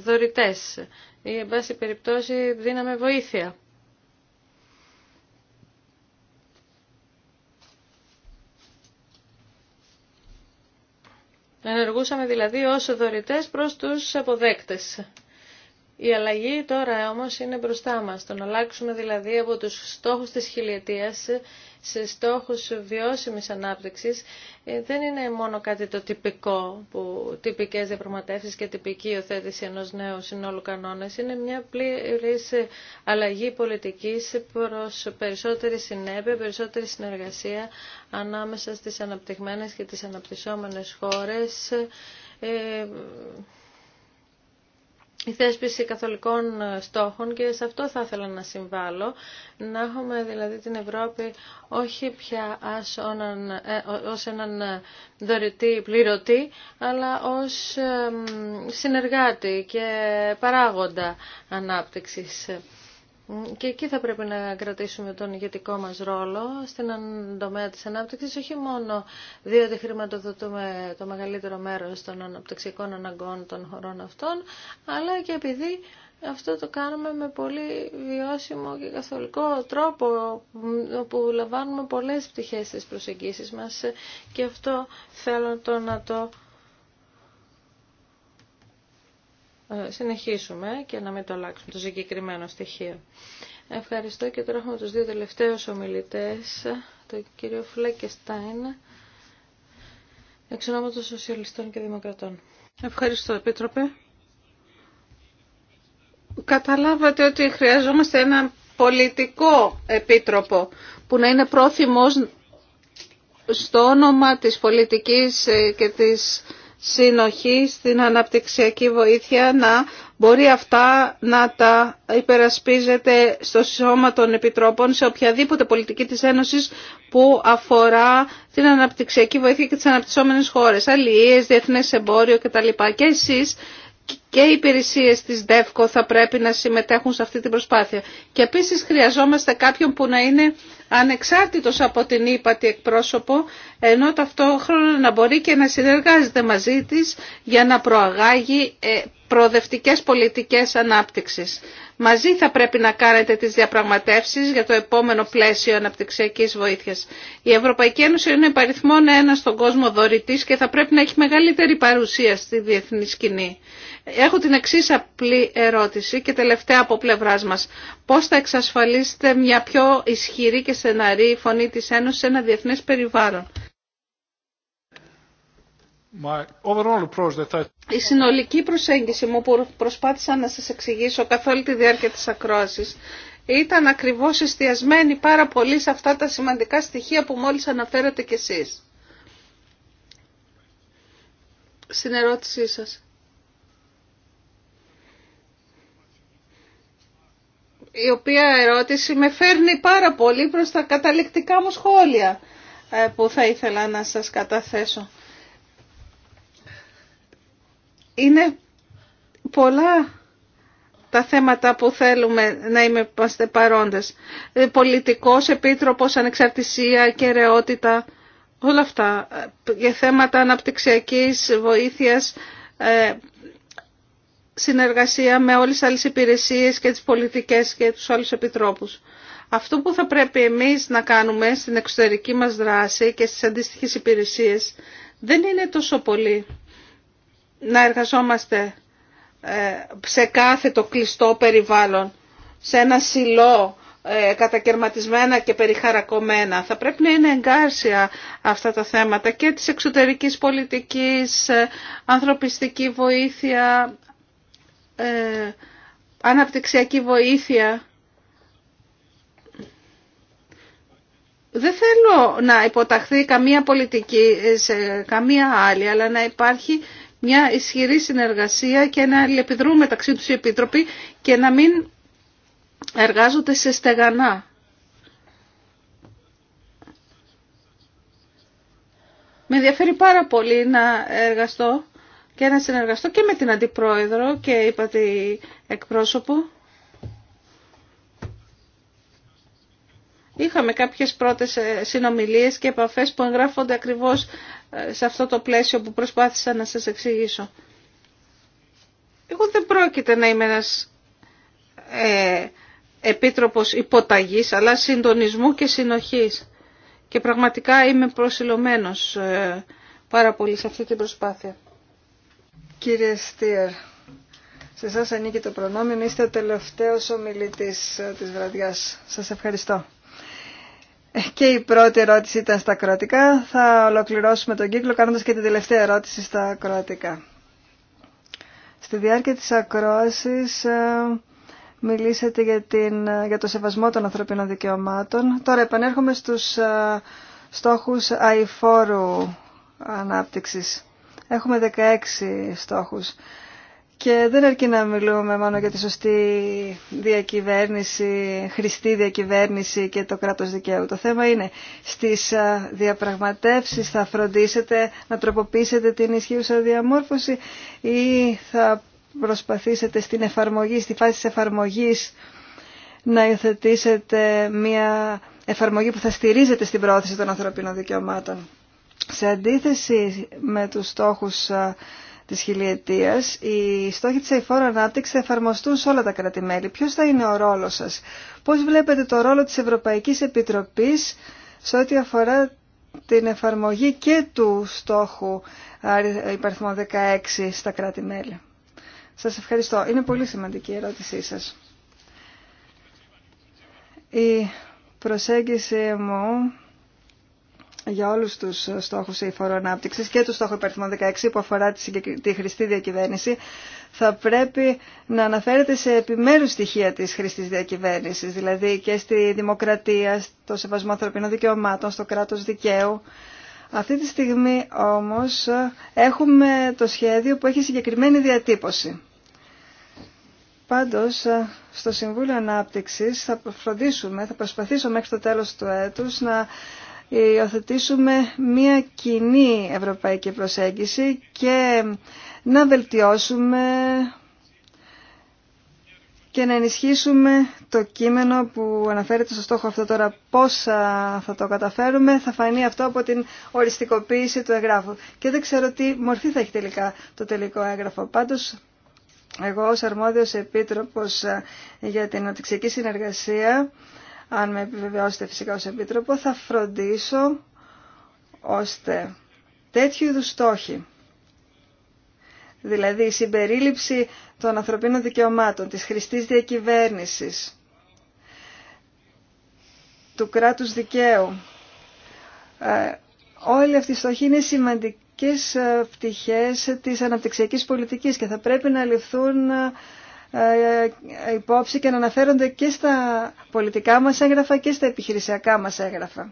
S3: δωρητές ή, εν πάση περιπτώσει, δίναμε βοήθεια. Ενεργούσαμε δηλαδή ως δωρητές προς τους αποδέκτες. Η αλλαγή τώρα όμως είναι μπροστά μας. Το να αλλάξουμε δηλαδή από τους στόχους της χιλιετίας σε στόχους βιώσιμης ανάπτυξης ε, δεν είναι μόνο κάτι το τυπικό, που τυπικές διαπραγματεύσεις και τυπική υιοθέτηση ενός νέου συνόλου κανόνες. Είναι μια πλήρης αλλαγή πολιτικής προς περισσότερη συνέπεια, περισσότερη συνεργασία ανάμεσα στις αναπτυγμένες και τις αναπτυσσόμενες χώρες ε, η θέσπιση καθολικών ε, στόχων και σε αυτό θα ήθελα να συμβάλλω, να έχουμε δηλαδή την Ευρώπη όχι πια ε, ως, έναν ε, δωρητή πληρωτή, αλλά ως συνεργάτη και παράγοντα ανάπτυξης. Και εκεί θα πρέπει να κρατήσουμε τον ηγετικό μας ρόλο στην τομέα της ανάπτυξης, όχι μόνο διότι χρηματοδοτούμε το μεγαλύτερο μέρος των αναπτυξιακών αναγκών των χωρών αυτών, αλλά και επειδή αυτό το κάνουμε με πολύ βιώσιμο και καθολικό τρόπο όπου λαμβάνουμε πολλές πτυχές στις προσεγγίσεις μας και αυτό θέλω το να το Ε, συνεχίσουμε και να μην το αλλάξουμε το συγκεκριμένο στοιχείο. Ευχαριστώ και τώρα έχουμε τους δύο τελευταίους ομιλητές, τον κύριο Φλέκεστάιν, εξ ονόματος Σοσιαλιστών
S1: και Δημοκρατών. Ευχαριστώ, Επίτροπε. Καταλάβατε ότι χρειαζόμαστε ένα πολιτικό επίτροπο που να είναι πρόθυμος στο όνομα της πολιτικής ε, και της συνοχή στην αναπτυξιακή βοήθεια να μπορεί αυτά να τα υπερασπίζεται στο σώμα των επιτρόπων σε οποιαδήποτε πολιτική της Ένωσης που αφορά την αναπτυξιακή βοήθεια και τις αναπτυσσόμενες χώρες, αλληλίες, διεθνές εμπόριο κτλ. Και εσείς και οι υπηρεσίες της ΔΕΦΚΟ θα πρέπει να συμμετέχουν σε αυτή την προσπάθεια. Και επίσης χρειαζόμαστε κάποιον που να είναι ανεξάρτητος από την ύπατη εκπρόσωπο, ενώ ταυτόχρονα να μπορεί και να συνεργάζεται μαζί της για να προαγάγει ε, προοδευτικές πολιτικές ανάπτυξης. Μαζί θα πρέπει να κάνετε τις διαπραγματεύσεις για το επόμενο πλαίσιο αναπτυξιακής βοήθειας. Η Ευρωπαϊκή Ένωση είναι παριθμόν ένα στον κόσμο δωρητής και θα πρέπει να έχει μεγαλύτερη παρουσία στη διεθνή σκηνή. Έχω την εξή απλή ερώτηση και τελευταία από πλευρά μας. Πώς θα εξασφαλίσετε μια πιο ισχυρή και στεναρή φωνή της Ένωσης σε ένα διεθνέ περιβάλλον. Η συνολική προσέγγιση μου που προσπάθησα να σας εξηγήσω καθ' όλη τη διάρκεια της ακρόασης ήταν ακριβώς εστιασμένη πάρα πολύ σε αυτά τα σημαντικά στοιχεία που μόλις αναφέρατε κι εσείς. Στην ερώτησή σας. η οποία ερώτηση με φέρνει πάρα πολύ προς τα καταληκτικά μου σχόλια ε, που θα ήθελα να σας καταθέσω. Είναι πολλά τα θέματα που θέλουμε να είμαστε παρόντες. Ε, πολιτικός, επίτροπος, ανεξαρτησία, κεραιότητα, όλα αυτά. Ε, για θέματα αναπτυξιακής βοήθειας συνεργασία με όλες τις άλλες υπηρεσίες και τις πολιτικές και τους άλλους επιτρόπους. Αυτό που θα πρέπει εμείς να κάνουμε στην εξωτερική μας δράση και στις αντίστοιχες υπηρεσίες δεν είναι τόσο πολύ να εργαζόμαστε ε, σε κάθε το κλειστό περιβάλλον, σε ένα σιλό ε, κατακαιρματισμένα και περιχαρακωμένα. Θα πρέπει να είναι εγκάρσια αυτά τα θέματα και της εξωτερικής πολιτικής, ε, ανθρωπιστική βοήθεια, ε, αναπτυξιακή βοήθεια. Δεν θέλω να υποταχθεί καμία πολιτική σε καμία άλλη, αλλά να υπάρχει μια ισχυρή συνεργασία και να αλληλεπιδρούν μεταξύ τους οι επίτροποι και να μην εργάζονται σε στεγανά. Με ενδιαφέρει πάρα πολύ να εργαστώ και να συνεργαστώ και με την Αντιπρόεδρο και είπα τη εκπρόσωπο. Είχαμε κάποιες πρώτες ε, συνομιλίες και επαφές που εγγράφονται ακριβώς ε, σε αυτό το πλαίσιο που προσπάθησα να σας εξηγήσω. Εγώ δεν πρόκειται να είμαι ένας ε, επίτροπος υποταγής, αλλά συντονισμού και συνοχής. Και πραγματικά είμαι προσιλωμένος πάρα πολύ σε αυτή την προσπάθεια. Κύριε Στίερ, σε εσά ανήκει το προνόμιο είστε ο
S2: τελευταίος ομιλητής ε, της βραδιάς. Σας ευχαριστώ. Ε, και η πρώτη ερώτηση ήταν στα κροατικά. Θα ολοκληρώσουμε τον κύκλο κάνοντας και την τελευταία ερώτηση στα κροατικά. Στη διάρκεια της ακρόασης ε, μιλήσατε για, την, για το σεβασμό των ανθρωπίνων δικαιωμάτων. Τώρα επανέρχομαι στους στόχους αηφόρου ανάπτυξης. Έχουμε 16 στόχους. Και δεν αρκεί να μιλούμε μόνο για τη σωστή διακυβέρνηση, χρηστή διακυβέρνηση και το κράτος δικαίου. Το θέμα είναι στις διαπραγματεύσεις θα φροντίσετε να τροποποιήσετε την ισχύουσα διαμόρφωση ή θα προσπαθήσετε στην εφαρμογή, στη φάση της εφαρμογής να υιοθετήσετε μια εφαρμογή που θα στηρίζεται στην πρόθεση των ανθρωπίνων δικαιωμάτων. Σε αντίθεση με τους στόχους ε, της χιλιετίας, οι στόχοι της αηφόρου ανάπτυξης θα εφαρμοστούν σε όλα τα κράτη-μέλη. Ποιος θα είναι ο ρόλος σας. Πώς βλέπετε το ρόλο της Ευρωπαϊκής Επιτροπής σε ό,τι αφορά την εφαρμογή και του στόχου ε, υπαριθμό 16 στα κράτη-μέλη. Σας ευχαριστώ. Είναι πολύ σημαντική η ερώτησή σας. Η προσέγγιση μου για όλους τους στόχους αηφόρου και του στόχου υπαριθμών 16 που αφορά τη χρηστή διακυβέρνηση θα πρέπει να αναφέρεται σε επιμέρους στοιχεία της χρηστής διακυβέρνησης, δηλαδή και στη δημοκρατία, στο σεβασμό ανθρωπίνων δικαιωμάτων, στο κράτος δικαίου. Αυτή τη στιγμή όμως έχουμε το σχέδιο που έχει συγκεκριμένη διατύπωση. Πάντως, στο Συμβούλιο Ανάπτυξης θα φροντίσουμε, θα προσπαθήσω μέχρι το τέλος του έτους να υιοθετήσουμε μια κοινή ευρωπαϊκή προσέγγιση και να βελτιώσουμε και να ενισχύσουμε το κείμενο που αναφέρεται στο στόχο αυτό τώρα πώς θα το καταφέρουμε θα φανεί αυτό από την οριστικοποίηση του εγγράφου και δεν ξέρω τι μορφή θα έχει τελικά το τελικό έγγραφο πάντως εγώ ως αρμόδιος επίτροπος για την οτιξική συνεργασία αν με επιβεβαιώσετε φυσικά ως Επίτροπο, θα φροντίσω ώστε τέτοιου είδους στόχοι, δηλαδή η συμπερίληψη των ανθρωπίνων δικαιωμάτων, της χρηστής διακυβέρνησης, του κράτους δικαίου, ε, όλοι αυτοί οι στόχοι είναι σημαντικές ε, πτυχές της αναπτυξιακής πολιτικής και θα πρέπει να ληφθούν ε, ε, ε, υπόψη και να αναφέρονται και στα πολιτικά μας έγγραφα και στα επιχειρησιακά μας έγγραφα.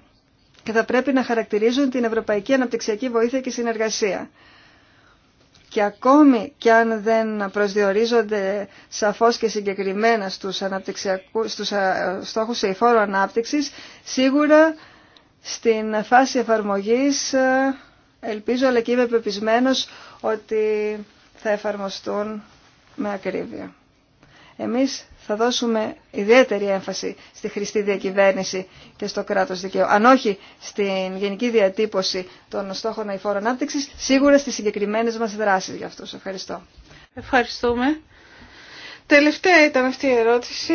S2: Και θα πρέπει να χαρακτηρίζουν την Ευρωπαϊκή Αναπτυξιακή Βοήθεια και Συνεργασία. Και ακόμη και αν δεν προσδιορίζονται σαφώς και συγκεκριμένα στους, αναπτυξιακούς, στους ε, στόχους υφόρο ανάπτυξης, σίγουρα στην φάση εφαρμογής ελπίζω αλλά και είμαι ότι θα εφαρμοστούν με ακρίβεια. Εμείς θα δώσουμε ιδιαίτερη έμφαση στη χρηστή διακυβέρνηση και στο κράτος δικαίου. Αν όχι στην γενική διατύπωση των στόχων αηφόρων ανάπτυξης, σίγουρα στις συγκεκριμένες μας
S1: δράσεις για αυτούς. Ευχαριστώ. Ευχαριστούμε. Τελευταία ήταν αυτή η ερώτηση.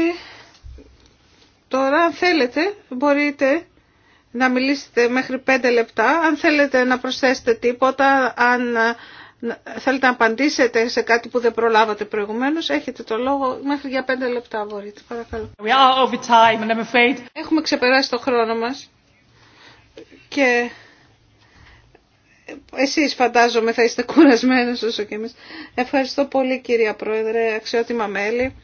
S1: Τώρα, αν θέλετε, μπορείτε να μιλήσετε μέχρι πέντε λεπτά. Αν θέλετε να προσθέσετε τίποτα, αν Θέλετε να απαντήσετε σε κάτι που δεν προλάβατε προηγουμένως. Έχετε το λόγο μέχρι για πέντε λεπτά μπορείτε. Παρακαλώ. We are over time and I'm afraid. Έχουμε ξεπεράσει το χρόνο μας και εσείς φαντάζομαι θα είστε κουρασμένοι όσο και εμείς. Ευχαριστώ πολύ κυρία Πρόεδρε, αξιότιμα μέλη.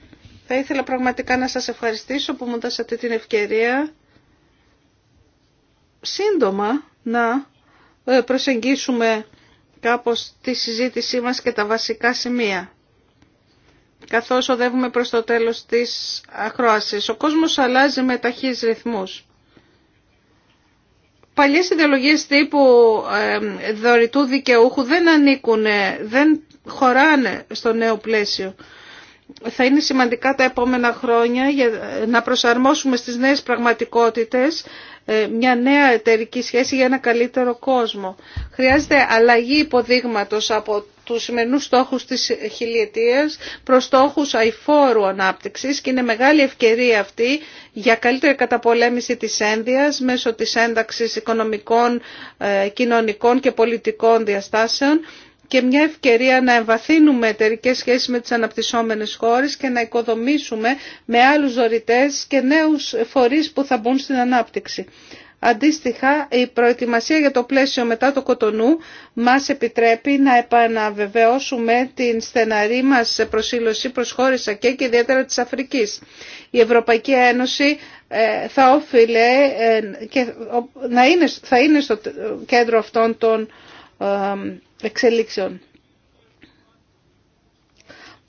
S1: Θα ήθελα πραγματικά να σας ευχαριστήσω που μου δώσατε την ευκαιρία σύντομα να ε, προσεγγίσουμε κάπως τη συζήτησή μας και τα βασικά σημεία καθώς οδεύουμε προς το τέλος της ακρόασης. Ο κόσμος αλλάζει με ταχύς ρυθμούς. Παλιές ιδεολογίες τύπου δωρητού δικαιούχου δεν ανήκουν, δεν χωράνε στο νέο πλαίσιο. Θα είναι σημαντικά τα επόμενα χρόνια για να προσαρμόσουμε στις νέες πραγματικότητες ε, μια νέα εταιρική σχέση για ένα καλύτερο κόσμο. Χρειάζεται αλλαγή υποδείγματος από τους σημερινούς στόχους της χιλιετίας προς στόχους αηφόρου ανάπτυξης και είναι μεγάλη ευκαιρία αυτή για καλύτερη καταπολέμηση της ένδυας μέσω της ένταξης οικονομικών, ε, κοινωνικών και πολιτικών διαστάσεων και μια ευκαιρία να εμβαθύνουμε εταιρικές σχέσεις με τις αναπτυσσόμενες χώρες και να οικοδομήσουμε με άλλους δωρητές και νέους φορείς που θα μπουν στην ανάπτυξη. Αντίστοιχα, η προετοιμασία για το πλαίσιο μετά το κοτονού μας επιτρέπει να επαναβεβαιώσουμε την στεναρή μας προσήλωση προς χώρες ΑΚΕ και ιδιαίτερα της Αφρικής. Η Ευρωπαϊκή Ένωση ε, θα όφιλε ε, και θα είναι στο κέντρο αυτών των ε, εξελίξεων.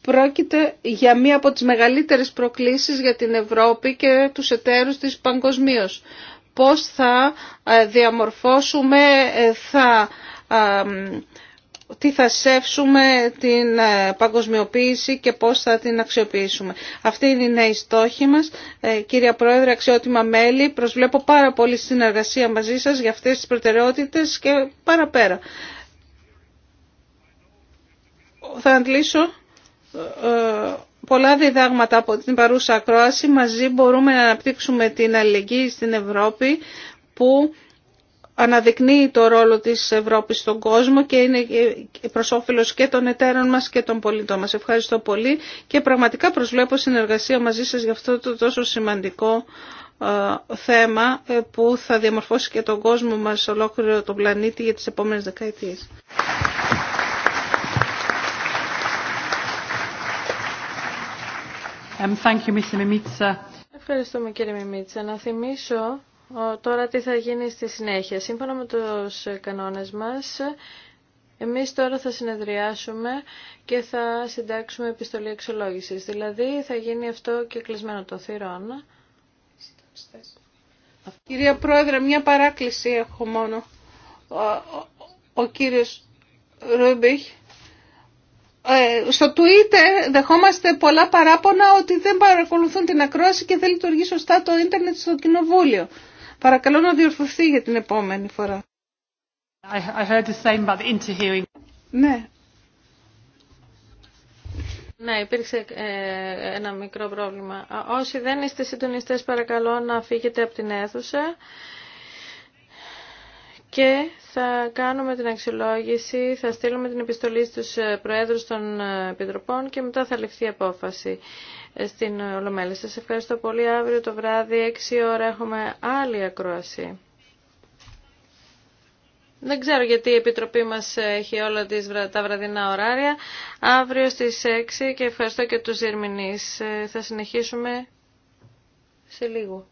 S1: Πρόκειται για μία από τις μεγαλύτερες προκλήσεις για την Ευρώπη και τους εταίρους της παγκοσμίω. Πώς θα ε, διαμορφώσουμε, ε, θα, ε, τι θα σέψουμε την παγκοσμιοποίηση και πώς θα την αξιοποιήσουμε. Αυτή είναι η νέη στόχη μας. Κυρία Πρόεδρε, αξιότιμα μέλη, προσβλέπω πάρα πολύ συνεργασία μαζί σας για αυτές τις προτεραιότητες και παραπέρα θα αντλήσω ε, πολλά διδάγματα από την παρούσα ακρόαση. Μαζί μπορούμε να αναπτύξουμε την αλληλεγγύη στην Ευρώπη που αναδεικνύει το ρόλο της Ευρώπης στον κόσμο και είναι προς και των εταίρων μας και των πολιτών μας. Ευχαριστώ πολύ και πραγματικά προσβλέπω συνεργασία μαζί σας για αυτό το τόσο σημαντικό ε, θέμα ε, που θα διαμορφώσει και τον κόσμο μας ολόκληρο τον πλανήτη για τις επόμενες δεκαετίες. Um,
S3: Ευχαριστούμε κύριε Μιμίτσα. Να θυμίσω τώρα τι θα γίνει στη συνέχεια. Σύμφωνα με τους κανόνες μας, εμείς τώρα θα συνεδριάσουμε και θα συντάξουμε επιστολή εξολόγησης. Δηλαδή θα γίνει αυτό και
S1: κλεισμένο το θύρον. Κυρία Πρόεδρε, μια παράκληση έχω μόνο. Ο, ο, ο κύριος Ρούμπιχ ε, στο Twitter δεχόμαστε πολλά παράπονα ότι δεν παρακολουθούν την ακρόαση και δεν λειτουργεί σωστά το ίντερνετ στο κοινοβούλιο. Παρακαλώ να διορθωθεί για την επόμενη φορά. I heard the same about the ναι.
S3: Ναι, υπήρξε ε, ένα μικρό πρόβλημα. Όσοι δεν είστε συντονιστές παρακαλώ να φύγετε από την αίθουσα και θα κάνουμε την αξιολόγηση, θα στείλουμε την επιστολή στους ε, Προέδρους των ε, Επιτροπών και μετά θα ληφθεί απόφαση ε, στην Ολομέλη. Σας ευχαριστώ πολύ. Αύριο το βράδυ, 6 ώρα, έχουμε άλλη ακρόαση. Δεν ξέρω γιατί η Επιτροπή μας έχει όλα τα βραδινά ωράρια. Αύριο στις 6 και ευχαριστώ και τους Ιρμηνείς. Θα συνεχίσουμε σε λίγο.